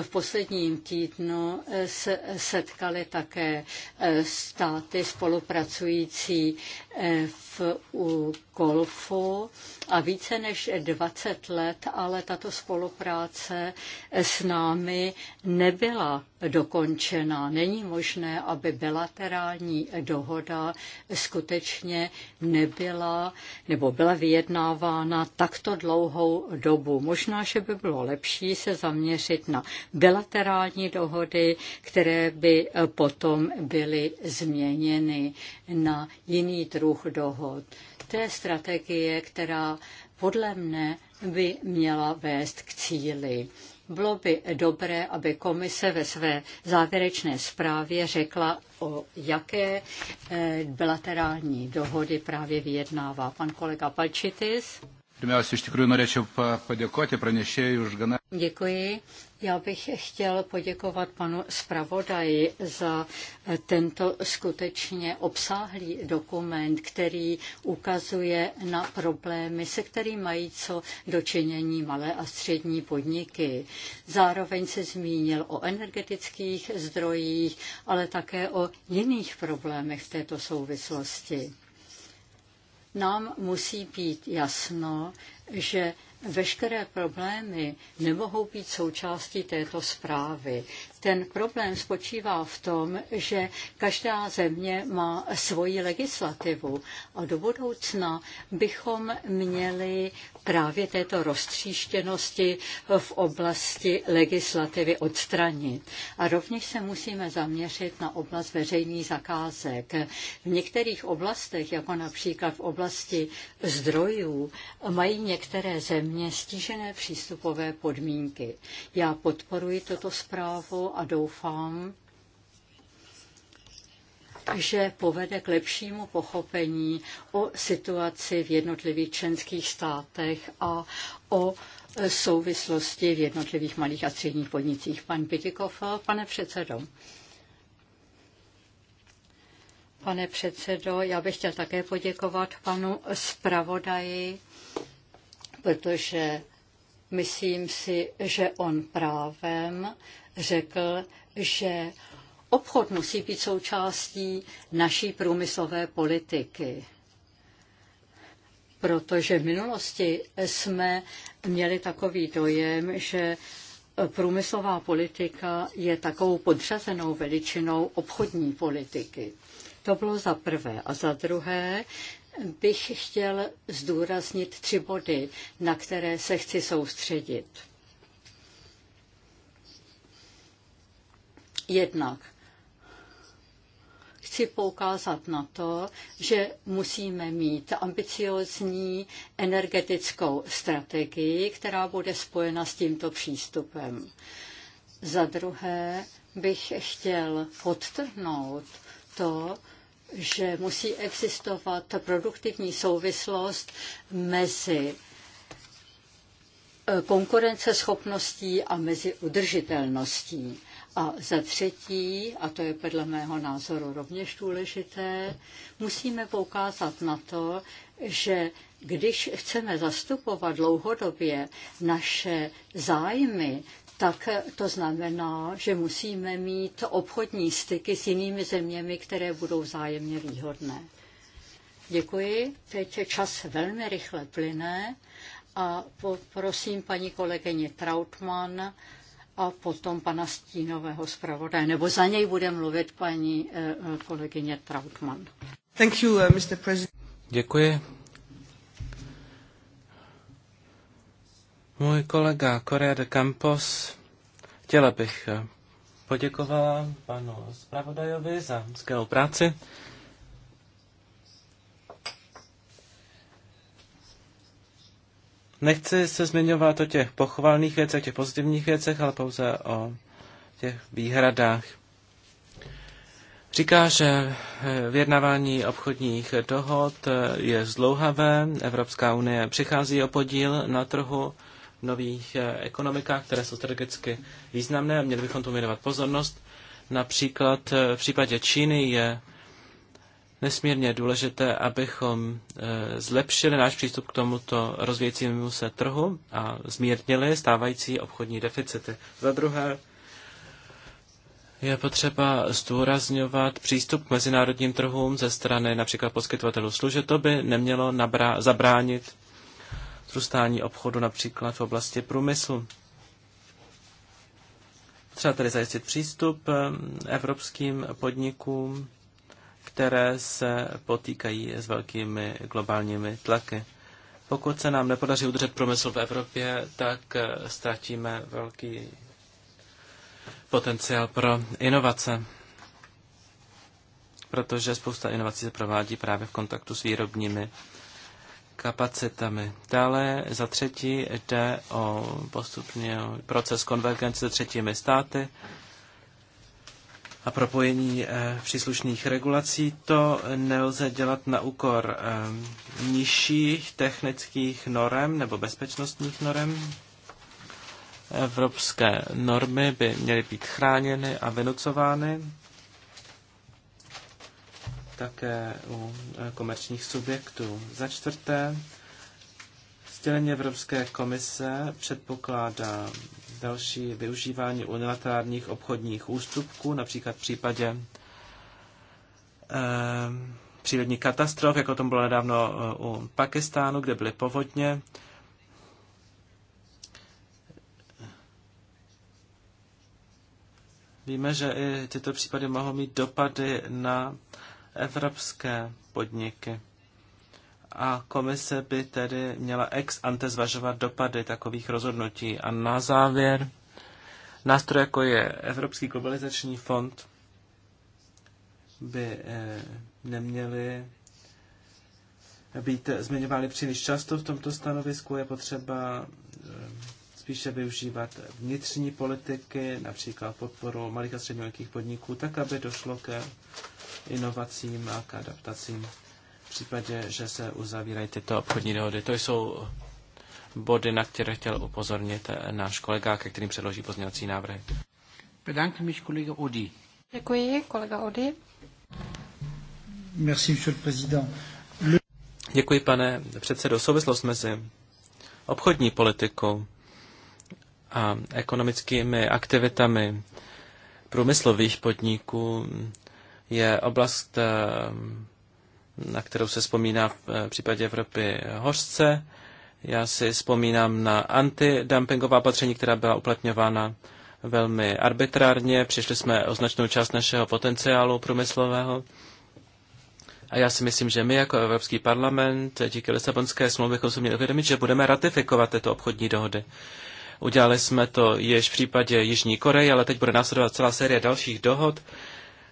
V posledním týdnu se setkali také eh, státy spolupracující eh, v Golfu a více než 20 let, ale tato spolupráce práce s námi nebyla dokončena. Není možné, aby bilaterální dohoda skutečně nebyla nebo byla vyjednávána takto dlouhou dobu. Možná, že by bylo lepší se zaměřit na bilaterální dohody, které by potom byly změněny na jiný druh dohod. To je strategie, která podle mne by měla vést k cíli. Bylo by dobré, aby komise ve své závěrečné zprávě řekla, o jaké eh, bilaterální dohody právě vyjednává. Pan kolega Palčitis. už gana. Děkuji. Já bych chtěl poděkovat panu zpravodaji za tento skutečně obsáhlý dokument, který ukazuje na problémy, se kterými mají co dočinění malé a střední podniky. Zároveň se zmínil o energetických zdrojích, ale také o jiných problémech v této souvislosti. Nám musí být jasno, že veškeré problémy nemohou být součástí této zprávy. Ten problém spočívá v tom, že každá země má svoji legislativu a do budoucna bychom měli právě této roztříštěnosti v oblasti legislativy odstranit. A rovněž se musíme zaměřit na oblast veřejných zakázek. V některých oblastech, jako například v oblasti zdrojů, mají některé země stížené přístupové podmínky. Já podporuji toto zprávu a doufám, že povede k lepšímu pochopení o situaci v jednotlivých členských státech a o souvislosti v jednotlivých malých a středních podnicích. Pan Pitikov, pane předsedo. Pane předsedo, já bych chtěl také poděkovat panu zpravodaji, protože myslím si, že on právem řekl, že obchod musí být součástí naší průmyslové politiky. Protože v minulosti jsme měli takový dojem, že průmyslová politika je takovou podřazenou veličinou obchodní politiky. To bylo za prvé. A za druhé bych chtěl zdůraznit tři body, na které se chci soustředit. Jednak chci poukázat na to, že musíme mít ambiciozní energetickou strategii, která bude spojena s tímto přístupem. Za druhé bych chtěl podtrhnout to, že musí existovat produktivní souvislost mezi eh, konkurenceschopností a mezi udržitelností. A za třetí, a to je podle mého názoru rovněž důležité, musíme poukázat na to, že když chceme zastupovat dlouhodobě naše zájmy, tak to znamená, že musíme mít obchodní styky s jinými zeměmi, které budou zájemně výhodné. Děkuji. Teď je čas velmi rychle plyne a poprosím paní kolegyně Trautmann, a potom pana stínového zpravodaje, nebo za něj bude mluvit paní eh, kolegyně Trautmann. Thank you, eh, Mr. President. Děkuji. Můj kolega Korea de Campos, chtěla bych eh, poděkovala panu zpravodajovi za skvělou práci. Nechci se zmiňovat o těch pochvalných věcech, těch pozitivních věcech, ale pouze o těch výhradách. Říká, že vyjednávání obchodních dohod je zdlouhavé, Evropská unie přichází o podíl na trhu v nových ekonomikách, které jsou strategicky významné a měli bychom tomu věnovat pozornost. Například v případě Číny je nesmírně důležité, abychom eh, zlepšili náš přístup k tomuto rozvějícímu se trhu a zmírnili stávající obchodní deficity. Za druhé, je potřeba zdůrazňovat přístup k mezinárodním trhům ze strany například poskytovatelů služeb. To by nemělo nabra- zabránit zrůstání obchodu například v oblasti průmyslu. Třeba tedy zajistit přístup eh, evropským podnikům které se potýkají s velkými globálními tlaky. Pokud se nám nepodaří udržet průmysl v Evropě, tak eh, ztratíme velký potenciál pro inovace, protože spousta inovací se provádí právě v kontaktu s výrobními kapacitami. Dále za třetí jde o postupně proces konvergence se třetími státy a propojení eh, příslušných regulací. To nelze dělat na úkor eh, nižších technických norem nebo bezpečnostních norem. Evropské normy by měly být chráněny a vynucovány také u eh, komerčních subjektů. Za čtvrté, sdělení Evropské komise předpokládá Další využívání unilaterálních obchodních ústupků, například v případě eh, přírodní katastrof, jako tom bylo nedávno eh, u Pakistánu, kde byly povodně. Víme, že i tyto případy mohou mít dopady na evropské podniky a komise by tedy měla ex ante zvažovat dopady takových rozhodnutí. A na závěr, nástroj jako je Evropský globalizační fond, by eh, neměly být zmiňovány příliš často v tomto stanovisku. Je potřeba eh, spíše využívat vnitřní politiky, například podporu malých a středních podniků, tak, aby došlo ke inovacím a k adaptacím v případě, že se uzavírají tyto obchodní dohody. To jsou body, na které chtěl upozornit eh, náš kolega, ke kterým předloží pozměňovací návrhy. Bedanke mich, kolega Odi. Děkuji, kolega Odi. Merci, monsieur le président. Děkuji, pane předsedo. Souvislost mezi obchodní politikou a ekonomickými aktivitami průmyslových podniků je oblast eh, na kterou se vzpomíná eh, v případě Evropy hořce. Já si vzpomínám na antidumpingová opatření, která byla uplatňována velmi arbitrárně. Přišli jsme o značnou část našeho potenciálu průmyslového. A já si myslím, že my jako Evropský parlament eh, díky Lisabonské smlouvě bychom se měli uvědomit, že budeme ratifikovat tyto obchodní dohody. Udělali jsme to již v případě Jižní Koreje, ale teď bude následovat celá série dalších dohod,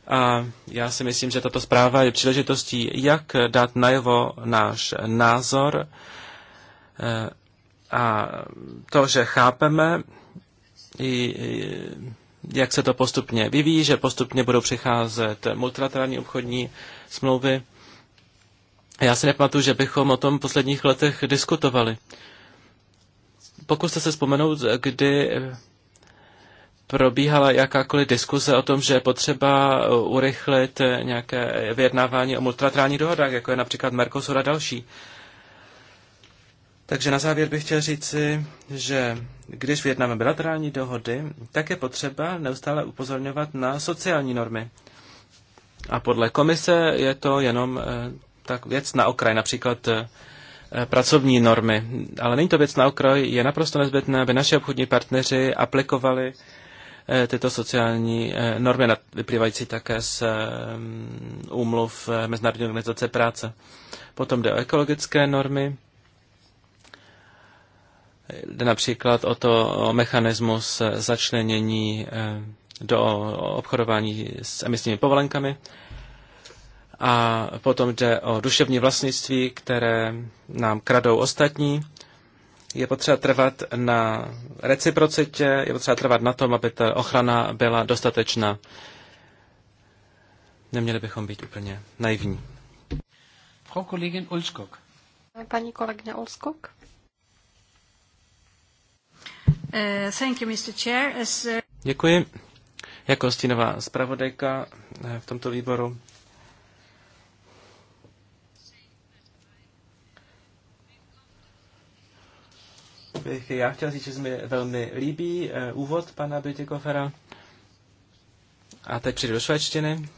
a já si myslím, že tato zpráva je příležitostí, jak dát najevo náš názor e, a to, že chápeme, jak se to postupně vyvíjí, že postupně budou přicházet multilaterální obchodní smlouvy. Já si nepamatuju, že bychom o tom v posledních letech diskutovali. Pokuste se vzpomenout, kdy probíhala jakákoliv diskuze o tom, že je potřeba uh, urychlit eh, nějaké vyjednávání o multilaterálních dohodách, jako je například Mercosur a další. Takže na závěr bych chtěl říci, že když vyjednáme bilaterální dohody, tak je potřeba neustále upozorňovat na sociální normy. A podle komise je to jenom eh, tak věc na okraj, například eh, pracovní normy. Ale není to věc na okraj, je naprosto nezbytné, aby naši obchodní partneři aplikovali Eh, tyto sociální eh, normy, vyplývající také z eh, úmluv Mezinárodní organizace práce. Potom jde o ekologické normy, jde například o to o mechanismus začlenění do obchodování s emisními povolenkami. A potom jde o duševní vlastnictví, které nám kradou ostatní je potřeba trvat na reciprocitě, je potřeba trvat na tom, aby ta ochrana byla dostatečná. Neměli bychom být úplně naivní. Frau Kollegin Ulskog. Paní kolegyně Ulskog. Eh, thank you, Mr. Chair. Eh, Děkuji. Jako stínová zpravodajka eh, v tomto výboru bych já chtěl říct, že se mi velmi líbí eh, úvod pana bytěkofera A teď přijdu do švédštiny.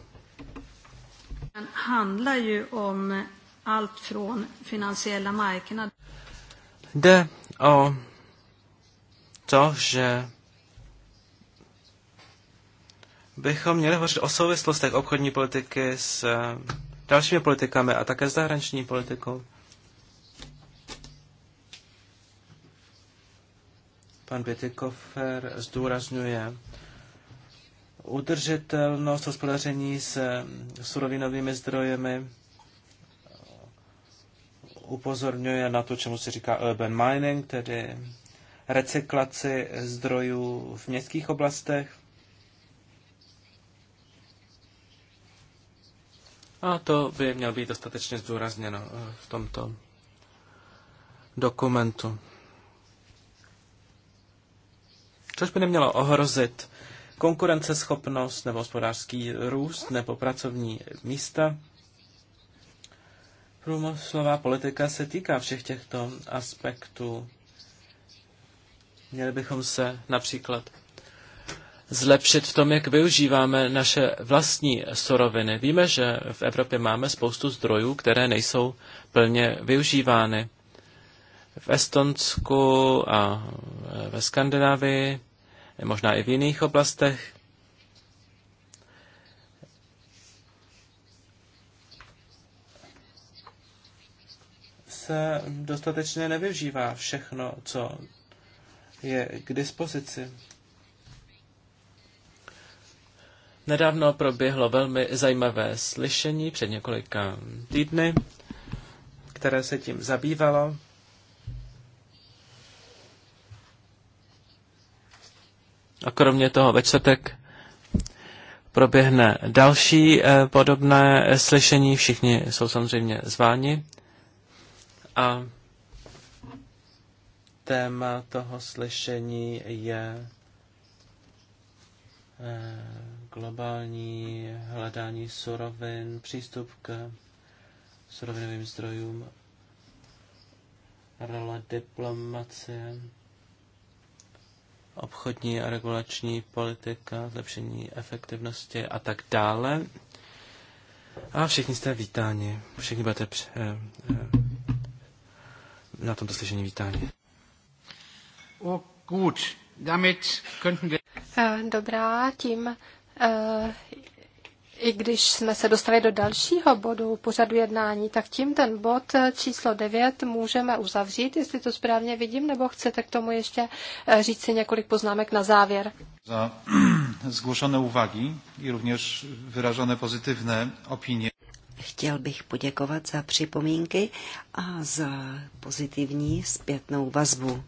Jde o to, že bychom měli hovořit o souvislostech obchodní politiky s eh, dalšími politikami a také s zahraniční politikou. Pan Bětykofer zdůrazňuje udržitelnost hospodaření s surovinovými zdrojemi, upozorňuje na to, čemu se říká urban mining, tedy recyklaci zdrojů v městských oblastech. A to by mělo být dostatečně zdůrazněno v tomto dokumentu. což by nemělo ohrozit konkurenceschopnost nebo hospodářský růst nebo pracovní místa. Průmyslová politika se týká všech těchto aspektů. Měli bychom se například zlepšit v tom, jak využíváme naše vlastní suroviny. Víme, že v Evropě máme spoustu zdrojů, které nejsou plně využívány. V Estonsku a ve Skandinávii možná i v jiných oblastech. se dostatečně nevyužívá všechno, co je k dispozici. Nedávno proběhlo velmi zajímavé slyšení před několika týdny, které se tím zabývalo. A kromě toho ve čtvrtek proběhne další eh, podobné eh, slyšení. Všichni jsou samozřejmě zváni. A téma toho slyšení je eh, globální hledání surovin, přístup k surovinovým zdrojům, role diplomacie obchodní a regulační politika, zlepšení efektivnosti a tak dále. A všichni jste vítáni, všichni budete při, eh, eh, na tomto slyšení vítáni. Oh, gut. Damit könnten wir... Eh, dobrá, tím i když jsme se dostali do dalšího bodu pořadu jednání, tak tím ten bod číslo 9 můžeme uzavřít, jestli to správně vidím, nebo chcete k tomu ještě eh, říct si několik poznámek na závěr. Za [clears throat] zgłoszone uwagi i również wyrażone pozytywne opinie. Chtěl bych poděkovat za připomínky a za pozitivní zpětnou vazbu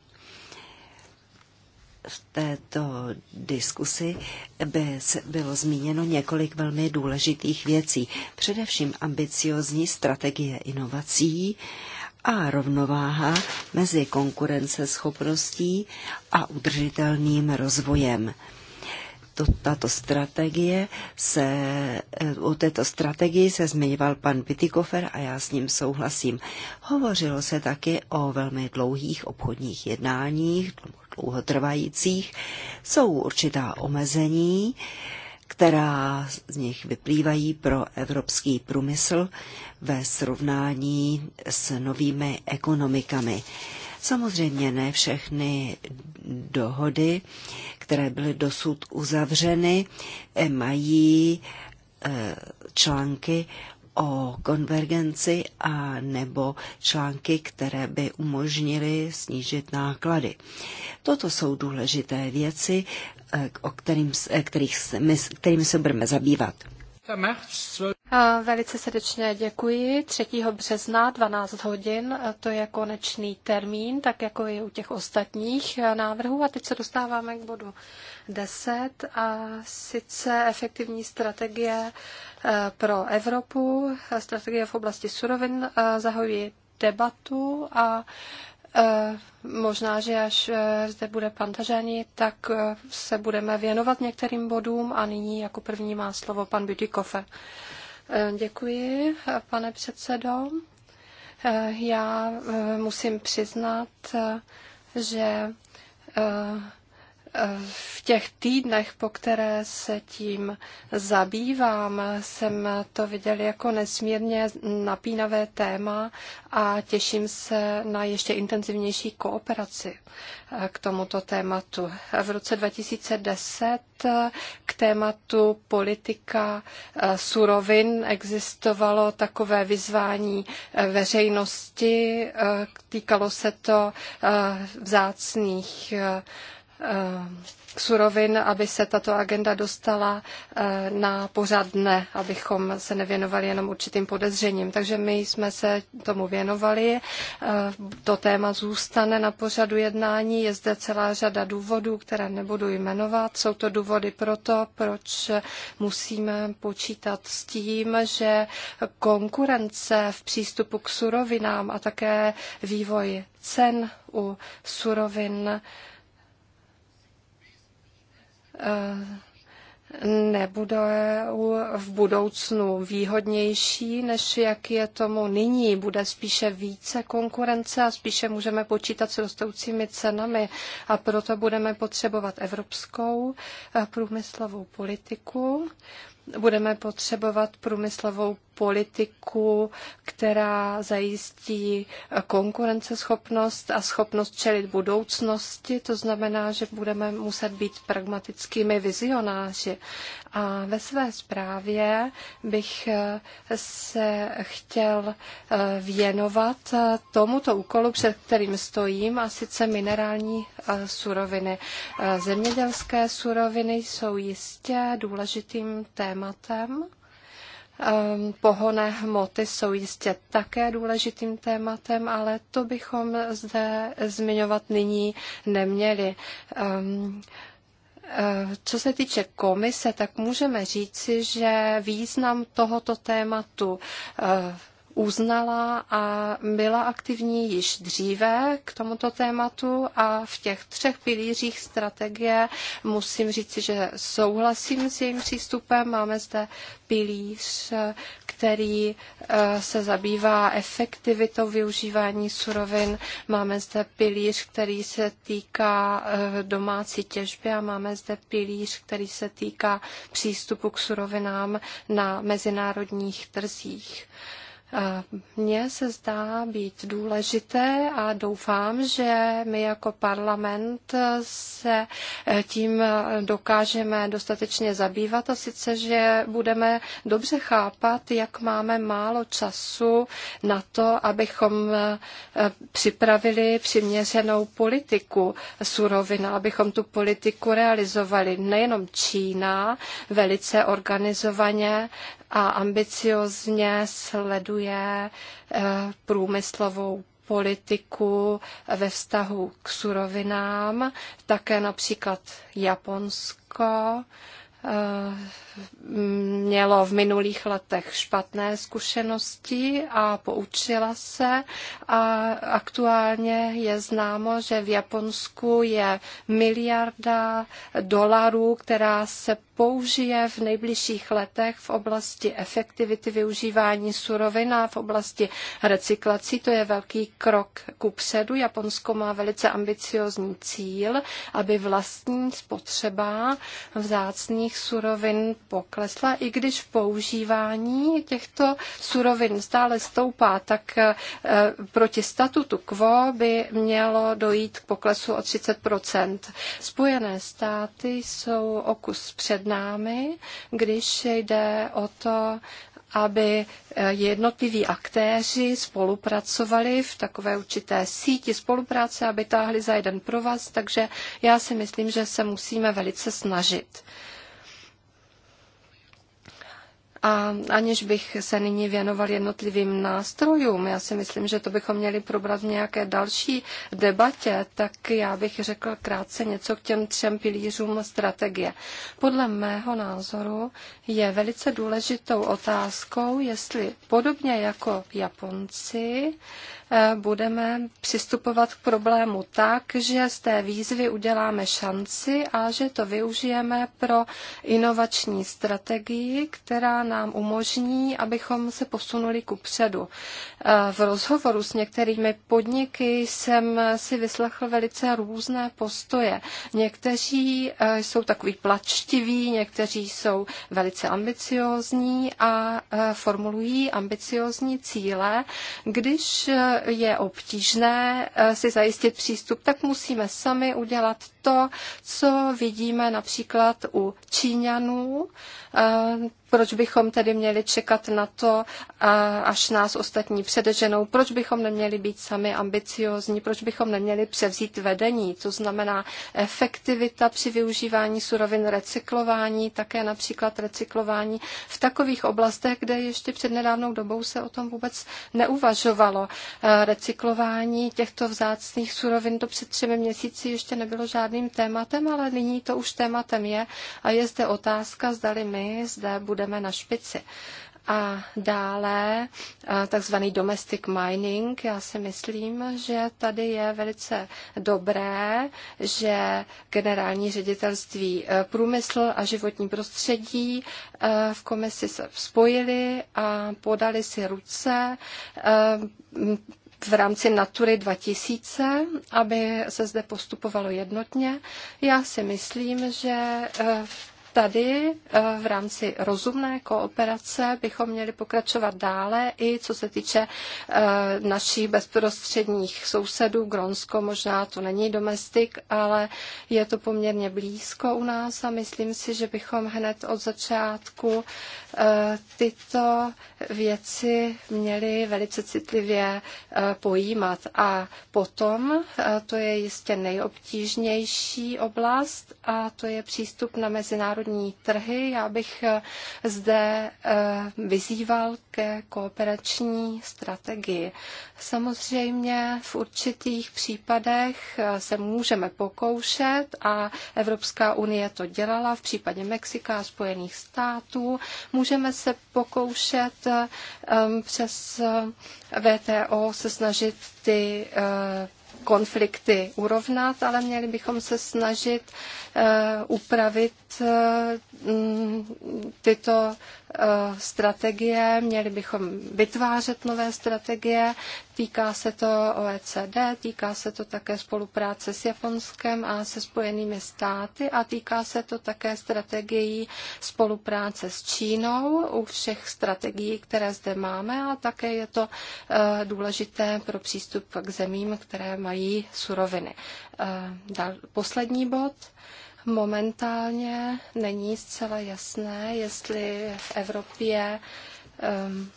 v této diskusi by bylo zmíněno několik velmi důležitých věcí. Především ambiciozní strategie inovací a rovnováha mezi konkurenceschopností a udržitelným rozvojem to, tato strategie se, o eh, této strategii se zmiňoval pan Pitikofer a já s ním souhlasím. Hovořilo se taky o velmi dlouhých obchodních jednáních, dlouhotrvajících. Jsou určitá omezení, která z nich vyplývají pro evropský průmysl ve srovnání s novými ekonomikami. Samozřejmě ne všechny dohody, které byly dosud uzavřeny, eh, mají eh, články o konvergenci a nebo články, které by umožnily snížit náklady. Toto jsou důležité věci, eh, o kterým, kterých, kterým se budeme zabývat. Velice srdečně děkuji. 3. března 12 hodin, to je konečný termín, tak jako i u těch ostatních e, návrhů. A teď se dostáváme k bodu 10 a sice efektivní strategie e, pro Evropu, strategie v oblasti surovin. E, Zahojí debatu a Eh, možná, že až eh, zde bude pan tak eh, se budeme věnovat některým bodům a nyní jako první má slovo pan Bidikofe. Děkuji, pane předsedo. Já musím přiznat, že v těch týdnech, po které se tím zabývám, jsem to viděl jako nesmírně napínavé téma a těším se na ještě intenzivnější kooperaci eh, k tomuto tématu. V roce 2010 eh, k tématu politika eh, surovin existovalo takové vyzvání veřejnosti, týkalo se to vzácných Eh, surovin, aby se tato agenda dostala eh, na pořad dne, abychom se nevěnovali jenom určitým podezřením. Takže my jsme se tomu věnovali. Eh, to téma zůstane na pořadu jednání. Je zde celá řada důvodů, které nebudu jmenovat. Jsou to důvody pro to, proč musíme počítat s tím, že konkurence v přístupu k surovinám a také vývoj cen u surovin nebude v budoucnu výhodnější, než jak je tomu nyní. Bude spíše více konkurence a spíše můžeme počítat s rostoucími cenami a proto budeme potřebovat evropskou průmyslovou politiku, budeme potřebovat průmyslovou politiku, která zajistí konkurenceschopnost a schopnost čelit budoucnosti. To znamená, že budeme muset být pragmatickými vizionáři. A ve své zprávě bych se chtěl eh, věnovat eh, tomuto úkolu, před kterým stojím, a sice minerální eh, suroviny. Zemědělské suroviny jsou jistě důležitým tématem tématem. Ehm, Pohoné hmoty jsou jistě také důležitým tématem, ale to bychom zde zmiňovat nyní neměli. Ehm, eh, co se týče komise, tak můžeme říci, že význam tohoto tématu eh, uznala a byla aktivní již dříve k tomuto tématu a v těch třech pilířích strategie musím říci, že souhlasím s jejím přístupem. Máme zde pilíř, který eh, se zabývá efektivitou využívání surovin. Máme zde pilíř, který se týká eh, domácí těžby a máme zde pilíř, který se týká přístupu k surovinám na mezinárodních trzích. Mně se zdá být důležité a doufám, že my jako parlament se eh, tím dokážeme dostatečně zabývat a sice, že budeme dobře chápat, jak máme málo času na to, abychom eh, připravili přiměřenou politiku surovin, abychom tu politiku realizovali. Nejenom Čína velice organizovaně a ambiciozně sleduje eh, průmyslovou politiku ve vztahu k surovinám, také například Japonsko Eh, mělo v minulých letech špatné zkušenosti a poučila se. A aktuálně je známo, že v Japonsku je miliarda dolarů, která se použije v nejbližších letech v oblasti efektivity využívání surovin a v oblasti recyklací. To je velký krok ku předu. Japonsko má velice ambiciozní cíl, aby vlastní spotřeba vzácných fosilních surovin poklesla, i když používání těchto surovin stále stoupá, tak eh, proti statutu quo by mělo dojít k poklesu o 30 Spojené státy jsou o kus před námi, když jde o to, aby eh, jednotliví aktéři spolupracovali v takové určité síti spolupráce, aby táhli za jeden provaz, takže já si myslím, že se musíme velice snažit. A aniž bych se nyní věnoval jednotlivým nástrojům, já si myslím, že to bychom měli probrat v nějaké další debatě, tak já bych řekl krátce něco k těm třem pilířům strategie. Podle mého názoru je velice důležitou otázkou, jestli podobně jako Japonci, Eh, budeme přistupovat k problému tak, že z té výzvy uděláme šanci a že to využijeme pro inovační strategii, která nám umožní, abychom se posunuli ku předu. Eh, v rozhovoru s některými podniky jsem si vyslechl velice různé postoje. Někteří eh, jsou takový plačtiví, někteří jsou velice ambiciózní a formulují ambiciózní cíle, když je obtížné eh, si zajistit přístup, tak musíme sami udělat to, co vidíme například u Číňanů, eh, proč bychom tedy měli čekat na to, až nás ostatní předeženou, proč bychom neměli být sami ambiciozní, proč bychom neměli převzít vedení, to znamená efektivita při využívání surovin, recyklování, také například recyklování v takových oblastech, kde ještě před nedávnou dobou se o tom vůbec neuvažovalo. Eh, recyklování těchto vzácných surovin do před třemi měsíci ještě nebylo žádné žádným tématem, ale nyní to už tématem je a je zde otázka, zdali my zde budeme na špici. A dále takzvaný domestic mining. Já si myslím, že tady je velice dobré, že generální ředitelství e, průmysl a životní prostředí e, v komisi se spojili a podali si ruce e, v rámci Natury 2000, aby se zde postupovalo jednotně. Já si myslím, že v eh, Tady eh, v rámci rozumné kooperace bychom měli pokračovat dále i co se týče eh, našich bezprostředních sousedů. Gronsko možná to není domestik, ale je to poměrně blízko u nás a myslím si, že bychom hned od začátku eh, tyto věci měli velice citlivě pojímat. A potom, to je jistě nejobtížnější oblast a to je přístup na mezinárodní mezinárodní trhy. Já bych eh, zde eh, vyzýval ke kooperační strategii. Samozřejmě v určitých případech eh, se můžeme pokoušet a Evropská unie to dělala v případě Mexika a Spojených států. Můžeme se pokoušet přes VTO se snažit ty konflikty urovnat, ale měli bychom se snažit eh, upravit eh, tyto Eh, strategie, měli bychom vytvářet nové strategie. Týká se to OECD, týká se to také spolupráce s Japonskem a se Spojenými státy a týká se to také strategií spolupráce s Čínou u všech strategií, které zde máme a také je to eh, důležité pro přístup k zemím, které mají suroviny. Eh, poslední bod Momentálně není zcela jasné, jestli v Evropě um,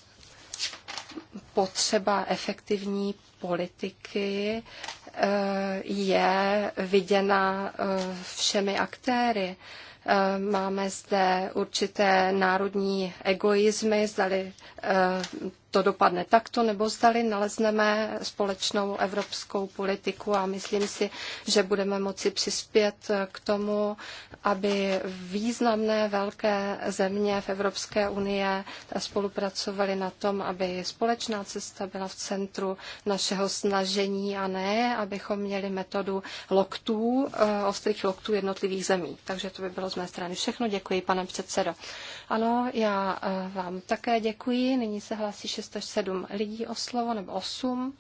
potřeba efektivní politiky eh, je viděna eh, všemi aktéry. Eh, máme zde určité národní egoizmy, zdali to dopadne takto, nebo zdali nalezneme společnou evropskou politiku a myslím si, že budeme moci přispět k tomu, aby významné velké země v Evropské unie spolupracovaly na tom, aby společná cesta byla v centru našeho snažení a ne, abychom měli metodu loktů, eh, ostrých loktů jednotlivých zemí. Takže to by bylo z mé strany všechno. Děkuji, pane předsedo. Ano, já eh, vám také děkuji. Nyní se hlásí 307 lidí o slovo, nebo 8.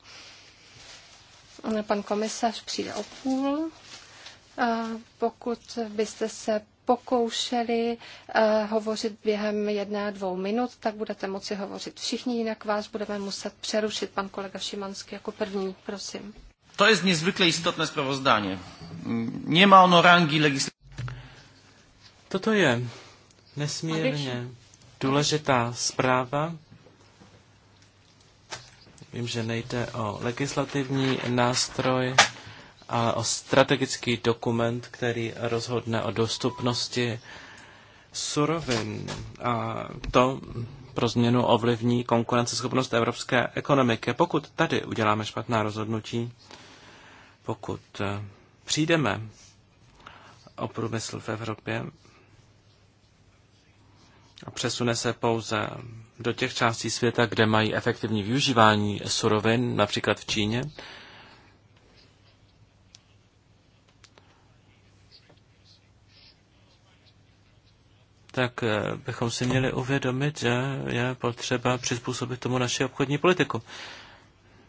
Pan komisař přijde o půl. Pokud byste se pokoušeli eh, hovořit během jedné, dvou minut, tak budete moci hovořit všichni, jinak vás budeme muset přerušit. Pan kolega Šimanský jako první, prosím. To je nezvykle istotné sprawozdanie. Nemá ono rangi legislativní. Toto je nesmírně důležitá zpráva, Vím, že nejde o legislativní nástroj, ale o strategický dokument, který rozhodne o dostupnosti surovin. A to pro změnu ovlivní konkurenceschopnost evropské ekonomiky. Pokud tady uděláme špatná rozhodnutí, pokud eh, přijdeme o průmysl v Evropě a přesune se pouze do těch částí světa, kde mají efektivní využívání surovin, například v Číně. tak eh, bychom si měli uvědomit, že je potřeba přizpůsobit tomu naši obchodní politiku.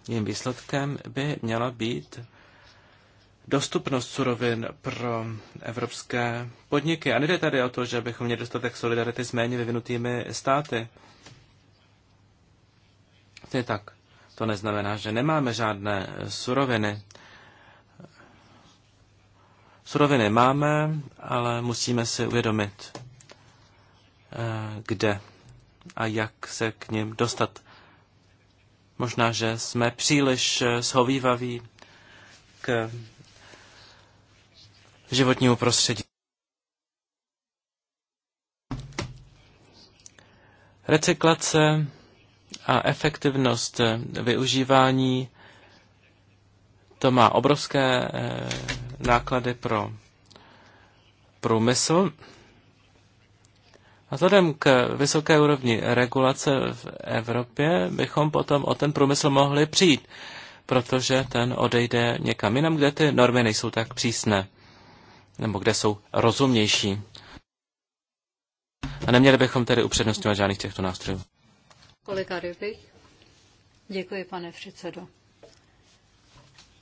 Jím výsledkem by měla být dostupnost surovin pro evropské podniky. A nejde tady o to, že bychom měli dostatek solidarity s méně vyvinutými státy. Je tak. To neznamená, že nemáme žádné eh, suroviny. Suroviny máme, ale musíme si uvědomit, eh, kde a jak se k ním dostat. Možná, že jsme příliš eh, shovývaví k životnímu prostředí. Recyklace a efektivnost eh, využívání, to má obrovské eh, náklady pro průmysl. A vzhledem k vysoké úrovni regulace v Evropě bychom potom o ten průmysl mohli přijít, protože ten odejde někam jinam, kde ty normy nejsou tak přísné, nebo kde jsou rozumnější. A neměli bychom tedy upřednostňovat žádných těchto nástrojů. Kolega Rybich. Děkuji, pane předsedo.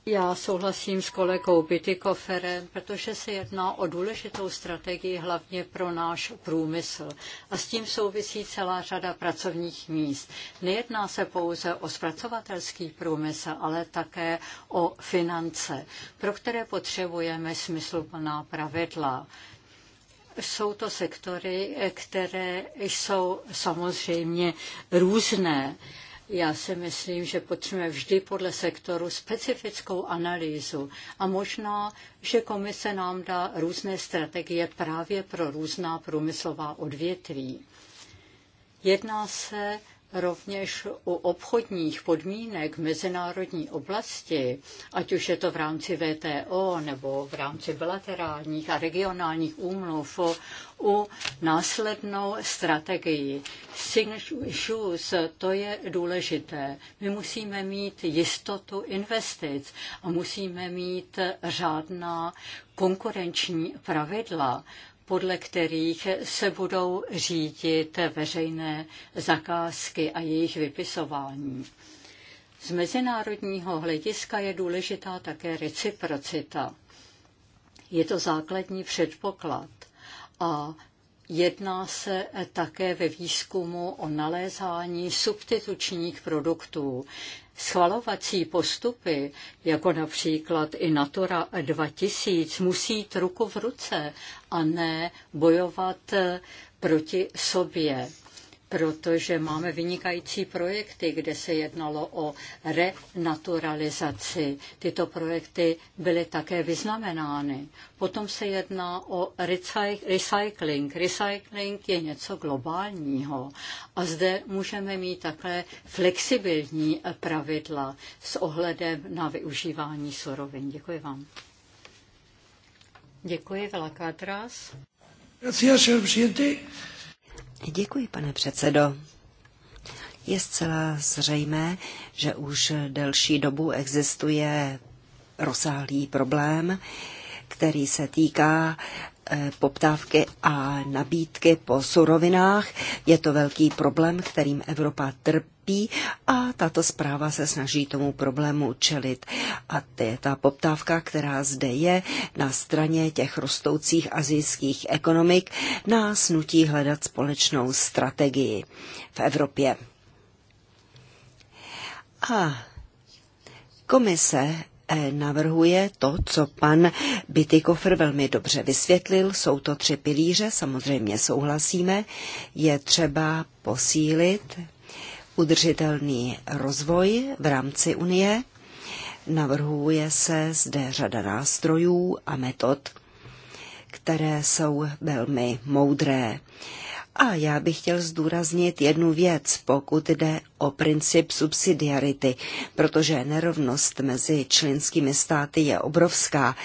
Já souhlasím s kolegou Bytykoferem, protože se jedná o důležitou strategii hlavně pro náš průmysl. A s tím souvisí celá řada pracovních míst. Nejedná se pouze o zpracovatelský průmysl, ale také o finance, pro které potřebujeme smysluplná pravidla. Jsou to sektory, které jsou samozřejmě různé. Já si myslím, že potřebujeme vždy podle sektoru specifickou analýzu a možná, že komise nám dá různé strategie právě pro různá průmyslová odvětví. Jedná se rovněž u obchodních podmínek v mezinárodní oblasti, ať už je to v rámci VTO nebo v rámci bilaterálních a regionálních úmluv, u následnou strategii. Signature issues, to je důležité. My musíme mít jistotu investic a musíme mít řádná konkurenční pravidla podle kterých se budou řídit veřejné zakázky a jejich vypisování. Z mezinárodního hlediska je důležitá také reciprocita. Je to základní předpoklad a Jedná se také ve výzkumu o nalézání substitučních produktů. Schvalovací postupy, jako například i Natura 2000, musí jít ruku v ruce a ne bojovat proti sobě protože máme vynikající projekty, kde se jednalo o renaturalizaci. Tyto projekty byly také vyznamenány. Potom se jedná o recycling. Recycling je něco globálního a zde můžeme mít také flexibilní pravidla s ohledem na využívání surovin. Děkuji vám. Děkuji, Velká Tras. Gracias, señor presidente. Děkuji, pane předsedo. Je zcela zřejmé, že už delší dobu existuje rozsáhlý problém, který se týká Eh, poptávky a nabídky po surovinách. Je to velký problém, kterým Evropa trpí a tato zpráva se snaží tomu problému čelit. A to je ta poptávka, která zde je na straně těch rostoucích azijských ekonomik, nás nutí hledat společnou strategii v Evropě. A komise Eh, navrhuje to, co pan Bitykofer velmi dobře vysvětlil. Jsou to tři pilíře, samozřejmě souhlasíme. Je třeba posílit udržitelný rozvoj v rámci Unie. Navrhuje se zde řada nástrojů a metod, které jsou velmi moudré. A já bych chtěl zdůraznit jednu věc, pokud jde o princip subsidiarity, protože nerovnost mezi členskými státy je obrovská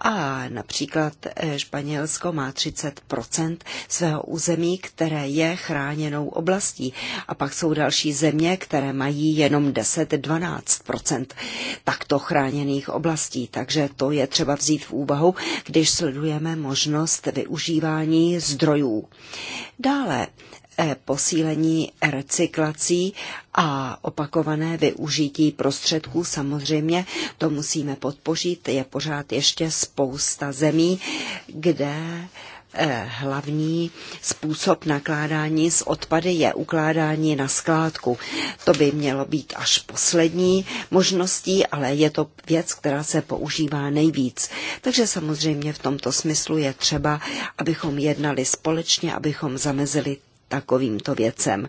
a například eh, Španělsko má 30 svého území, které je chráněnou oblastí. A pak jsou další země, které mají jenom 10-12 takto chráněných oblastí. Takže to je třeba vzít v úvahu, když sledujeme možnost využívání zdrojů. Dále Eh, posílení recyklací a opakované využití prostředků. Samozřejmě to musíme podpořit. Je pořád ještě spousta zemí, kde eh, hlavní způsob nakládání s odpady je ukládání na skládku. To by mělo být až poslední možností, ale je to věc, která se používá nejvíc. Takže samozřejmě v tomto smyslu je třeba, abychom jednali společně, abychom zamezili takovýmto věcem.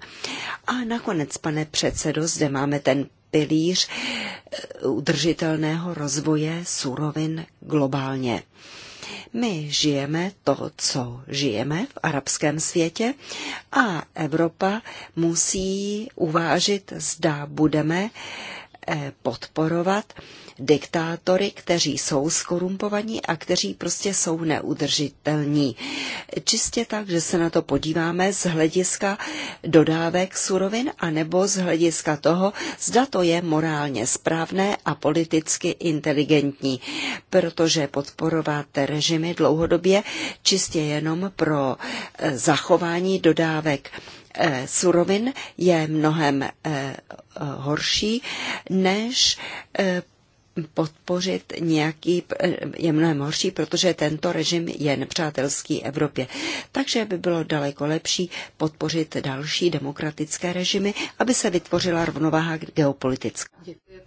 A nakonec, pane předsedo, zde máme ten pilíř eh, udržitelného rozvoje surovin globálně. My žijeme to, co žijeme v arabském světě a Evropa musí uvážit, zda budeme eh, podporovat diktátory, kteří jsou skorumpovaní a kteří prostě jsou neudržitelní. Čistě tak, že se na to podíváme z hlediska dodávek surovin a nebo z hlediska toho, zda to je morálně správné a politicky inteligentní, protože podporovat režimy dlouhodobě čistě jenom pro eh, zachování dodávek eh, surovin je mnohem eh, horší než podpořit nějaký, je mnohem horší, protože tento režim je nepřátelský Evropě. Takže by bylo daleko lepší podpořit další demokratické režimy, aby se vytvořila rovnováha geopolitická. Děkuji.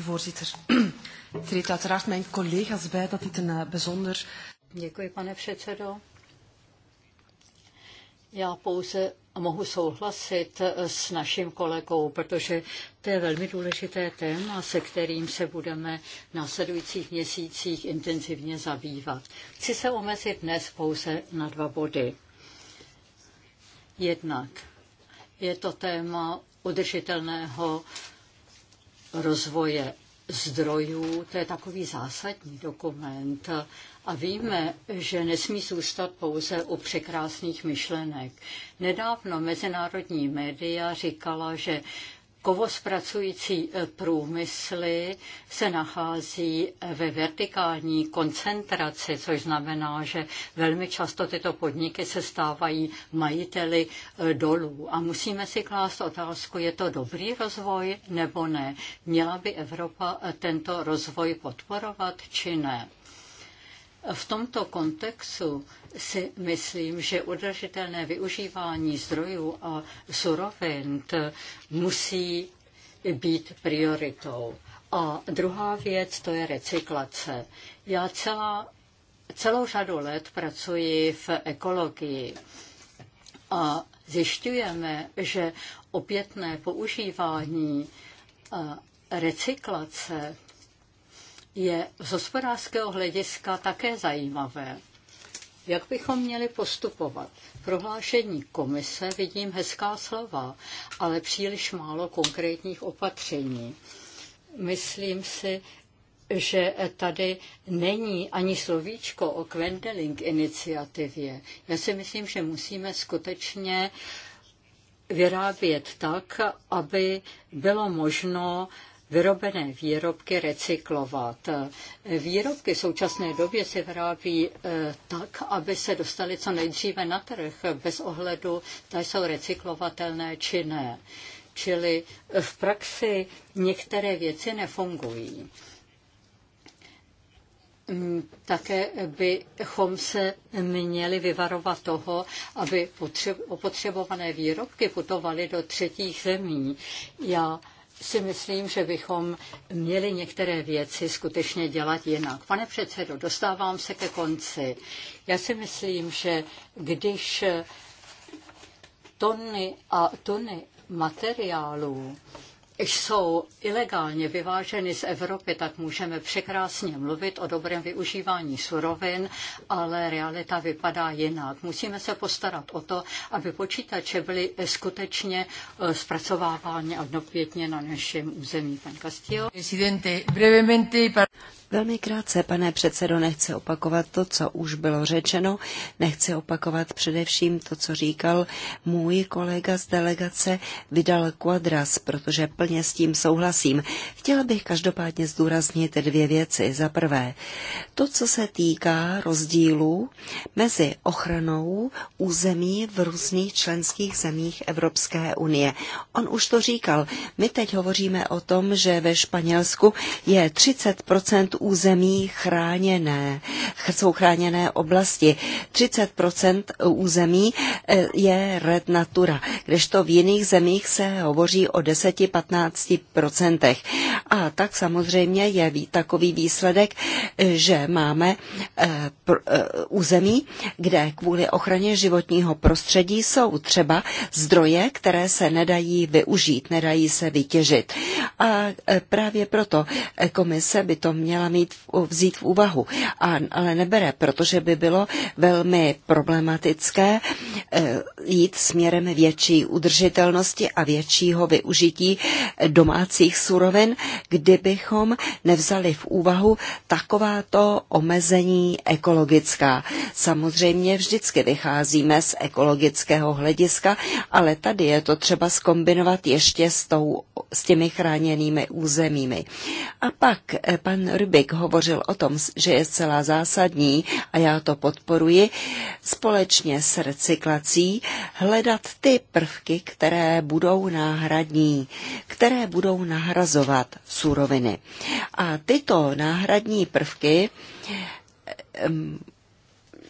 voorzitter. Ik uiteraard mijn collega's bij dat dit een eh, bijzonder... Děkuji, pane předsedo. Já pouze a mohu souhlasit eh, s naším kolegou, protože to je velmi důležité téma, se kterým se budeme v následujících měsících intenzivně zabývat. Chci se omezit dnes pouze na dva body. Jednak je to téma udržitelného rozvoje zdrojů. To je takový zásadní dokument, a víme, že nesmí zůstat pouze u překrásných myšlenek. Nedávno mezinárodní média říkala, že kovospracující eh, průmysly se nachází eh, ve vertikální koncentraci, což znamená, že velmi často tyto podniky se stávají majiteli eh, dolů. A musíme si klást otázku, je to dobrý rozvoj nebo ne. Měla by Evropa tento rozvoj podporovat či ne? V tomto kontextu si myslím, že udržitelné využívání zdrojů a surovin musí být prioritou. A druhá věc, to je recyklace. Já celá, celou řadu let pracuji v ekologii a zjišťujeme, že opětné používání recyklace je z hospodářského hlediska také zajímavé. Jak bychom měli postupovat? Prohlášení komise vidím hezká slova, ale příliš málo konkrétních opatření. Myslím si, že tady není ani slovíčko o Kvendeling iniciativě. Já si myslím, že musíme skutečně vyrábět tak, aby bylo možno vyrobené výrobky recyklovat. Výrobky v současné době se vyrábí eh, tak, aby se dostaly co nejdříve na trh, bez ohledu, zda jsou recyklovatelné či ne. Čili v praxi některé věci nefungují. Mm, také bychom se měli vyvarovat toho, aby opotřebované výrobky putovaly do třetích zemí. Já si myslím, že bychom měli některé věci skutečně dělat jinak. Pane předsedo, dostávám se ke konci. Já si myslím, že když tony a tony materiálů jsou ilegálně vyváženy z Evropy, tak můžeme překrásně mluvit o dobrém využívání surovin, ale realita vypadá jinak. Musíme se postarat o to, aby počítače byly skutečně eh, zpracovávány a dopětně na našem území. Pan Castillo. Velmi krátce, pane předsedo, nechci opakovat to, co už bylo řečeno, nechci opakovat především to, co říkal můj kolega z delegace Vidal Quadras, protože plně s tím souhlasím. Chtěla bych každopádně zdůraznit dvě věci. Za prvé, to, co se týká rozdílů mezi ochranou území v různých členských zemích Evropské unie. On už to říkal. My teď hovoříme o tom, že ve Španělsku je 30 území chráněné, jsou chráněné oblasti. 30 území eh, je red natura, kdežto v jiných zemích se hovoří o 10-15 A tak samozřejmě je takový výsledek, eh, že máme eh, území, kde kvůli ochraně životního prostředí jsou třeba zdroje, které se nedají využít, nedají se vytěžit. A právě proto komise by to měla mít, vzít v úvahu, a, ale nebere, protože by bylo velmi problematické eh, jít směrem větší udržitelnosti a většího využití domácích surovin, kdybychom nevzali v úvahu takováto omezení ekologická. Samozřejmě vždycky vycházíme z ekologického hlediska, ale tady je to třeba skombinovat ještě s, tou, s těmi chráněnými územími. A pak eh, pan Ryb Rybik hovořil o tom, že je zcela zásadní, a já to podporuji, společně s recyklací hledat ty prvky, které budou náhradní, které budou nahrazovat suroviny. A tyto náhradní prvky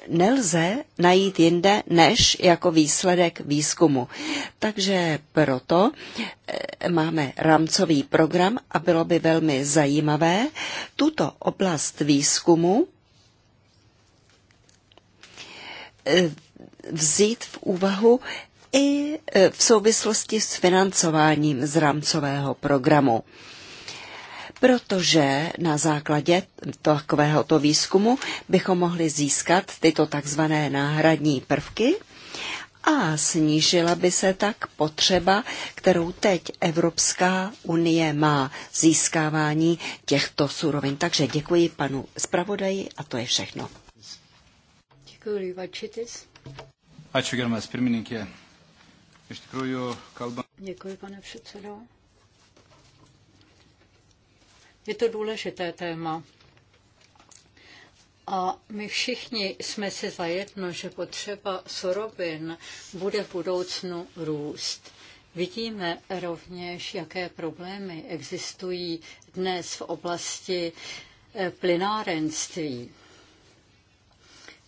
nelze najít jinde než jako výsledek výzkumu. Takže proto eh, máme rámcový program a bylo by velmi zajímavé tuto oblast výzkumu eh, vzít v úvahu i eh, v souvislosti s financováním z rámcového programu protože na základě takovéhoto výzkumu bychom mohli získat tyto takzvané náhradní prvky a snížila by se tak potřeba, kterou teď Evropská unie má získávání těchto surovin. Takže děkuji panu zpravodaji a to je všechno. Děkuji, Děkuji, pane předsedo. Je to důležité téma. A my všichni jsme si zajedno, že potřeba surovin bude v budoucnu růst. Vidíme rovněž, jaké problémy existují dnes v oblasti eh, plynárenství,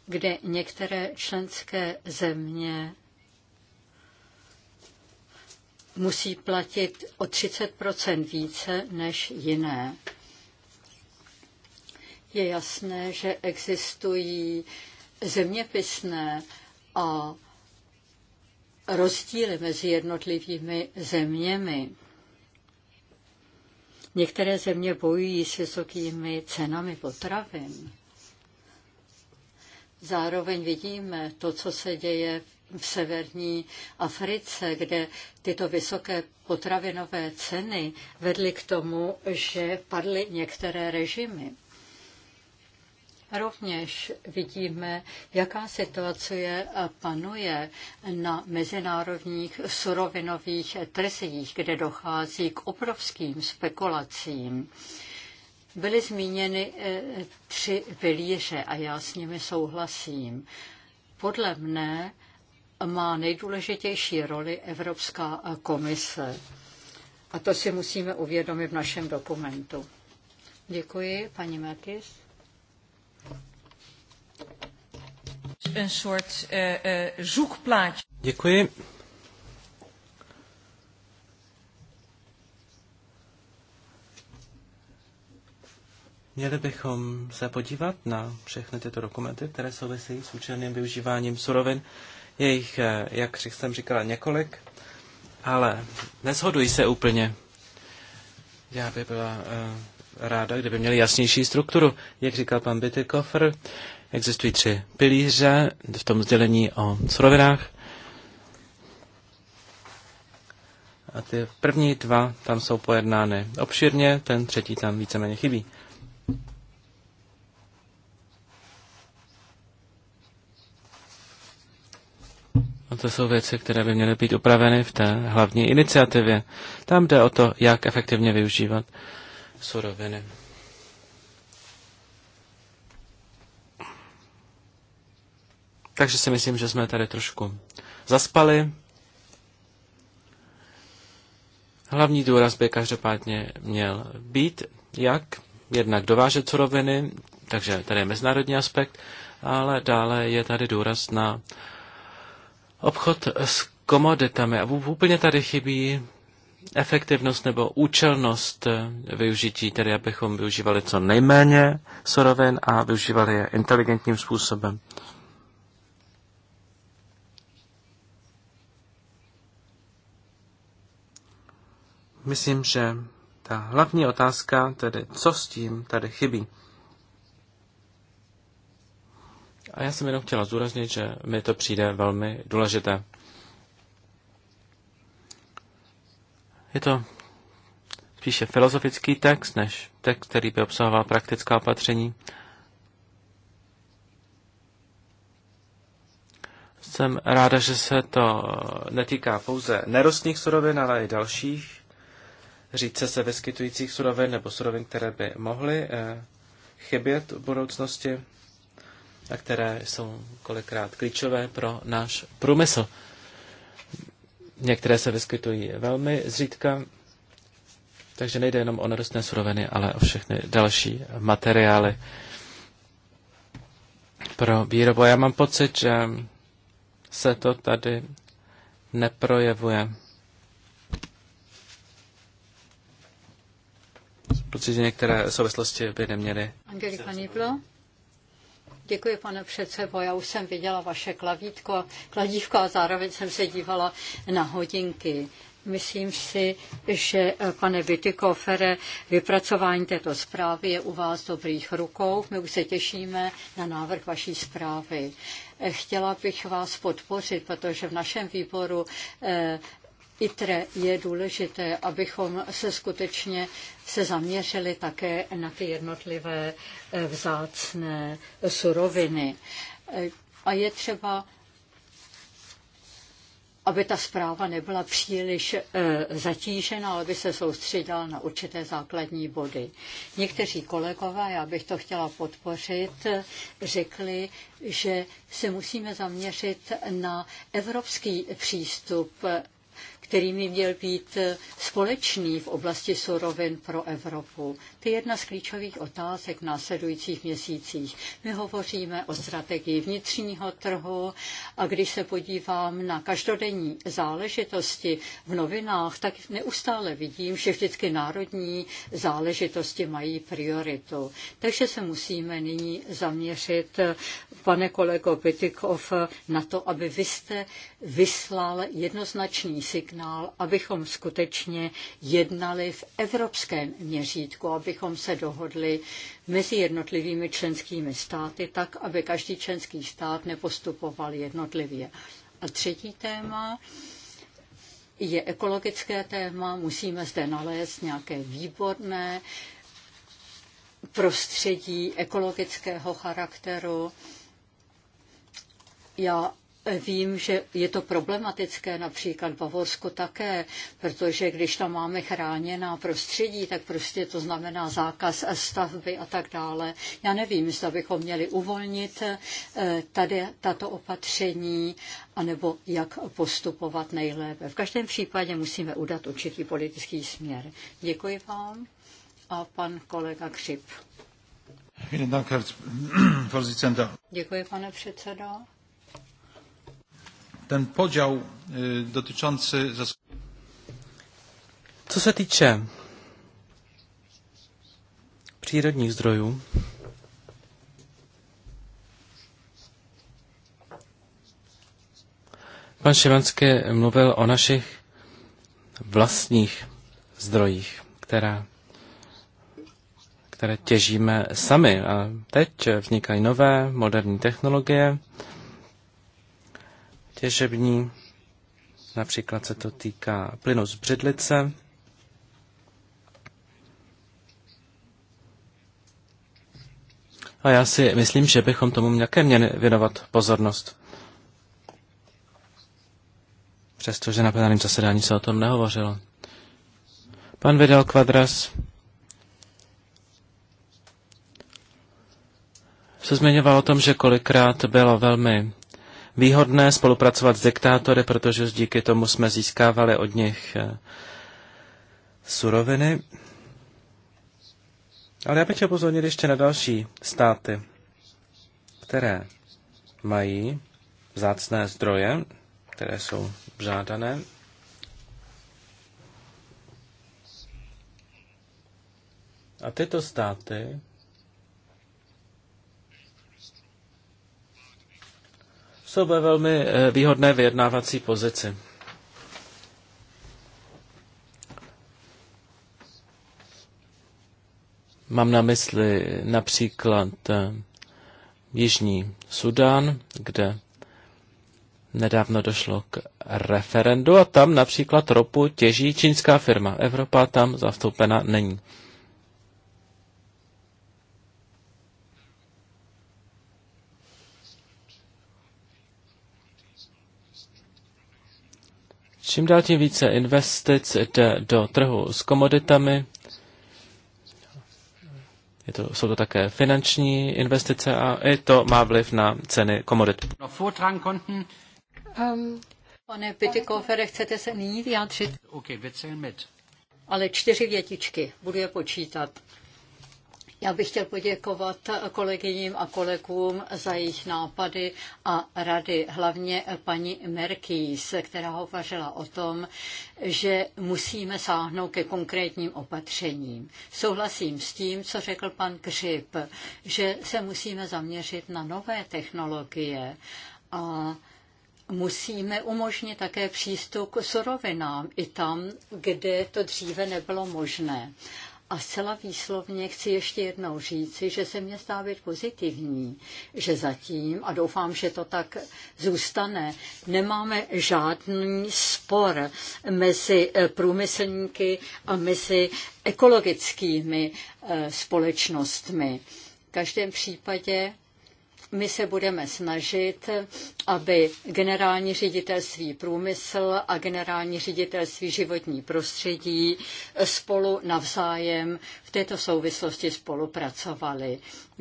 kde některé členské země musí platit o 30 více než jiné. Je jasné, že existují zeměpisné a rozdíly mezi jednotlivými zeměmi. Některé země bojují s vysokými cenami potravin. Zároveň vidíme to, co se děje v severní Africe, kde tyto vysoké potravinové ceny vedly k tomu, že padly některé režimy. Rovněž vidíme, jaká situace panuje na mezinárodních surovinových trzích, kde dochází k obrovským spekulacím. Byly zmíněny e, tři pilíře a já s nimi souhlasím. Podle mne má nejdůležitější roli Evropská komise. A to si musíme uvědomit v našem dokumentu. Děkuji, paní Merkis. Eh, eh, Děkuji. Měli bychom se podívat na všechny tyto dokumenty, které souvisejí s účelným využíváním surovin jejich, eh, jak jsem říkala, několik, ale neshodují se úplně. Já bych byla eh, ráda, kdyby měli jasnější strukturu. Jak říkal pan Bitykofr, existují tři pilíře v tom sdělení o surovinách. A ty první dva tam jsou pojednány obširně, ten třetí tam víceméně chybí. No to jsou věci, které by měly být upraveny v té hlavní iniciativě. Tam jde o to, jak efektivně využívat suroviny. Takže si myslím, že jsme tady trošku zaspali. Hlavní důraz by každopádně měl být, jak jednak dovážet suroviny, takže tady je mezinárodní aspekt, ale dále je tady důraz na obchod s komoditami. A úplně tady chybí efektivnost nebo účelnost eh, využití, tedy abychom využívali co nejméně surovin a využívali je inteligentním způsobem. Myslím, že ta hlavní otázka, tedy co s tím tady chybí. A já jsem jenom chtěla zdůraznit, že mi to přijde velmi důležité. Je to spíše filozofický text, než text, který by obsahoval praktická opatření. Jsem ráda, že se to netýká pouze nerostných surovin, ale i dalších řídce se vyskytujících surovin nebo surovin, které by mohly eh, chybět v budoucnosti a které jsou kolikrát klíčové pro náš průmysl. Některé se vyskytují velmi zřídka, takže nejde jenom o nerostné suroviny, ale o všechny další materiály pro výrobu. Já mám pocit, že se to tady neprojevuje. Protože některé souvislosti by neměly. Angelika Niplo. Děkuji, pane předsedo. Já už jsem viděla vaše klavítko, kladívko a zároveň jsem se dívala na hodinky. Myslím si, že eh, pane Vitykofere, vypracování této zprávy je u vás dobrých rukou. My už se těšíme na návrh vaší zprávy. Eh, chtěla bych vás podpořit, protože v našem výboru eh, ITRE je důležité, abychom se skutečně se zaměřili také na ty jednotlivé eh, vzácné suroviny. Eh, a je třeba aby ta zpráva nebyla příliš eh, zatížena, aby se soustředila na určité základní body. Někteří kolegové, já bych to chtěla podpořit, řekli, že se musíme zaměřit na evropský přístup který mi měl být eh, společný v oblasti surovin pro Evropu. To je jedna z klíčových otázek v následujících měsících. My hovoříme o strategii vnitřního trhu a když se podívám na každodenní záležitosti v novinách, tak neustále vidím, že vždycky národní záležitosti mají prioritu. Takže se musíme nyní zaměřit, eh, pane kolego Pitikov, na to, aby vy jste vyslal jednoznačný signál, signál, abychom skutečně jednali v evropském měřítku, abychom se dohodli mezi jednotlivými členskými státy, tak aby každý členský stát nepostupoval jednotlivě. A třetí téma je ekologické téma. Musíme zde nalézt nějaké výborné prostředí ekologického charakteru. Já Vím, že je to problematické například v Bavorsku také, protože když tam máme chráněná prostředí, tak prostě to znamená zákaz stavby a tak dále. Já nevím, zda bychom měli uvolnit eh, tady tato opatření, anebo jak postupovat nejlépe. V každém případě musíme udat určitý politický směr. Děkuji vám a pan kolega Křip. Děkuji, pane předsedo ten podział dotyczący... Co se týče přírodních zdrojů, Pan Šivanský mluvil o našich vlastních zdrojích, která, které těžíme sami. A teď vznikají nové moderní technologie, těžební. Například se to týká plynu z břidlice. A já si myslím, že bychom tomu nějaké měli věnovat pozornost. Přestože na plenárním zasedání se o tom nehovořilo. Pan Vidal Kvadras. se zmiňoval o tom, že kolikrát bylo velmi výhodné spolupracovat s diktátory, protože díky tomu jsme získávali od nich eh, suroviny. Ale já bych chtěl pozornit ještě na další státy, které mají vzácné zdroje, které jsou žádané. A tyto státy to bude velmi eh, výhodné vyjednávací pozici. Mám na mysli například eh, Jižní Sudán, kde nedávno došlo k referendu a tam například ropu těží čínská firma. Evropa tam zastoupena není. Čím dál tím více investic jde do trhu s komoditami. Je to, jsou to také finanční investice a i to má vliv na ceny komodit. Um, pane Pitykofere, chcete se nyní vyjádřit? Okay, Ale čtyři větičky, budu je počítat. Já bych chtěl poděkovat kolegyním a kolegům za jejich nápady a rady, hlavně paní Merkýs, která hovořila o tom, že musíme sáhnout ke konkrétním opatřením. Souhlasím s tím, co řekl pan Křip, že se musíme zaměřit na nové technologie a musíme umožnit také přístup k surovinám i tam, kde to dříve nebylo možné. A zcela výslovně chci ještě jednou říci, že se mě zdá být pozitivní, že zatím, a doufám, že to tak zůstane, nemáme žádný spor mezi eh, průmyslníky a mezi ekologickými eh, společnostmi. V každém případě my se budeme snažit, aby generální ředitelství průmysl a generální ředitelství životní prostředí spolu navzájem v této souvislosti spolupracovali.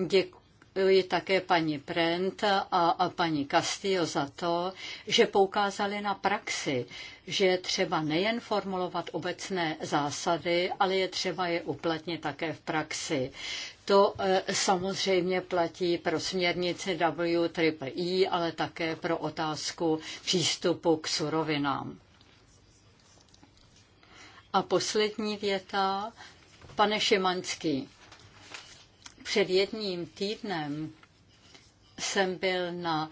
Děkuji také paní Prent a, a paní Castillo za to, že poukázali na praxi, že je třeba nejen formulovat obecné zásady, ale je třeba je uplatnit také v praxi. To e, samozřejmě platí pro směrnici WIII, e e, ale také pro otázku přístupu k surovinám. A poslední věta, pane Šimanský. Před jedním týdnem jsem byl na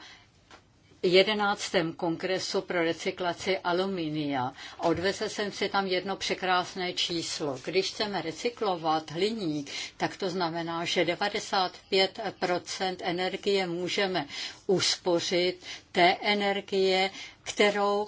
11. kongresu pro recyklaci aluminia. Odvezl jsem si tam jedno překrásné číslo. Když chceme recyklovat hliník, tak to znamená, že 95 energie můžeme uspořit té energie, kterou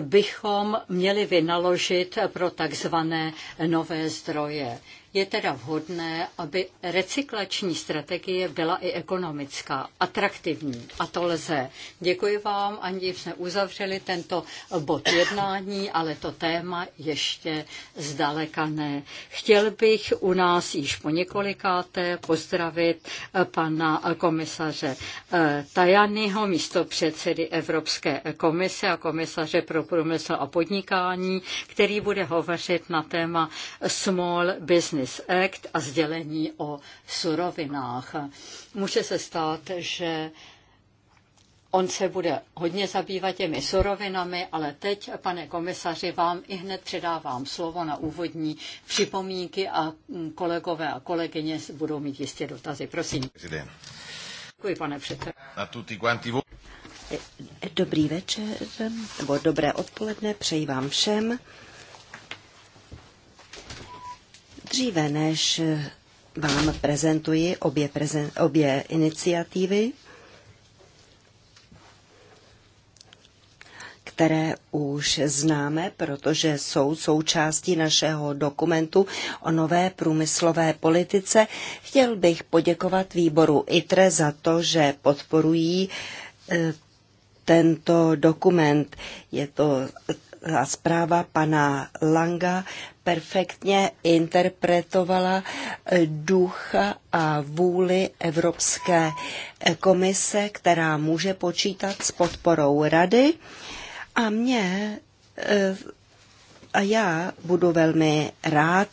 bychom měli vynaložit pro takzvané nové zdroje. Je teda vhodné, aby recyklační strategie byla i ekonomická, atraktivní. A to lze. Děkuji vám, ani jsme uzavřeli tento bod jednání, ale to téma ještě zdaleka ne. Chtěl bych u nás již po několikáté pozdravit pana komisaře eh, Tajanyho, místo předsedy Evropské komise a komisaře pro průmysl a podnikání, který bude hovořit na téma Small Business Service Act a sdělení o surovinách. Může se stát, že On se bude hodně zabývat těmi surovinami, ale teď, pane komisaři, vám i hned předávám slovo na úvodní připomínky a kolegové a kolegyně budou mít jistě dotazy. Prosím. Děkuji, pane předsedo. Dobrý večer, nebo dobré odpoledne, přeji vám všem. Dříve než vám prezentuji obě, prezen, obě iniciativy, které už známe, protože jsou součástí našeho dokumentu o nové průmyslové politice. Chtěl bych poděkovat výboru ITRE za to, že podporují e, tento dokument. Je to e, zpráva pana Langa, perfektně interpretovala eh, ducha a vůli Evropské eh, komise, která může počítat s podporou rady. A mě eh, a já budu velmi rád,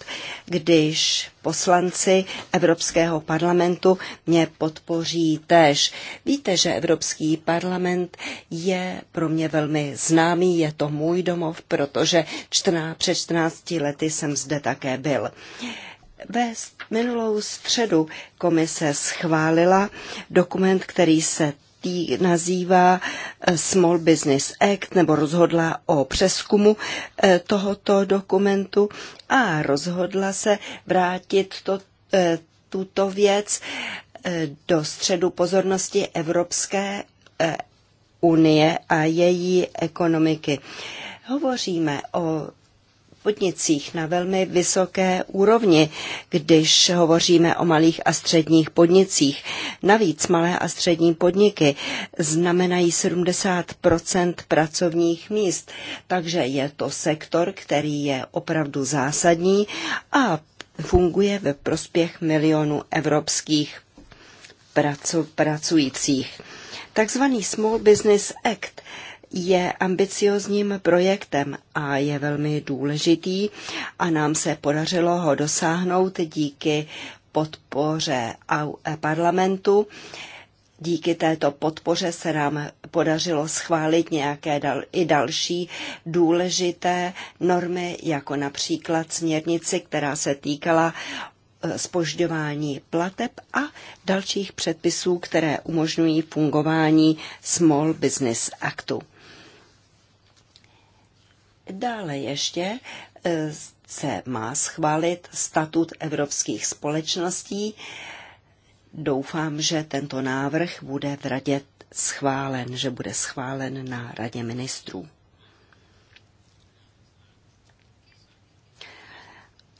když poslanci Evropského parlamentu mě podpoří též. Víte, že Evropský parlament je pro mě velmi známý, je to můj domov, protože 14, před 14 lety jsem zde také byl. Ve minulou středu komise schválila dokument, který se tý, nazývá eh, Small Business Act nebo rozhodla o přeskumu eh, tohoto dokumentu a rozhodla se vrátit to, eh, tuto věc do středu pozornosti Evropské unie a její ekonomiky. Hovoříme o podnicích na velmi vysoké úrovni, když hovoříme o malých a středních podnicích. Navíc malé a střední podniky znamenají 70 pracovních míst, takže je to sektor, který je opravdu zásadní a funguje ve prospěch milionů evropských pracujících. Takzvaný Small Business Act je ambiciozním projektem a je velmi důležitý a nám se podařilo ho dosáhnout díky podpoře parlamentu. Díky této podpoře se nám podařilo schválit nějaké dal, i další důležité normy, jako například směrnici, která se týkala spožďování e, plateb a dalších předpisů, které umožňují fungování Small Business Actu. Dále ještě eh, se má schválit statut evropských společností. Doufám, že tento návrh bude v radě schválen, že bude schválen na radě ministrů.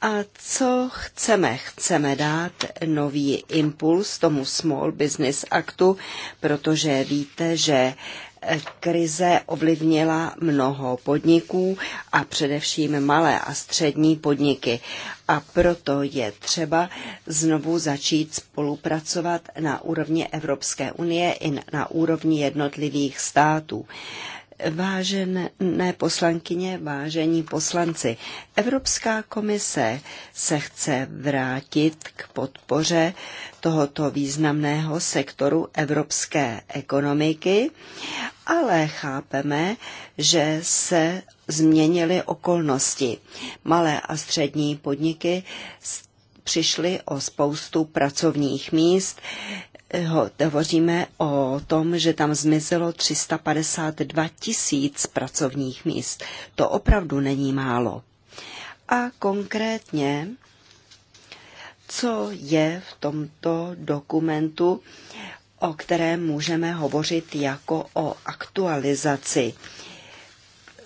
A co chceme? Chceme dát nový impuls tomu Small Business Actu, protože víte, že krize ovlivnila mnoho podniků a především malé a střední podniky. A proto je třeba znovu začít spolupracovat na úrovni Evropské unie i na úrovni jednotlivých států. Vážené poslankyně, vážení poslanci, Evropská komise se chce vrátit k podpoře tohoto významného sektoru evropské ekonomiky ale chápeme, že se změnily okolnosti. Malé a střední podniky přišly o spoustu pracovních míst. Hovoříme o tom, že tam zmizelo 352 tisíc pracovních míst. To opravdu není málo. A konkrétně, co je v tomto dokumentu o kterém můžeme hovořit jako o aktualizaci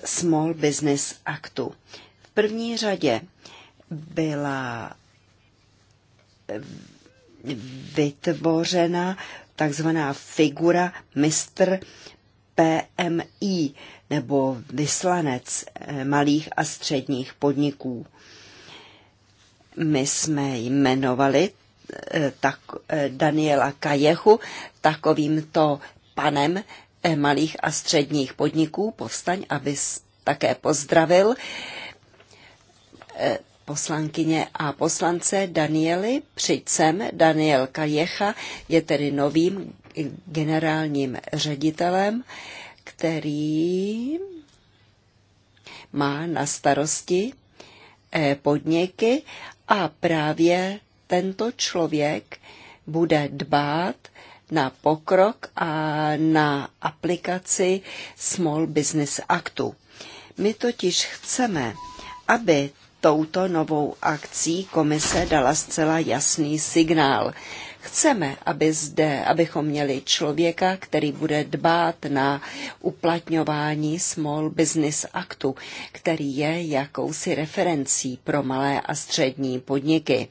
Small Business Actu. V první řadě byla vytvořena takzvaná figura mistr PMI nebo vyslanec eh, malých a středních podniků. My jsme jmenovali eh, tak eh, Daniela Kajechu takovýmto panem eh, malých a středních podniků. Povstaň, abys také pozdravil eh, poslankyně a poslance Danieli. Přijď sem, Daniel Kajecha je tedy novým generálním ředitelem, který má na starosti eh, podniky a právě tento člověk bude dbát na pokrok a na aplikaci Small Business Actu. My totiž chceme, aby touto novou akcí komise dala zcela jasný signál. Chceme, aby zde, abychom měli člověka, který bude dbát na uplatňování Small Business Actu, který je jakousi referencí pro malé a střední podniky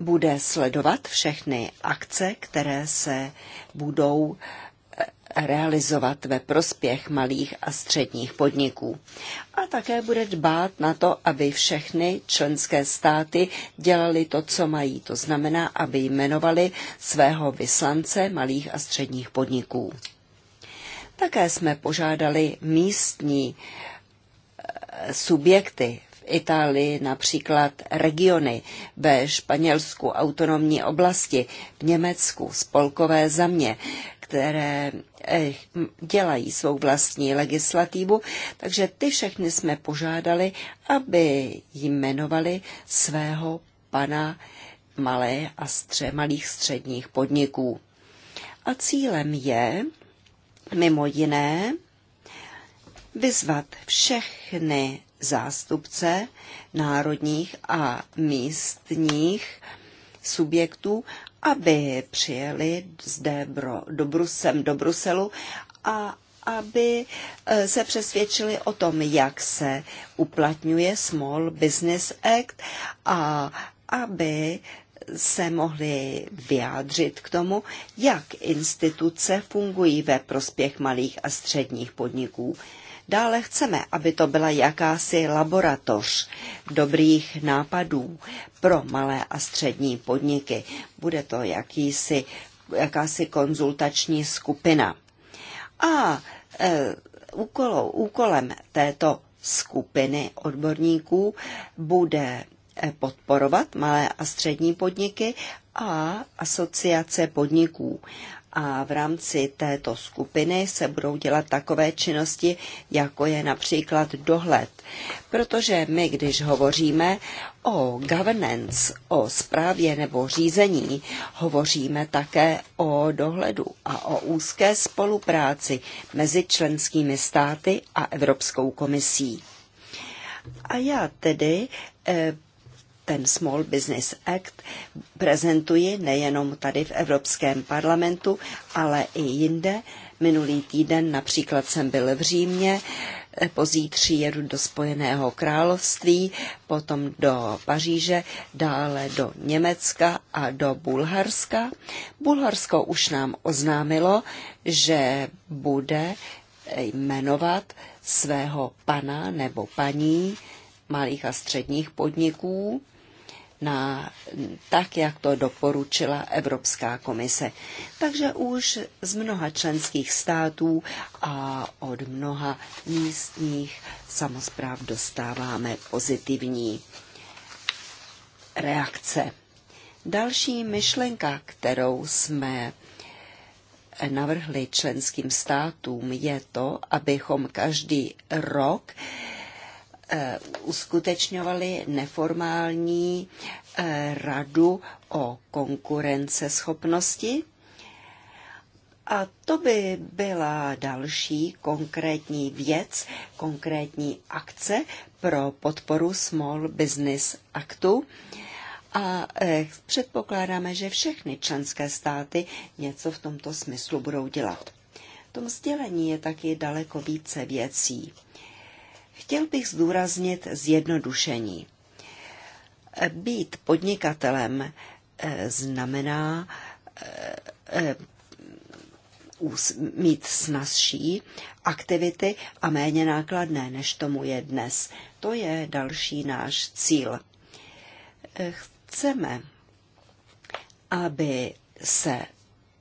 bude sledovat všechny akce, které se budou eh, realizovat ve prospěch malých a středních podniků. A také bude dbát na to, aby všechny členské státy dělali to, co mají. To znamená, aby jmenovali svého vyslance malých a středních podniků. Také jsme požádali místní eh, subjekty Itálii například regiony, ve Španělsku autonomní oblasti, v Německu spolkové země, které eh, dělají svou vlastní legislativu, takže ty všechny jsme požádali, aby jmenovali svého pana malé a stře, malých středních podniků. A cílem je, mimo jiné, vyzvat všechny zástupce národních a místních subjektů, aby přijeli zde do, Brusem, do Bruselu a aby e, se přesvědčili o tom, jak se uplatňuje Small Business Act a aby se mohli vyjádřit k tomu, jak instituce fungují ve prospěch malých a středních podniků. Dále chceme, aby to byla jakási laboratoř dobrých nápadů pro malé a střední podniky. Bude to jakýsi, jakási konzultační skupina. A e, úkolou, úkolem této skupiny odborníků bude e, podporovat malé a střední podniky a asociace podniků a v rámci této skupiny se budou dělat takové činnosti, jako je například dohled. Protože my, když hovoříme o governance, o správě nebo řízení, hovoříme také o dohledu a o úzké spolupráci mezi členskými státy a Evropskou komisí. A já tedy eh, ten Small Business Act prezentuji nejenom tady v Evropském parlamentu, ale i jinde. Minulý týden například jsem byl v Římě, pozítří jedu do Spojeného království, potom do Paříže, dále do Německa a do Bulharska. Bulharsko už nám oznámilo, že bude jmenovat svého pana nebo paní malých a středních podniků na, tak, jak to doporučila Evropská komise. Takže už z mnoha členských států a od mnoha místních samozpráv dostáváme pozitivní reakce. Další myšlenka, kterou jsme navrhli členským státům, je to, abychom každý rok eh, Eh, uskutečňovali neformální eh, radu o konkurenceschopnosti. A to by byla další konkrétní věc, konkrétní akce pro podporu Small Business Actu. A eh, předpokládáme, že všechny členské státy něco v tomto smyslu budou dělat. V tom sdělení je taky daleko více věcí. Chtěl bych zdůraznit zjednodušení. Být podnikatelem eh, znamená eh, eh, mít snazší aktivity a méně nákladné, než tomu je dnes. To je další náš cíl. Chceme, aby se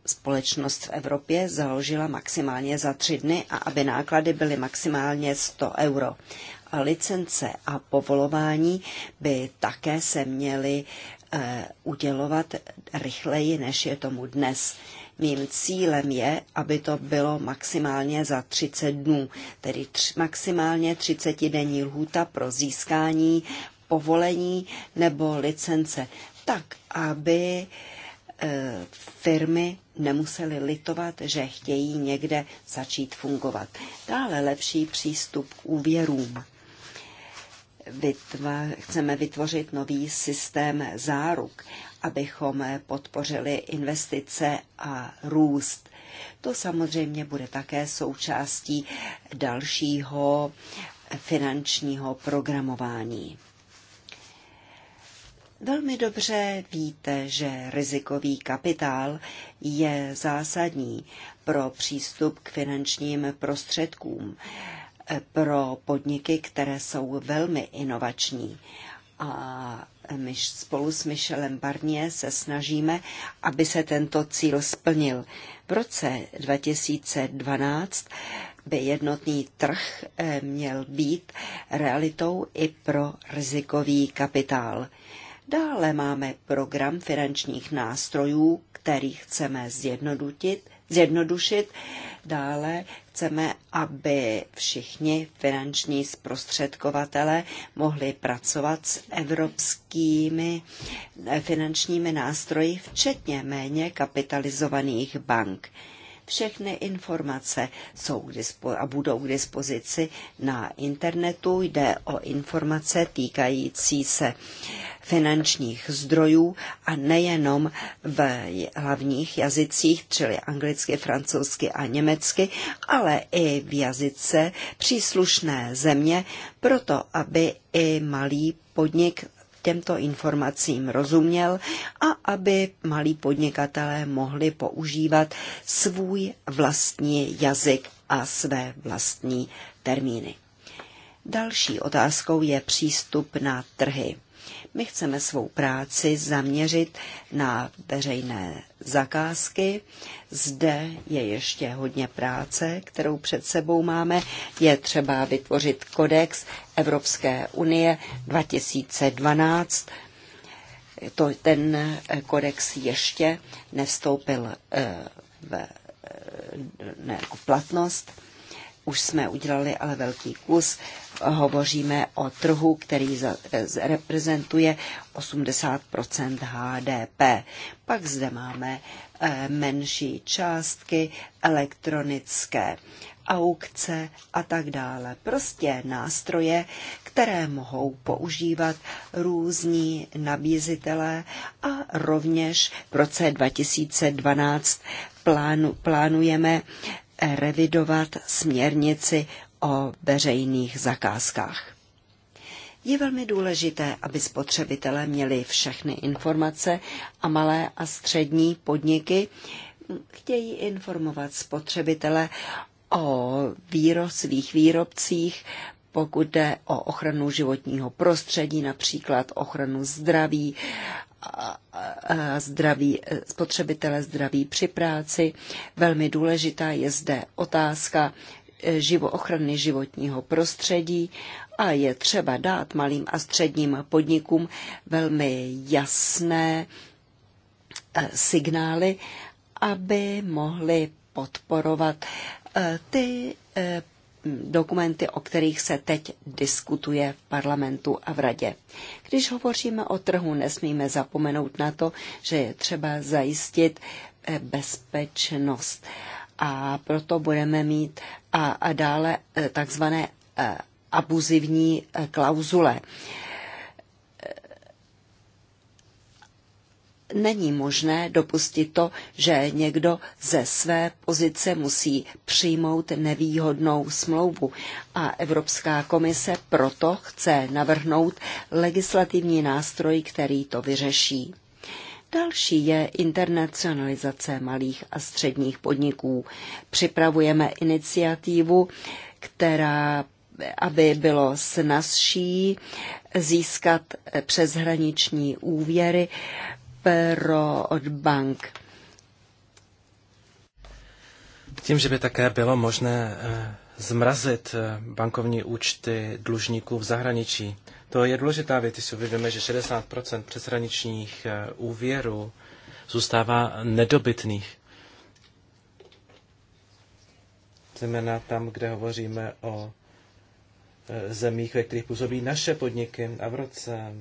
společnost v Evropě založila maximálně za tři dny a aby náklady byly maximálně 100 euro. A licence a povolování by také se měly eh, udělovat rychleji, než je tomu dnes. Mým cílem je, aby to bylo maximálně za 30 dnů, tedy tři, maximálně 30-denní lhůta pro získání povolení nebo licence, tak aby eh, Eh, firmy nemusely litovat, že chtějí někde začít fungovat. Dále lepší přístup k úvěrům. Vytva, chceme vytvořit nový systém záruk, abychom podpořili investice a růst. To samozřejmě bude také součástí dalšího finančního programování. Velmi dobře víte, že rizikový kapitál je zásadní pro přístup k finančním prostředkům eh, pro podniky, které jsou velmi inovační. A my spolu s Michelem Barnier se snažíme, aby se tento cíl splnil. V roce 2012 by jednotný trh eh, měl být realitou i pro rizikový kapitál. Dále máme program finančních nástrojů, který chceme zjednodušit, zjednodušit. Dále chceme, aby všichni finanční zprostředkovatele mohli pracovat s evropskými eh, finančními nástroji, včetně méně kapitalizovaných bank. Všechny informace jsou a budou k dispozici na internetu. Jde o informace týkající se finančních zdrojů a nejenom v hlavních jazycích, čili anglicky, francouzsky a německy, ale i v jazyce příslušné země, proto aby i malý podnik těmto informacím rozuměl a aby malí podnikatelé mohli používat svůj vlastní jazyk a své vlastní termíny. Další otázkou je přístup na trhy. My chceme svou práci zaměřit na veřejné zakázky. Zde je ještě hodně práce, kterou před sebou máme. Je třeba vytvořit kodex Evropské unie 2012. To, ten kodex ještě nevstoupil eh, v, eh, ne, v jako platnost už jsme udělali ale velký kus. Hovoříme o trhu, který reprezentuje 80 HDP. Pak zde máme eh, menší částky, elektronické aukce a tak dále. Prostě nástroje, které mohou používat různí nabízitelé a rovněž v roce 2012 plánu, plánujeme revidovat směrnici o veřejných zakázkách. Je velmi důležité, aby spotřebitelé měli všechny informace a malé a střední podniky chtějí informovat spotřebitele o víro svých výrobcích, pokud jde o ochranu životního prostředí, například ochranu zdraví, zdraví spotřebitele, zdraví při práci. Velmi důležitá je zde otázka eh, živo ochrany životního prostředí a je třeba dát malým a středním podnikům velmi jasné eh, signály, aby mohli podporovat eh, ty dokumenty, o kterých se teď diskutuje v parlamentu a v radě. Když hovoříme o trhu, nesmíme zapomenout na to, že je třeba zajistit eh, bezpečnost. A proto budeme mít a, a dále eh, takzvané eh, abuzivní klauzule. není možné dopustit to, že někdo ze své pozice musí přijmout nevýhodnou smlouvu. A Evropská komise proto chce navrhnout legislativní nástroj, který to vyřeší. Další je internacionalizace malých a středních podniků. Připravujeme iniciativu, která aby bylo snazší získat přeshraniční úvěry pero od bank. Tím, že by také bylo možné eh, zmrazit eh, bankovní účty dlužníků v zahraničí. To je důležitá věc, když si uvědomíme, že 60 přeshraničních eh, úvěrů zůstává nedobytných. Zejména tam, kde hovoříme o zemích, ve kterých působí naše podniky, a v roce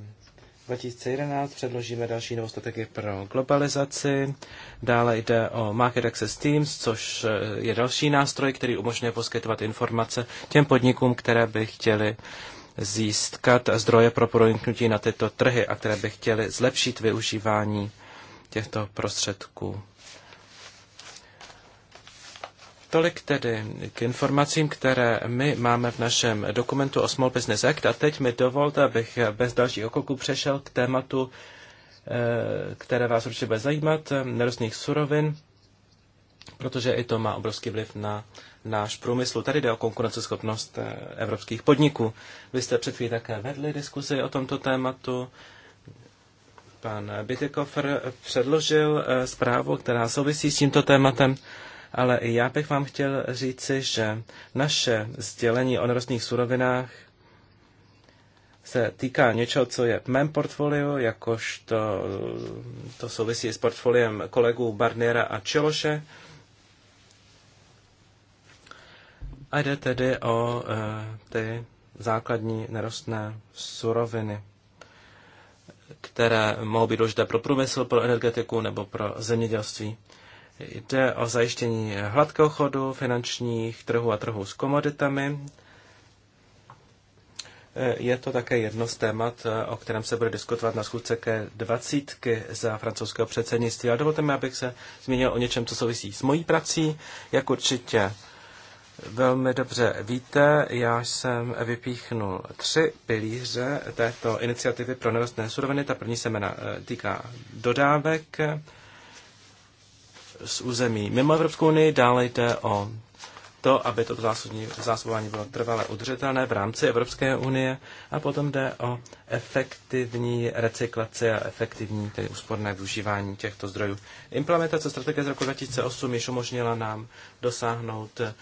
2011 předložíme další novou strategii pro globalizaci. Dále jde o Market Access Teams, což eh, je další nástroj, který umožňuje poskytovat informace těm podnikům, které by chtěli získat zdroje pro proniknutí na tyto trhy a které by chtěly zlepšit využívání těchto prostředků. Tolik tedy k informacím, které my máme v našem dokumentu o Small Business Act. A teď mi dovolte, abych bez dalších okolků přešel k tématu, eh, které vás určitě bude zajímat, nerostných surovin, protože i to má obrovský vliv na náš průmysl. Tady jde o konkurenceschopnost eh, evropských podniků. Vy jste před chvílí také vedli diskuzi o tomto tématu. Pan Bitekoffer předložil eh, zprávu, která souvisí s tímto tématem ale i já bych vám chtěl říci, že naše sdělení o nerostných surovinách se týká něčeho, co je v mém portfoliu, jakožto to souvisí s portfoliem kolegů Barniera a Čeloše. A jde tedy o e, ty základní nerostné suroviny, které mohou být důležité pro průmysl, pro energetiku nebo pro zemědělství. Jde o zajištění hladkého chodu finančních trhů a trhů s komoditami. Je to také jedno z témat, o kterém se bude diskutovat na schůdce ke dvacítky za francouzského předsednictví. A dovolte mi, abych se zmínil o něčem, co souvisí s mojí prací. Jak určitě velmi dobře víte, já jsem vypíchnul tři pilíře této iniciativy pro nerostné suroviny. Ta první se týká dodávek z území mimo Evropskou unii. Dále jde o to, aby to zásobování bylo trvale udržitelné v rámci Evropské unie a potom jde o efektivní recyklaci a efektivní tedy úsporné využívání těchto zdrojů. Implementace strategie z roku 2008 již umožnila nám dosáhnout eh,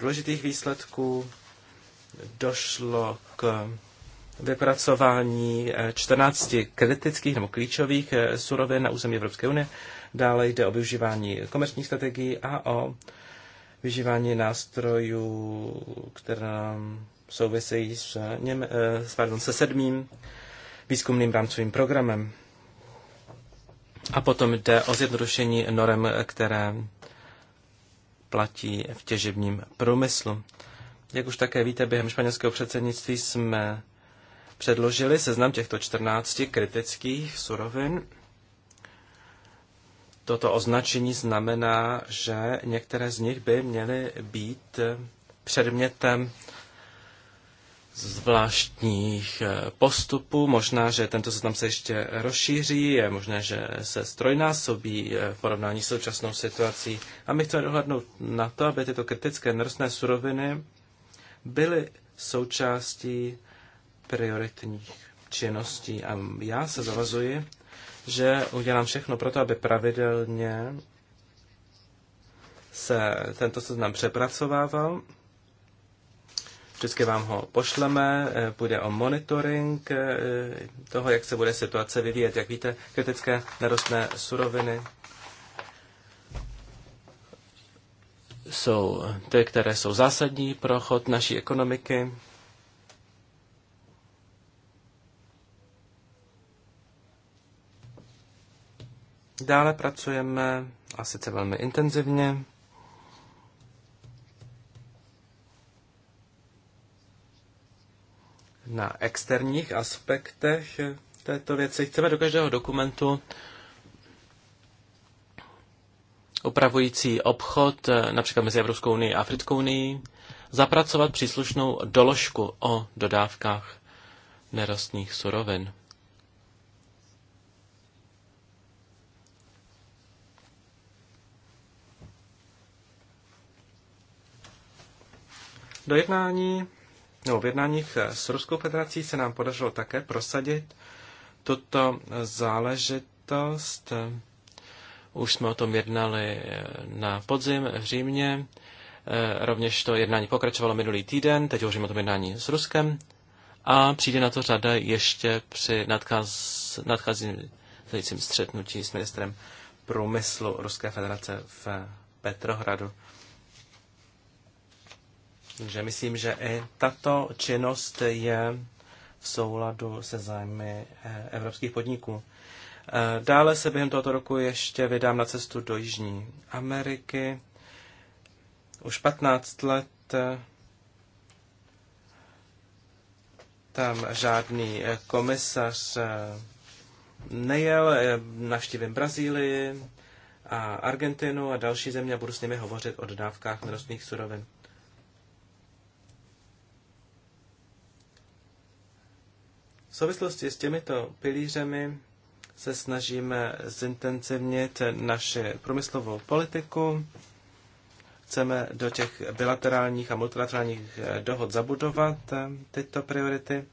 důležitých výsledků. Došlo k vypracování 14 eh, kritických nebo klíčových eh, surovin na území Evropské unie Dále jde o využívání komerčních strategií a o využívání nástrojů, které souvisejí s, něm, s, eh, pardon, se sedmým výzkumným rámcovým programem. A potom jde o zjednodušení norem, které platí v těžebním průmyslu. Jak už také víte, během španělského předsednictví jsme předložili seznam těchto 14 kritických surovin Toto označení znamená, že některé z nich by měly být předmětem zvláštních eh, postupů. Možná, že tento seznam se ještě rozšíří, je možné, že se strojnásobí eh, v porovnání s současnou situací. A my chceme dohlednout na to, aby tyto kritické nerostné suroviny byly součástí prioritních činností. A já se zavazuji, že udělám všechno pro to, aby pravidelně se tento seznam přepracovával. Vždycky vám ho pošleme, eh, bude o monitoring eh, toho, jak se bude situace vyvíjet. Jak víte, kritické nerostné suroviny jsou ty, které jsou zásadní pro chod naší ekonomiky. Dále pracujeme, a sice velmi intenzivně, na externích aspektech této věci. Chceme do každého dokumentu upravující obchod, například mezi Evropskou unii a Africkou unii, zapracovat příslušnou doložku o dodávkách nerostných surovin. Do jednání, nebo v jednáních s Ruskou federací se nám podařilo také prosadit tuto záležitost. Už jsme o tom jednali na podzim v Římě. Eh, rovněž to jednání pokračovalo minulý týden, teď hovořím o tom jednání s Ruskem. A přijde na to řada ještě při nadcházejícím střetnutí s ministrem průmyslu Ruské federace v Petrohradu. Takže myslím, že i tato činnost je v souladu se zájmy eh, evropských podniků. Eh, dále se během tohoto roku ještě vydám na cestu do Jižní Ameriky. Už 15 let eh, tam žádný komisař nejel. Navštívím Brazílii a Argentinu a další země a budu s nimi hovořit o dodávkách nerostných surovin. V souvislosti s těmito pilířemi se snažíme zintenzivnit naši průmyslovou politiku. Chceme do těch bilaterálních a multilaterálních eh, dohod zabudovat eh, tyto priority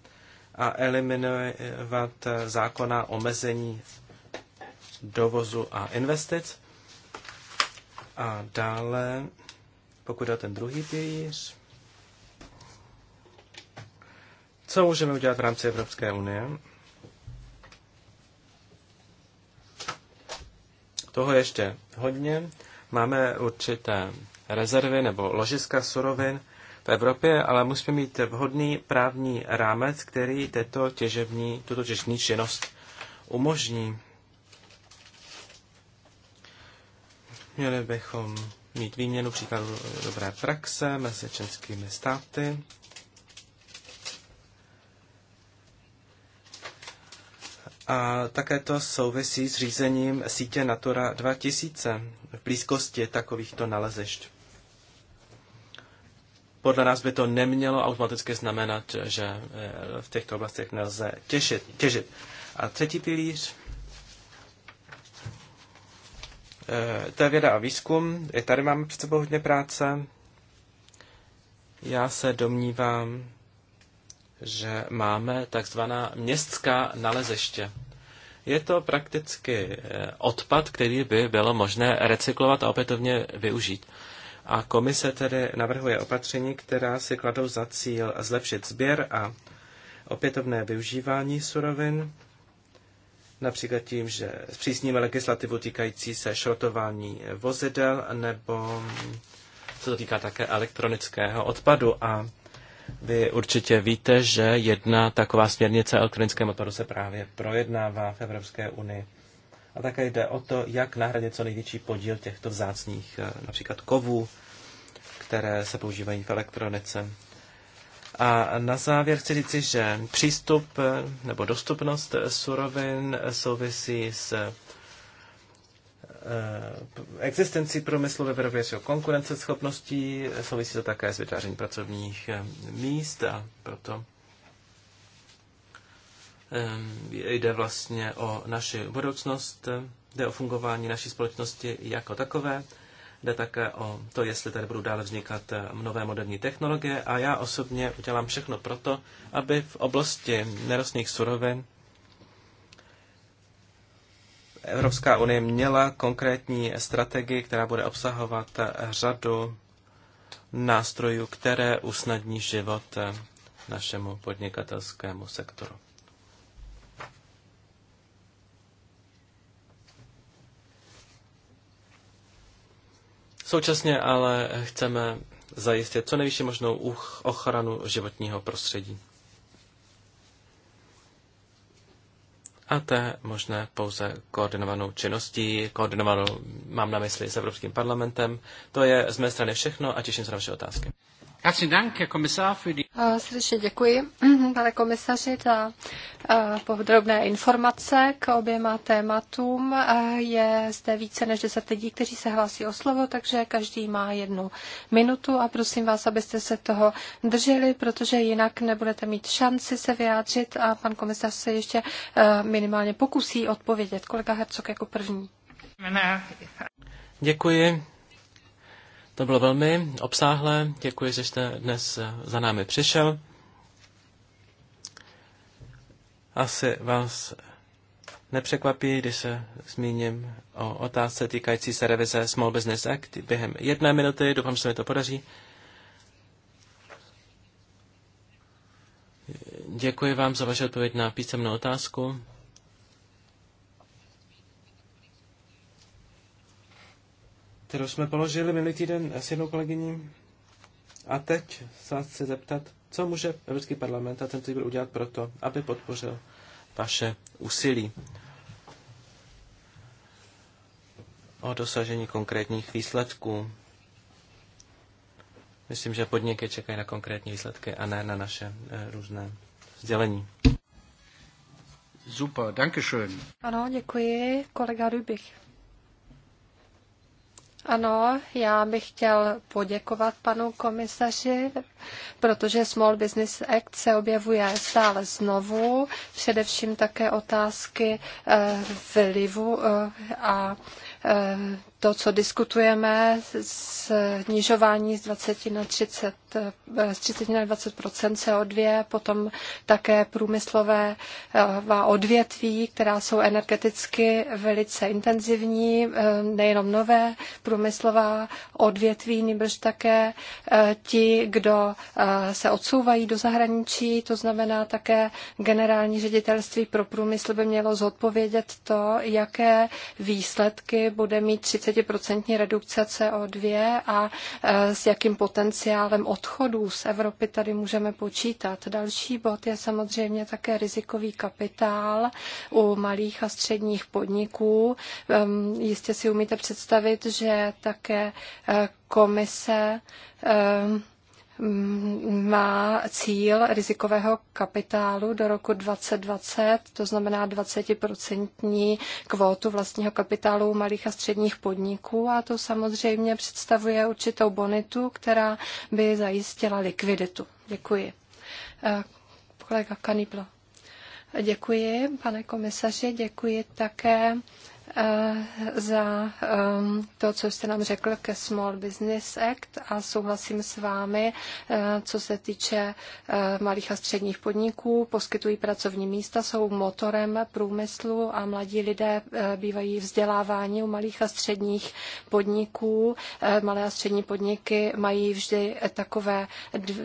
a eliminovat eh, zákona omezení dovozu a investic. A dále, pokud je ten druhý pilíř, Co můžeme udělat v rámci Evropské unie? Toho ještě hodně. Máme určité rezervy nebo ložiska surovin v Evropě, ale musíme mít vhodný právní rámec, který této těžební, tuto těžební činnost umožní. Měli bychom mít výměnu příkladů dobré praxe mezi členskými státy A také to souvisí s řízením sítě Natura 2000 v blízkosti takovýchto nalezišť. Podle nás by to nemělo automaticky znamenat, že eh, v těchto oblastech nelze těšit, těžit. A třetí pilíř, eh, to je věda a výzkum. I tady máme před sebou hodně práce. Já se domnívám, že máme takzvaná městská naleziště. Je to prakticky eh, odpad, který by bylo možné recyklovat a opětovně využít. A komise tedy navrhuje opatření, která si kladou za cíl zlepšit sběr a opětovné využívání surovin, například tím, že zpřísníme legislativu týkající se šrotování vozidel, nebo se mm, to týká také elektronického odpadu a vy určitě víte, že jedna taková směrnice elektronické motoru se právě projednává v Evropské unii. A také jde o to, jak nahradit co největší podíl těchto vzácných eh, například kovů, které se používají v elektronice. A na závěr chci říci, že přístup eh, nebo dostupnost surovin souvisí s Eh, existenci průmyslu ve Evropě, s jeho konkurenceschopností, souvisí to také s vytvářením pracovních eh, míst a proto eh, jde vlastně o naši budoucnost, jde o fungování naší společnosti jako takové, jde také o to, jestli tady budou dále vznikat nové moderní technologie a já osobně udělám všechno proto, aby v oblasti nerostných surovin Evropská unie měla konkrétní strategii, která bude obsahovat řadu nástrojů, které usnadní život našemu podnikatelskému sektoru. Současně ale chceme zajistit co nejvyšší možnou ochranu životního prostředí. a to je možné pouze koordinovanou činností, koordinovanou mám na mysli s Evropským parlamentem. To je z mé strany všechno a těším se na vaše otázky. Eh, srdečně děkuji, [clears throat] pane komisaři, za eh, podrobné informace k oběma tématům. Eh, je zde více než deset lidí, kteří se hlásí o slovo, takže každý má jednu minutu a prosím vás, abyste se toho drželi, protože jinak nebudete mít šanci se vyjádřit a pan komisař se ještě minimálně pokusí odpovědět. Kolega Hercok jako první. Děkuji. To bylo velmi obsáhlé. Děkuji, že jste dnes eh, za námi přišel. Asi vás nepřekvapí, když se zmíním o otázce týkající se revize Small Business Act během jedné minuty. Doufám, že se mi to podaří. Děkuji vám za vaši odpověď na písemnou otázku. kterou jsme položili minulý týden s jednou kolegyní. A teď se vás chci zeptat, co může Evropský parlament a tento výbor udělat to, aby podpořil vaše úsilí o dosažení konkrétních výsledků. Myslím, že podniky čekají na konkrétní výsledky a ne na naše e, různé sdělení. Super, danke schön. Ano, děkuji, kolega Rybich. Ano, já bych chtěl poděkovat panu komisaři, protože Small Business Act se objevuje stále znovu, především také otázky eh, vlivu eh, a eh, to, co diskutujeme, snižování z 20 na 30 z 30 na 20 CO2, potom také průmyslové eh, odvětví, která jsou energeticky velice intenzivní, eh, nejenom nové průmyslová odvětví, nebož také eh, ti, kdo se odsouvají do zahraničí, to znamená také generální ředitelství pro průmysl by mělo zodpovědět to, jaké výsledky bude mít 30% redukce CO2 a s jakým potenciálem od odchodů z Evropy tady můžeme počítat. Další bod je samozřejmě také rizikový kapitál u malých a středních podniků. Ehm, jistě si umíte představit, že také eh, komise ehm, má cíl rizikového kapitálu do roku 2020, to znamená 20% kvótu vlastního kapitálu malých a středních podniků a to samozřejmě představuje určitou bonitu, která by zajistila likviditu. Děkuji. Eh, kolega Kanibla. Děkuji, pane komisaři, děkuji také Eh, za to, co jste nám řekl ke Small Business Act a souhlasím s vámi, eh, co se týče eh, malých a středních podniků, poskytují pracovní místa, jsou motorem průmyslu a mladí lidé bývají vzdělávání u malých a středních podniků. Malé a střední podniky mají vždy takové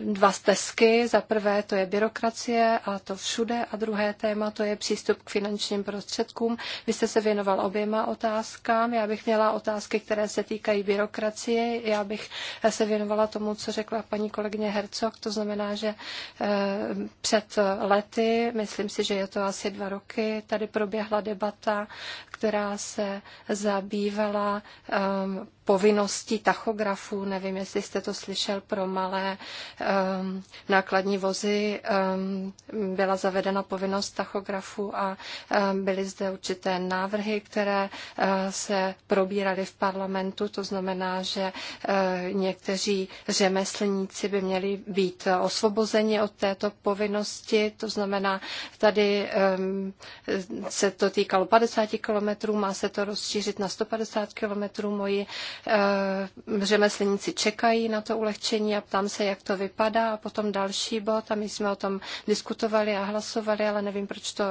dva stezky. Za prvé to je byrokracie a to všude a druhé téma to je přístup k finančním prostředkům. Vy jste se věnoval obě dvěma otázkám. Já bych měla otázky, které se týkají byrokracie. Já bych se věnovala tomu, co řekla paní kolegyně Hercog. To znamená, že eh, před lety, myslím si, že je to asi dva roky, tady proběhla debata, která se zabývala eh, povinností tachografů, nevím, jestli jste to slyšel, pro malé um, nákladní vozy um, byla zavedena povinnost tachografů a um, byly zde určité návrhy, které uh, se probíraly v parlamentu, to znamená, že uh, někteří řemeslníci by měli být osvobozeni od této povinnosti, to znamená, tady um, se to týkalo 50 kilometrů, má se to rozšířit na 150 kilometrů. Moji Eh, řemeslníci čekají na to ulehčení a ptám se, jak to vypadá. A potom další bod, a my jsme o tom diskutovali a hlasovali, ale nevím, proč to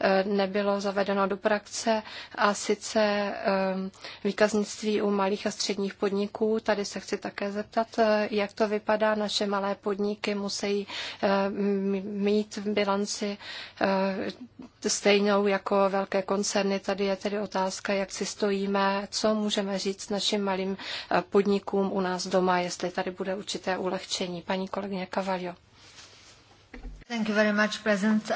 eh, nebylo zavedeno do praxe. A sice eh, výkaznictví u malých a středních podniků. Tady se chci také zeptat, jak to vypadá. Naše malé podniky musí mít v bilanci stejnou jako velké koncerny. Tady je tedy otázka, jak si stojíme, co můžeme říct našim malým eh, podnikům u nás doma, jestli tady bude určité ulehčení. Paní kolegyně Cavalio. Thank you very much, President.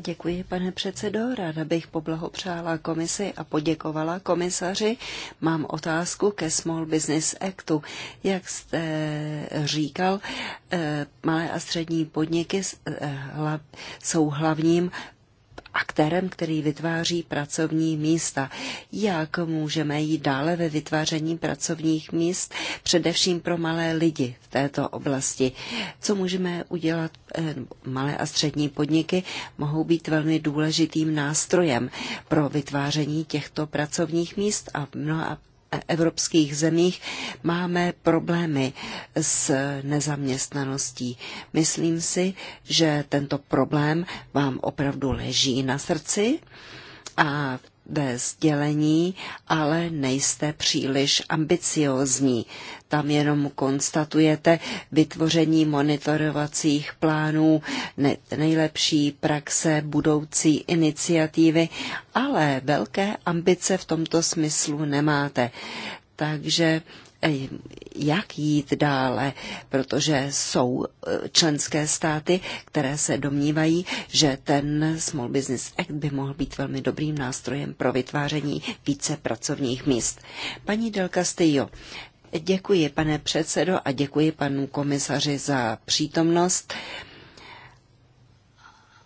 Děkuji, pane předsedo. Ráda bych poblahopřála komisi a poděkovala komisaři. Mám otázku ke Small Business Actu. Jak jste eh, říkal, eh, malé a střední podniky jsou hlavním aktérem, který vytváří pracovní místa. Jak můžeme jít dále ve vytváření pracovních míst, především pro malé lidi v této oblasti? Co můžeme udělat? Eh, malé a střední podniky mohou být velmi důležitým nástrojem pro vytváření těchto pracovních míst a v mnoha evropských zemích máme problémy s nezaměstnaností. Myslím si, že tento problém vám opravdu leží na srdci a v ve sdělení, ale nejste příliš ambiciozní. Tam jenom konstatujete vytvoření monitorovacích plánů, nejlepší praxe, budoucí iniciativy, ale velké ambice v tomto smyslu nemáte. Takže jak jít dále, protože jsou e, členské státy, které se domnívají, že ten Small Business Act by mohl být velmi dobrým nástrojem pro vytváření více pracovních míst. Paní Del Castillo, děkuji pane předsedo a děkuji panu komisaři za přítomnost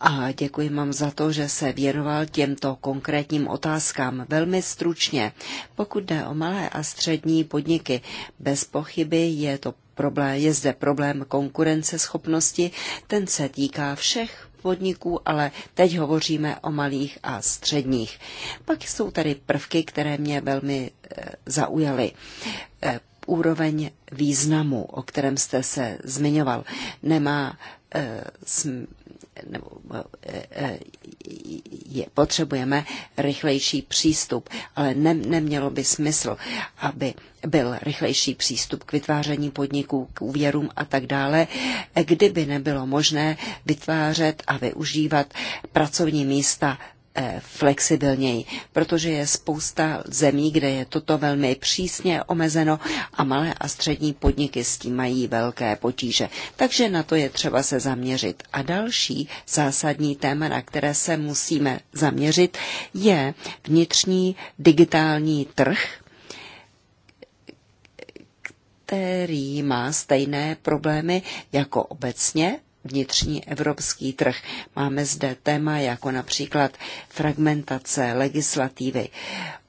a děkuji vám za to, že se věnoval těmto konkrétním otázkám. Velmi stručně, pokud jde o malé a střední podniky, bez pochyby je to problém, je zde problém konkurenceschopnosti, ten se týká všech podniků, ale teď hovoříme o malých a středních. Pak jsou tady prvky, které mě velmi e, zaujaly. E, úroveň významu, o kterém jste se zmiňoval, nemá e, sm, nebo eh, eh, je, potřebujeme rychlejší přístup, ale ne, nemělo by smysl, aby byl rychlejší přístup k vytváření podniků, k úvěrům a tak dále, eh, kdyby nebylo možné vytvářet a využívat pracovní místa Eh, flexibilněji, protože je spousta zemí, kde je toto velmi přísně omezeno a malé a střední podniky s tím mají velké potíže. Takže na to je třeba se zaměřit. A další zásadní téma, na které se musíme zaměřit, je vnitřní digitální trh, který má stejné problémy jako obecně vnitřní evropský trh. Máme zde téma jako například fragmentace legislativy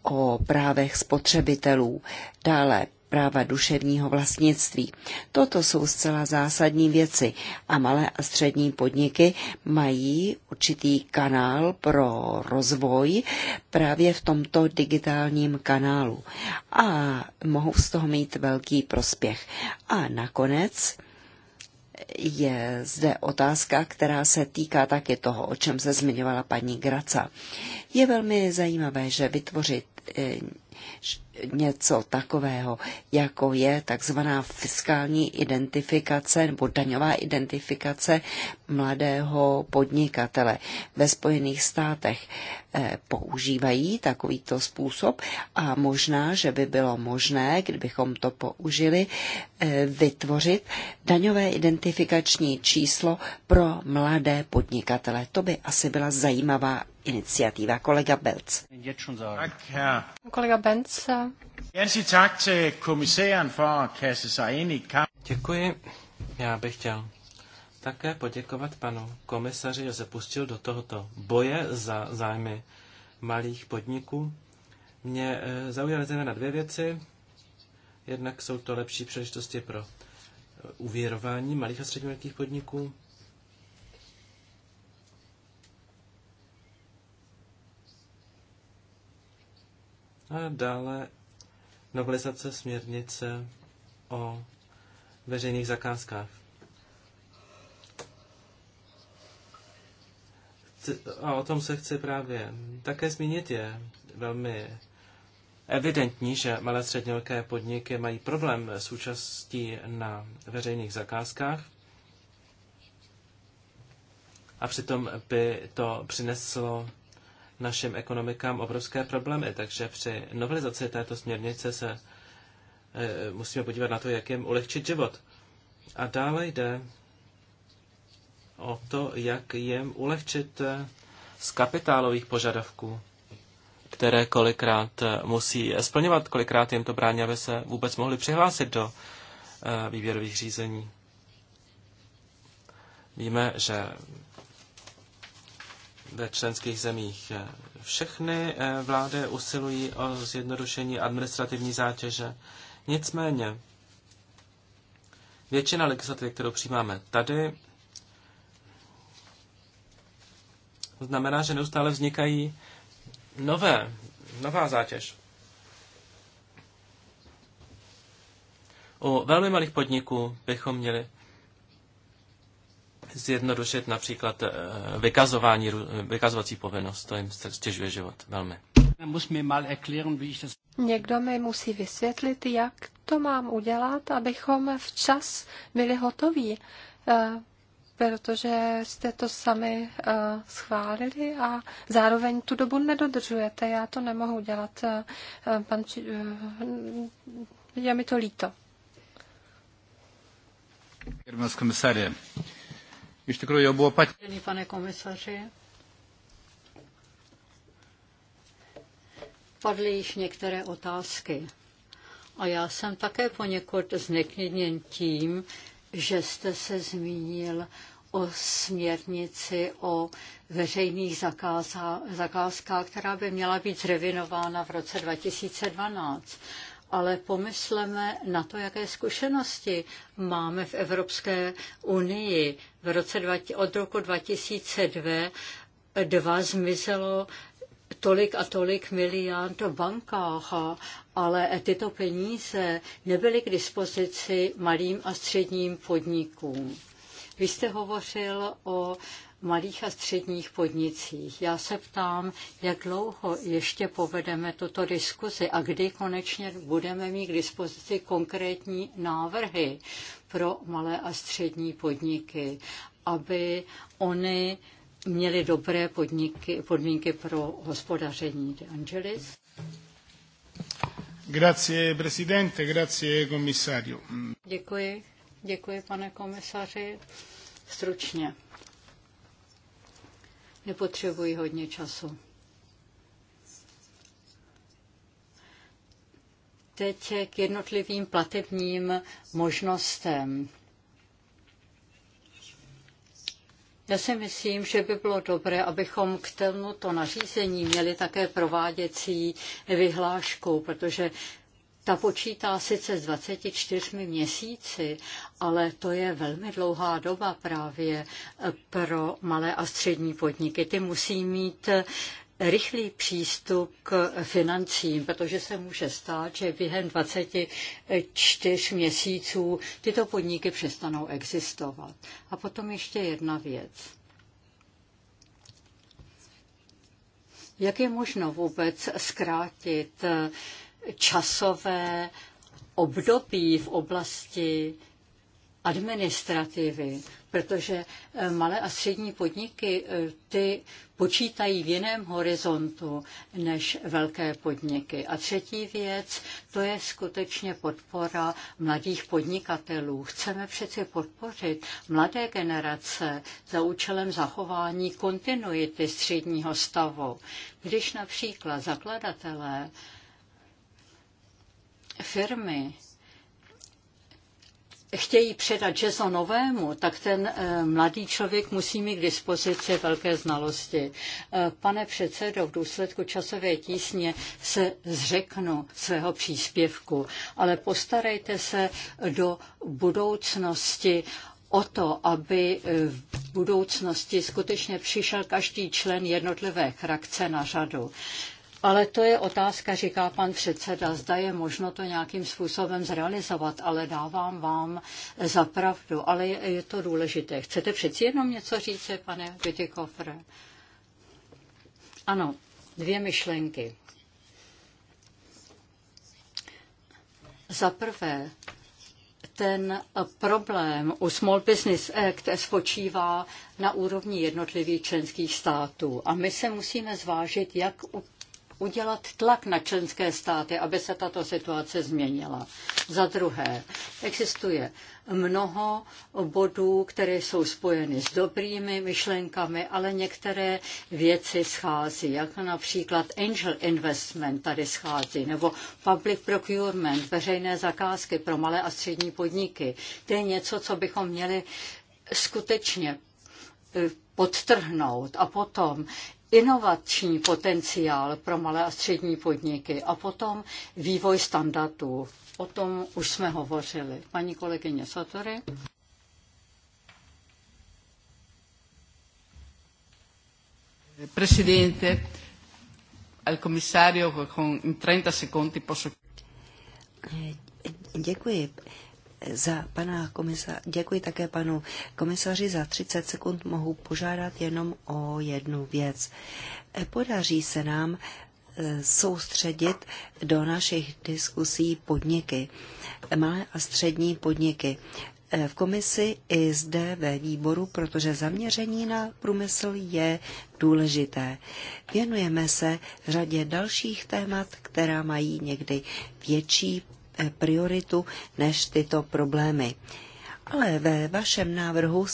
o právech spotřebitelů, dále práva duševního vlastnictví. Toto jsou zcela zásadní věci a malé a střední podniky mají určitý kanál pro rozvoj právě v tomto digitálním kanálu a mohou z toho mít velký prospěch. A nakonec je zde otázka, která se týká také toho, o čem se zmiňovala paní Graca. Je velmi zajímavé, že vytvořit eh, něco takového, jako je takzvaná fiskální identifikace nebo daňová identifikace mladého podnikatele. Ve Spojených státech eh, používají takovýto způsob a možná, že by bylo možné, kdybychom to použili, eh, vytvořit daňové identifikační číslo pro mladé podnikatele. To by asi byla zajímavá iniciativa. Kolega Belc. Kolega Benz. Děkuji. Já bych chtěl také poděkovat panu komisaři, že se pustil do tohoto boje za zájmy malých podniků. Mě eh, zaujaly zejména dvě věci. Jednak jsou to lepší příležitosti pro eh, uvěrování malých a středních podniků A dále novelizace směrnice o veřejných zakázkách. A o tom se chci právě také zmínit. Je velmi evidentní, že malé středně velké podniky mají problém s účastí na veřejných zakázkách. A přitom by to přineslo našim ekonomikám obrovské problémy. Takže při novelizaci této směrnice se eh, musíme podívat na to, jak jim ulehčit život. A dále jde o to, jak jim ulehčit eh, z kapitálových požadavků, které kolikrát eh, musí splňovat, kolikrát jim to brání, aby se vůbec mohli přihlásit do výběrových řízení. Víme, že ve členských zemích všechny eh, vlády usilují o zjednodušení administrativní zátěže. Nicméně většina legislativy, kterou přijímáme tady, znamená, že neustále vznikají nové, nová zátěž. U velmi malých podniků bychom měli zjednodušit například eh, vykazování, vykazovací povinnost. To jim stěžuje život velmi. Někdo mi musí vysvětlit, jak to mám udělat, abychom včas byli hotoví, eh, protože jste to sami eh, schválili a zároveň tu dobu nedodržujete. Já to nemohu dělat. Pan Či... Je mi to líto. Gerbiamas komisarė, ještě pat... Pane komisaři, padly již některé otázky. A já jsem také poněkud zneklidněn tím, že jste se zmínil o směrnici o veřejných zakázkách, která by měla být zrevinována v roce 2012 ale pomysleme na to, jaké zkušenosti máme v Evropské unii. V roce, od roku 2002 dva zmizelo tolik a tolik miliard v bankách, ale tyto peníze nebyly k dispozici malým a středním podnikům. Vy jste hovořil o malých a středních podnicích. Já se ptám, jak dlouho ještě povedeme tuto diskuzi a kdy konečně budeme mít k dispozici konkrétní návrhy pro malé a střední podniky, aby oni měli dobré podniky, podmínky pro hospodaření. De Angelis? Grazie, presidente, grazie, commissario. Děkuji, děkuji, pane komisaři. Stručně nepotřebují hodně času. Teď k jednotlivým platebním možnostem. Já si myslím, že by bylo dobré, abychom k tomuto nařízení měli také prováděcí vyhlášku, protože ta počítá sice s 24 měsíci, ale to je velmi dlouhá doba právě eh, pro malé a střední podniky. Ty musí mít eh, rychlý přístup k financím, protože se může stát, že během 24 měsíců tyto podniky přestanou existovat. A potom ještě jedna věc. Jak je možno vůbec zkrátit eh, časové období v oblasti administrativy, protože eh, malé a střední podniky eh, ty počítají v jiném horizontu než velké podniky. A třetí věc, to je skutečně podpora mladých podnikatelů. Chceme přeci podpořit mladé generace za účelem zachování kontinuity středního stavu. Když například zakladatelé firmy chtějí předat žezo novému, tak ten eh, mladý člověk musí mít k dispozici velké znalosti. Eh, pane předsedo, v důsledku časové tísně se zřeknu svého příspěvku, ale postarejte se do budoucnosti o to, aby eh, v budoucnosti skutečně přišel každý člen jednotlivé frakce na řadu. Ale to je otázka, říká pan předseda, zda je možno to nějakým způsobem zrealizovat, ale dávám vám za pravdu, ale je, je to důležité. Chcete přeci jenom něco říct, pane Bytikofre? Ano, dvě myšlenky. Za prvé, ten problém u Small Business Act spočívá na úrovni jednotlivých členských států. A my se musíme zvážit, jak udělat tlak na členské státy, aby se tato situace změnila. Za druhé, existuje mnoho bodů, které jsou spojeny s dobrými myšlenkami, ale některé věci schází, jako například angel investment tady schází, nebo public procurement, veřejné zakázky pro malé a střední podniky. To je něco, co bychom měli skutečně eh, podtrhnout a potom inovační potenciál pro malé a střední podniky a potom vývoj standardů. O tom už jsme hovořili. Paní kolegyně Satory. Presidente, al komisario con 30 secondi posso... Eh, děkuji, za pana komisa, děkuji také panu komisaři. Za 30 sekund mohu požádat jenom o jednu věc. E, podaří se nám e, soustředit do našich diskusí podniky, malé a střední podniky e, v komisi i zde ve výboru, protože zaměření na průmysl je důležité. Věnujeme se řadě dalších témat, která mají někdy větší Eh, prioritu než tyto problémy. Ale ve vašem návrhu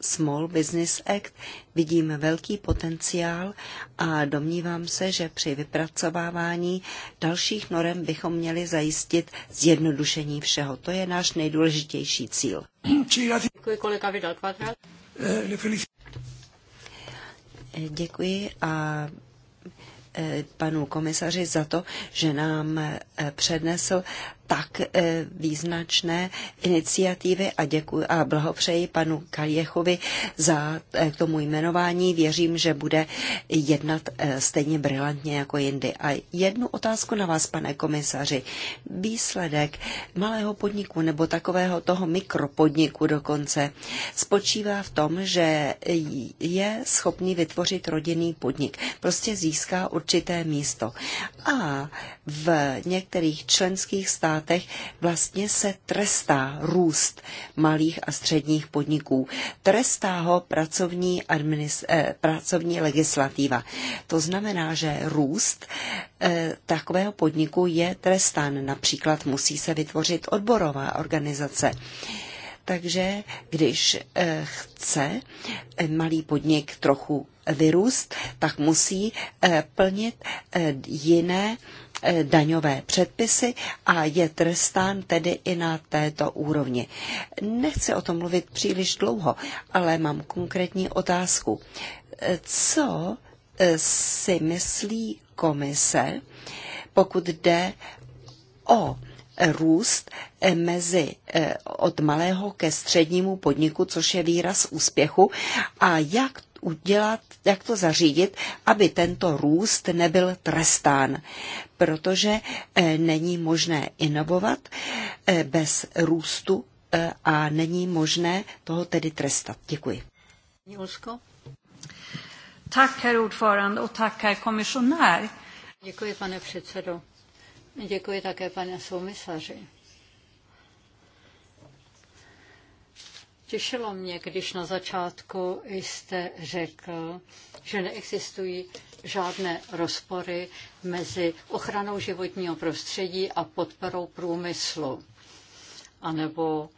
Small Business Act vidím velký potenciál a domnívám se, že při vypracovávání dalších norem bychom měli zajistit zjednodušení všeho. To je náš nejdůležitější cíl. Děkuji, kolega Vidal eh, eh, Děkuji a Eh, panu komisaři za to, že nám eh, přednesl tak eh, význačné iniciativy a děkuji a blahopřeji panu Kaljechovi za eh, k tomu jmenování. Věřím, že bude jednat eh, stejně brilantně jako jindy. A jednu otázku na vás, pane komisaři. Výsledek malého podniku nebo takového toho mikropodniku dokonce spočívá v tom, že je schopný vytvořit rodinný podnik. Prostě získá určité místo. A v některých členských státech státech vlastně se trestá růst malých a středních podniků. Trestá ho pracovní, administ- eh, pracovní legislativa. To znamená, že růst eh, takového podniku je trestán. Například musí se vytvořit odborová organizace. Takže když eh, chce eh, malý podnik trochu vyrůst, tak musí eh, plnit jiné Eh, daňové předpisy a je trestán tedy i na této úrovni. Nechci o tom mluvit příliš dlouho, ale mám konkrétní otázku. Co eh, si myslí komise, pokud jde o růst eh, mezi od malého ke střednímu podniku, což je výraz úspěchu, a jak udělat, jak to zařídit, aby tento růst nebyl trestán protože eh, není možné inovovat eh, bez růstu eh, a není možné toho tedy trestat. Děkuji. Jusko. Tak, herr ordförande, och tak, herr kommissionär. Děkuji, pane předsedo. Děkuji také, pane soumisaři. Těšilo mě, když na začátku jste řekl, že neexistují žádné rozpory mezi ochranou životního prostředí a podporou průmyslu, anebo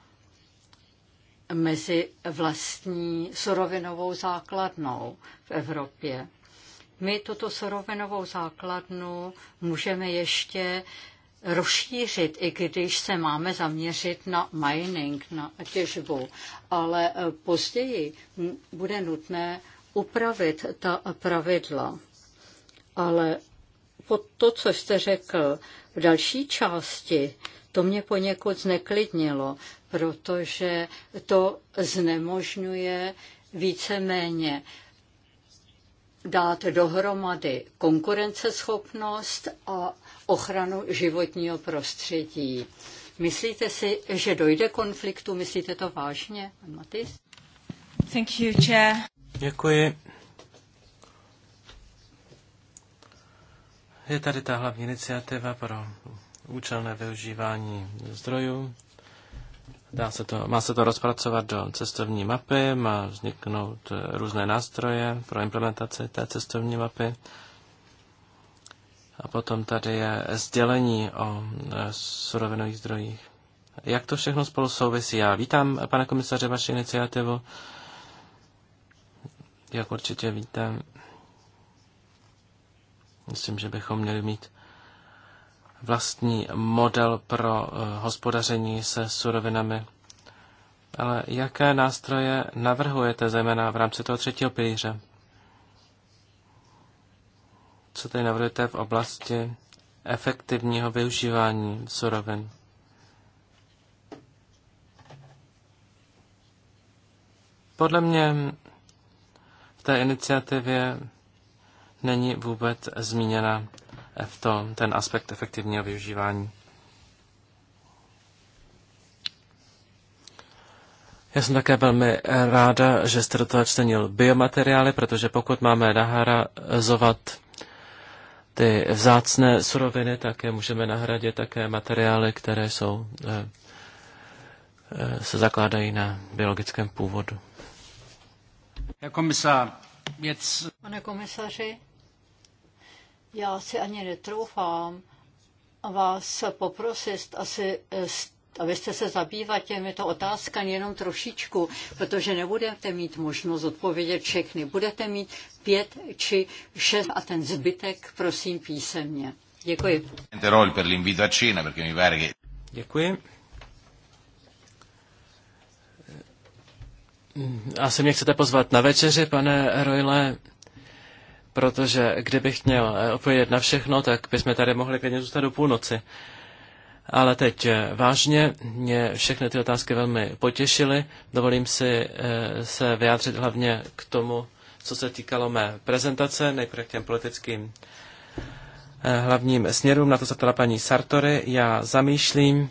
mezi vlastní surovinovou základnou v Evropě. My tuto surovinovou základnu můžeme ještě rozšířit, i když se máme zaměřit na mining, na těžbu. Ale později bude nutné upravit ta pravidla ale po to, co jste řekl v další části, to mě poněkud zneklidnilo, protože to znemožňuje víceméně dát dohromady konkurenceschopnost a ochranu životního prostředí. Myslíte si, že dojde konfliktu? Myslíte to vážně, pan Matis? Thank you, chair. Děkuji, Je tady ta hlavní iniciativa pro účelné využívání zdrojů. Dá se to, má se to rozpracovat do cestovní mapy, má vzniknout eh, různé nástroje pro implementaci té cestovní mapy. A potom tady je sdělení o eh, surovinových zdrojích. Jak to všechno spolu souvisí? Já vítám, eh, pane komisaře, vaši iniciativu. Jak určitě víte, Myslím, že bychom měli mít vlastní model pro eh, hospodaření se surovinami. Ale jaké nástroje navrhujete, zejména v rámci toho třetího pilíře? Co tady navrhujete v oblasti efektivního využívání surovin? Podle mě v té iniciativě není vůbec zmíněna v tom, ten aspekt efektivního využívání. Já jsem také velmi ráda, že jste do toho čtenil biomateriály, protože pokud máme nahrazovat ty vzácné suroviny, tak je můžeme nahradit také materiály, které jsou, eh, eh, se zakládají na biologickém původu. Pane komisaři, já si ani netroufám vás poprosit asi eh, abyste se zabývat těmito otázkami jenom trošičku, protože nebudete mít možnost odpovědět všechny. Budete mít pět či šest a ten zbytek prosím písemně. Děkuji. Děkuji. Asi mě chcete pozvat na večeři, pane Rojle protože kdybych měl eh, odpovědět na všechno, tak bychom tady mohli klidně zůstat do půlnoci. Ale teď eh, vážně, mě všechny ty otázky velmi potěšily. Dovolím si eh, se vyjádřit hlavně k tomu, co se týkalo mé prezentace, nejprve k těm politickým hlavním směrům. Na to se ptala paní Sartory. Já zamýšlím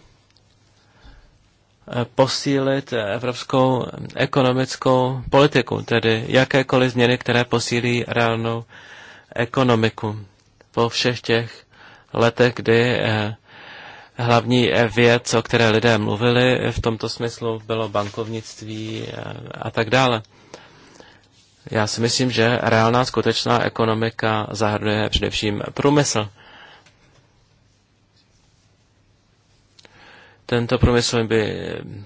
Eh, posílit evropskou ekonomickou politiku, tedy jakékoliv změny, které posílí reálnou ekonomiku po všech těch letech, kdy eh, hlavní věc, o které lidé mluvili v tomto smyslu, bylo bankovnictví eh, a tak dále. Já si myslím, že reálná skutečná ekonomika zahrnuje především průmysl. Tento průmysl by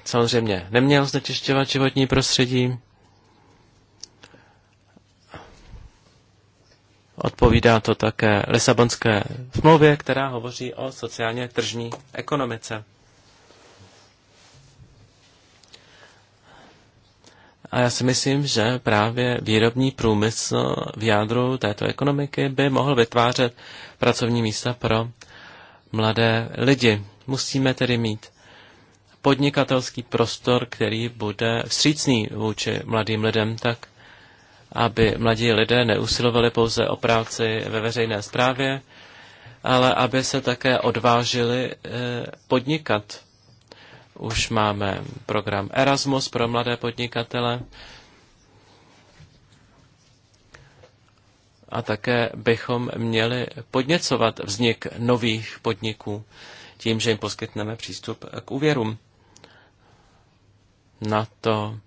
samozřejmě neměl znečišťovat životní prostředí. Odpovídá to také Lisabonské smlouvě, která hovoří o sociálně tržní ekonomice. A já si myslím, že právě výrobní průmysl v jádru této ekonomiky by mohl vytvářet pracovní místa pro mladé lidi. Musíme tedy mít podnikatelský prostor, který bude vstřícný vůči mladým lidem, tak aby mladí lidé neusilovali pouze o práci ve veřejné správě, ale aby se také odvážili eh, podnikat. Už máme program Erasmus pro mladé podnikatele a také bychom měli podněcovat vznik nových podniků tím, že jim poskytneme přístup k úvěrům. Na to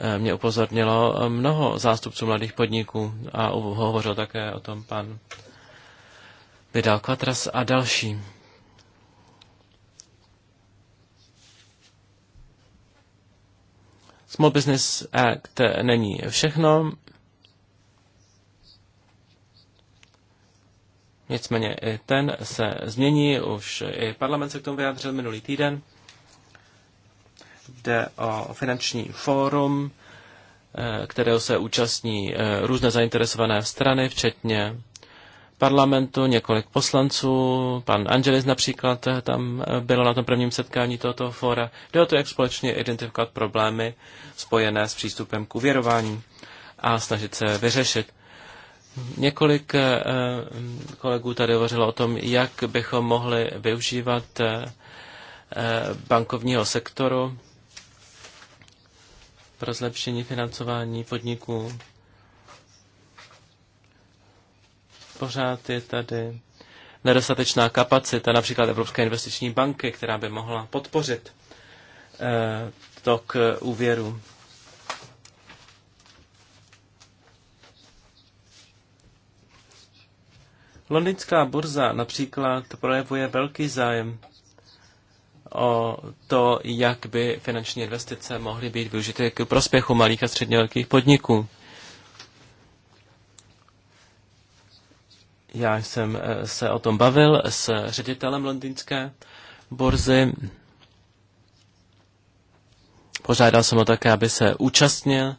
eh, mě upozornilo mnoho zástupců mladých podniků a hovořil také o tom pan Vidal Quatras a další. Small Business Act není všechno. Nicméně i ten se změní, už i parlament se k tomu vyjádřil minulý týden. Jde o finanční fórum, eh, kterého se účastní eh, různé zainteresované strany, včetně parlamentu, několik poslanců, pan Angelis například eh, tam byl na tom prvním setkání tohoto fóra. Jde o to, jak společně identifikovat problémy spojené s přístupem k uvěrování a snažit se vyřešit. Několik eh, kolegů tady hovořilo o tom, jak bychom mohli využívat eh, eh, bankovního sektoru pro zlepšení financování podniků. Pořád je tady nedostatečná kapacita například Evropské investiční banky, která by mohla podpořit tok úvěru. Londýnská burza například projevuje velký zájem o to, jak by finanční investice mohly být využity k prospěchu malých a středně velkých podniků. Já jsem eh, se o tom bavil s ředitelem londýnské burzy. Požádal jsem ho také, aby se účastnil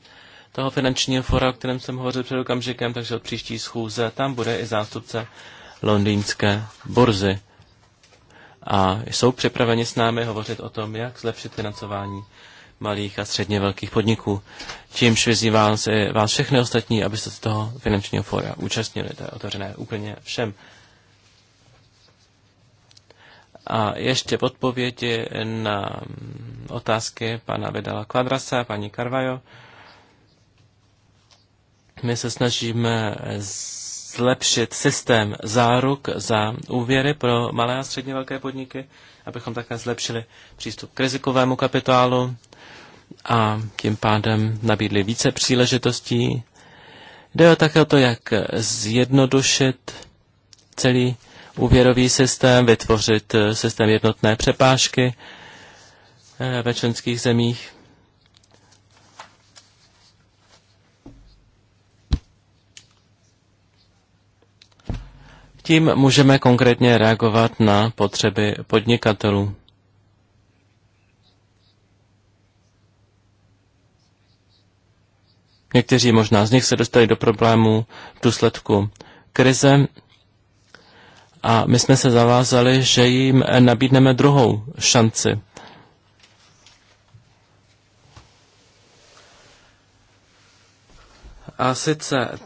toho finančního fora, o kterém jsem hovořil před okamžikem, takže od příští schůze tam bude i zástupce londýnské burzy. A jsou připraveni s námi hovořit o tom, jak zlepšit financování malých a středně velkých podniků. Čímž vyzývám vás, vás všechny ostatní, abyste z toho finančního fora účastnili. To je otevřené úplně všem. A ještě odpovědi na otázky pana Vedala Kvadrasa, paní Carvajo. My se snažíme zlepšit systém záruk za úvěry pro malé a středně velké podniky, abychom také zlepšili přístup k rizikovému kapitálu a tím pádem nabídli více příležitostí. Jde také o to, jak zjednodušit celý úvěrový systém, vytvořit systém jednotné přepážky eh, ve členských zemích Tím můžeme konkrétně reagovat na potřeby podnikatelů. Někteří možná z nich se dostali do problémů v důsledku krize a my jsme se zavázali, že jim nabídneme druhou šanci. A sice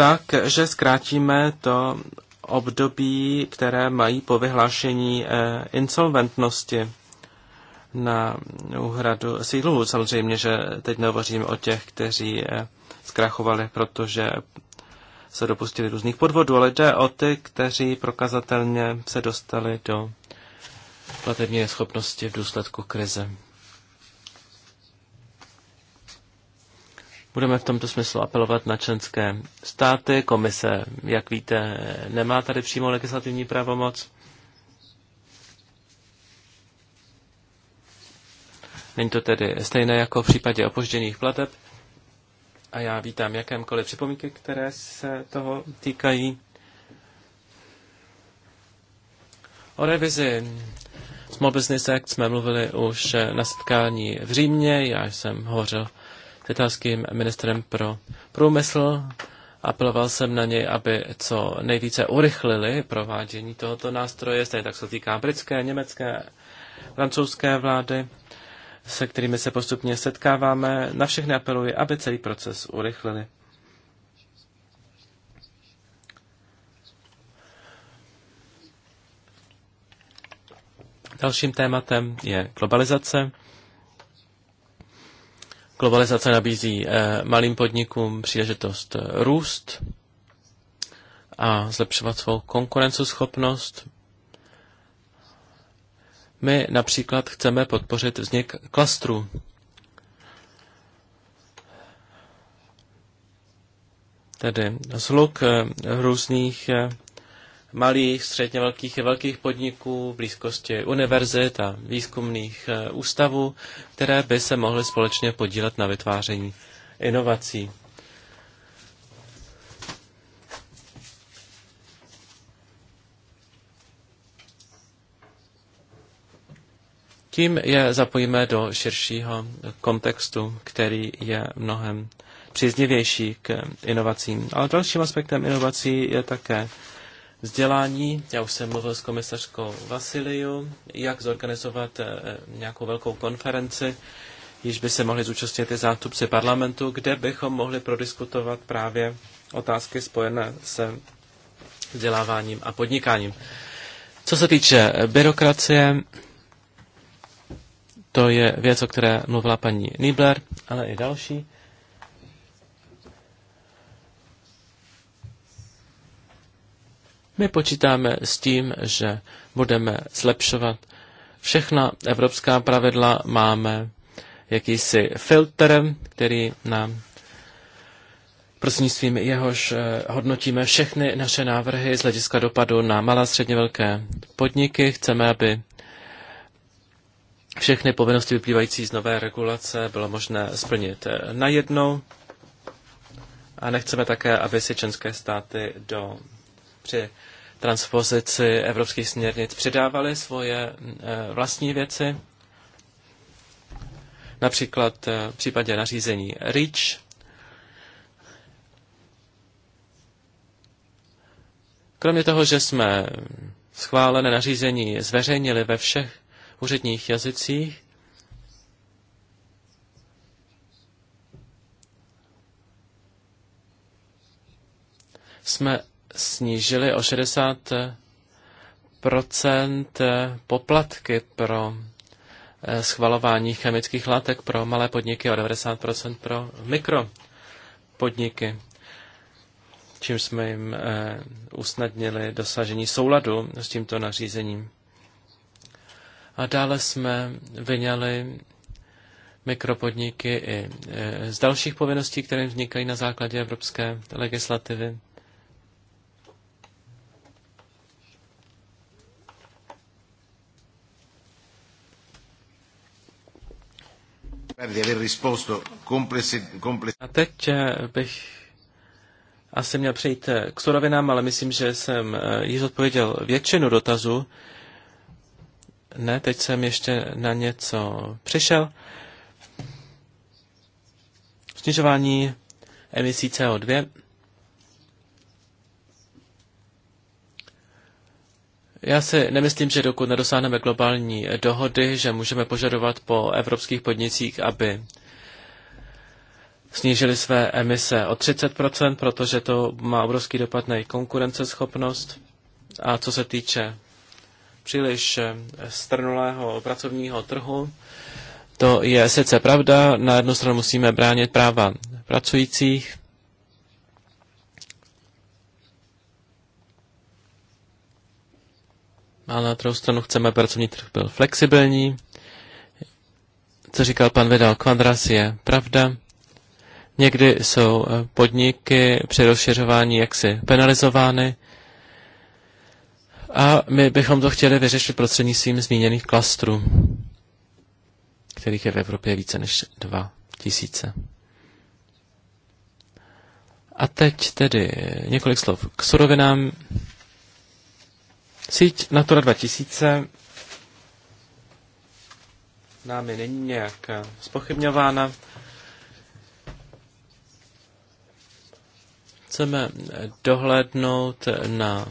tak, že zkrátíme to období, které mají po vyhlášení eh, insolventnosti na úhradu sídlu. Samozřejmě, že teď nehovořím o těch, kteří eh, zkrachovali, protože se dopustili různých podvodů, ale jde o ty, kteří prokazatelně se dostali do platební schopnosti v důsledku krize. Budeme v tomto smyslu apelovat na členské státy. Komise, jak víte, nemá tady přímo legislativní pravomoc. Není to tedy stejné jako v případě opožděných plateb. A já vítám jakémkoliv připomínky, které se toho týkají. O revizi Small Business Act jsme mluvili už na setkání v Římě. Já jsem hovořil italským ministrem pro průmysl. Apeloval jsem na něj, aby co nejvíce urychlili provádění tohoto nástroje, stejně tak se týká britské, německé, francouzské vlády, se kterými se postupně setkáváme. Na všechny apeluji, aby celý proces urychlili. Dalším tématem je globalizace. Globalizace nabízí eh, malým podnikům příležitost eh, růst a zlepšovat svou konkurenceschopnost. My například chceme podpořit vznik klastru. Tedy zhluk eh, různých malých, středně velkých i velkých podniků, v blízkosti univerzit a výzkumných eh, ústavů, které by se mohly společně podílet na vytváření inovací. Tím je zapojíme do širšího kontextu, který je mnohem příznivější k inovacím. Ale dalším aspektem inovací je také vzdělání. Já už jsem mluvil s komisařkou Vasiliu, jak zorganizovat eh, nějakou velkou konferenci, již by se mohli zúčastnit i zástupci parlamentu, kde bychom mohli prodiskutovat právě otázky spojené se vzděláváním a podnikáním. Co se týče eh, byrokracie, to je věc, o které mluvila paní Nibler, ale i další. My počítáme s tím, že budeme zlepšovat všechna evropská pravidla, máme jakýsi filtr, který nám prostřednictvím jehož eh, hodnotíme všechny naše návrhy z hlediska dopadu na malé a středně velké podniky. Chceme, aby všechny povinnosti vyplývající z nové regulace bylo možné splnit eh, najednou. A nechceme také, aby si členské státy do, při transpozici evropských směrnic přidávali svoje eh, vlastní věci. Například eh, v případě nařízení REACH. Kromě toho, že jsme schválené nařízení zveřejnili ve všech úředních jazycích, jsme snížili o 60 poplatky pro eh, schvalování chemických látek pro malé podniky a 90 pro mikropodniky, čím jsme jim eh, usnadnili dosažení souladu s tímto nařízením. A dále jsme vyňali mikropodniky i eh, z dalších povinností, které vznikají na základě evropské legislativy. A teď eh, bych asi měl přejít eh, k surovinám, ale myslím, že jsem eh, již odpověděl většinu dotazů. Ne, teď jsem ještě na něco přišel. Snižování emisí CO2. Já si nemyslím, že dokud nedosáhneme globální dohody, že můžeme požadovat po evropských podnicích, aby snížili své emise o 30%, protože to má obrovský dopad na jejich konkurenceschopnost. A co se týče příliš eh, strnulého pracovního trhu, to je sice pravda, na jednu stranu musíme bránit práva pracujících, ale na druhou stranu chceme, aby pracovní trh byl flexibilní. Co říkal pan Vidal Kvadras, je pravda. Někdy jsou eh, podniky při rozšiřování jaksi penalizovány a my bychom to chtěli vyřešit prostřednictvím zmíněných klastrů, kterých je v Evropě více než dva tisíce. A teď tedy několik slov k surovinám. Síť Natura 2000 námi není nějak spochybňována. Chceme dohlédnout na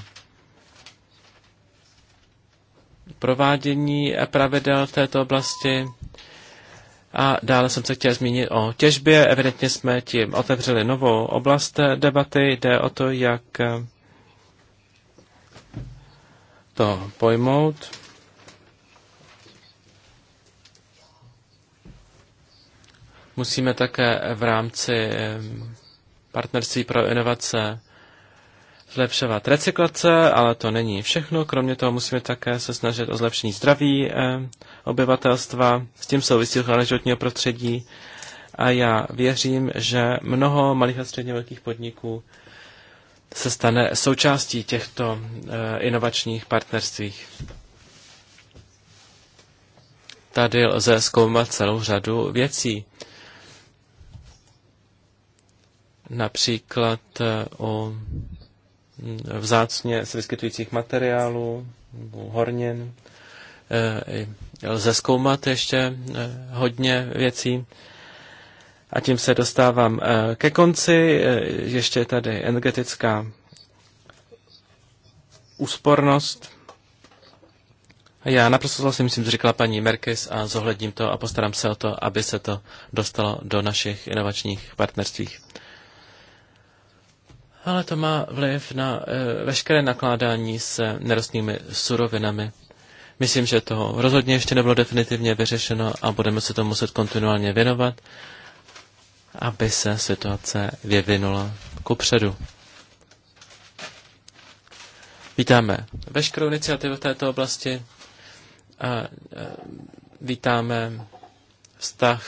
provádění pravidel v této oblasti. A dále jsem se chtěl zmínit o těžbě. Evidentně jsme tím otevřeli novou oblast debaty. Jde o to, jak to pojmout. Musíme také v rámci partnerství pro inovace zlepšovat recyklace, ale to není všechno. Kromě toho musíme také se snažit o zlepšení zdraví obyvatelstva. S tím souvisí ochrana životního prostředí. A já věřím, že mnoho malých a středně velkých podniků se stane součástí těchto eh, inovačních partnerstvích. Tady lze zkoumat celou řadu věcí. Například eh, o mm, vzácně se vyskytujících materiálů, hornin. Eh, lze zkoumat ještě hodně věcí. A tím se dostávám eh, ke konci. Eh, ještě tady energetická úspornost. Já naprosto souhlasím, myslím, že říkala paní Merkis a zohledním to a postarám se o to, aby se to dostalo do našich inovačních partnerství. Ale to má vliv na e, veškeré nakládání s nerostnými surovinami. Myslím, že to rozhodně ještě nebylo definitivně vyřešeno a budeme se to muset kontinuálně věnovat aby se situace vyvinula kupředu. Vítáme veškerou iniciativu v této oblasti a vítáme vztah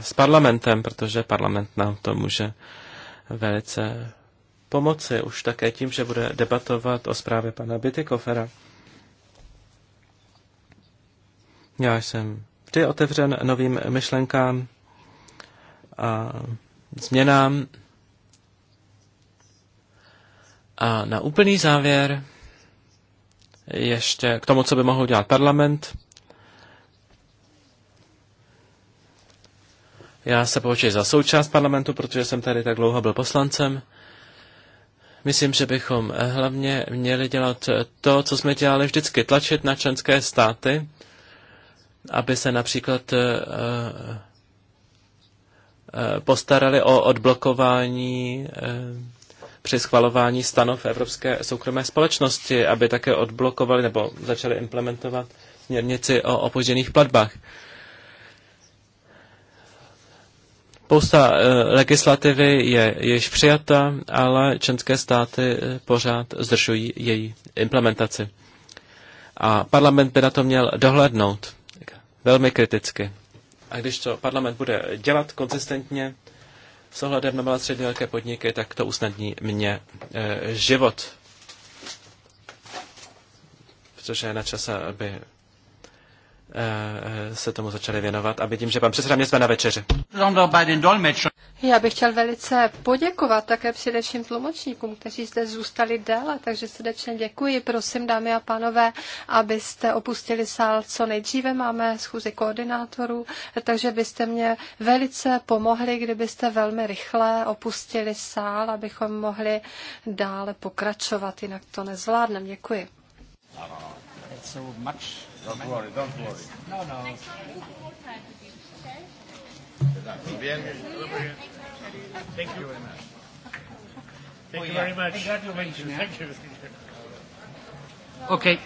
s parlamentem, protože parlament nám to může velice pomoci už také tím, že bude debatovat o zprávě pana Bitykofera. Já jsem vždy otevřen novým myšlenkám a změnám. A na úplný závěr ještě k tomu, co by mohl dělat parlament. Já se považuji za součást parlamentu, protože jsem tady tak dlouho byl poslancem. Myslím, že bychom hlavně měli dělat to, co jsme dělali vždycky, tlačit na členské státy, aby se například eh, Eh, postarali o odblokování eh, při schvalování stanov Evropské soukromé společnosti, aby také odblokovali nebo začali implementovat směrnici o opožděných platbách. Pousta eh, legislativy je již přijata, ale členské státy pořád zdržují její implementaci. A parlament by na to měl dohlednout velmi kriticky. A když to parlament bude dělat konzistentně s ohledem na malé střední velké podniky, tak to usnadní mě e, eh, život. Protože je na čase, aby Eh, se tomu začali věnovat a vidím, že pan předseda mě zve na večeři. Já bych chtěl velice poděkovat také především tlumočníkům, kteří zde zůstali déle, takže srdečně děkuji. Prosím, dámy a pánové, abyste opustili sál co nejdříve. Máme schůzi koordinátorů, takže byste mě velice pomohli, kdybyste velmi rychle opustili sál, abychom mohli dále pokračovat, jinak to nezvládneme. Děkuji. So much. Don't worry, don't worry. No, no. Bien. Thank you very much. Thank you very much. Thank you. Thank you. Okay.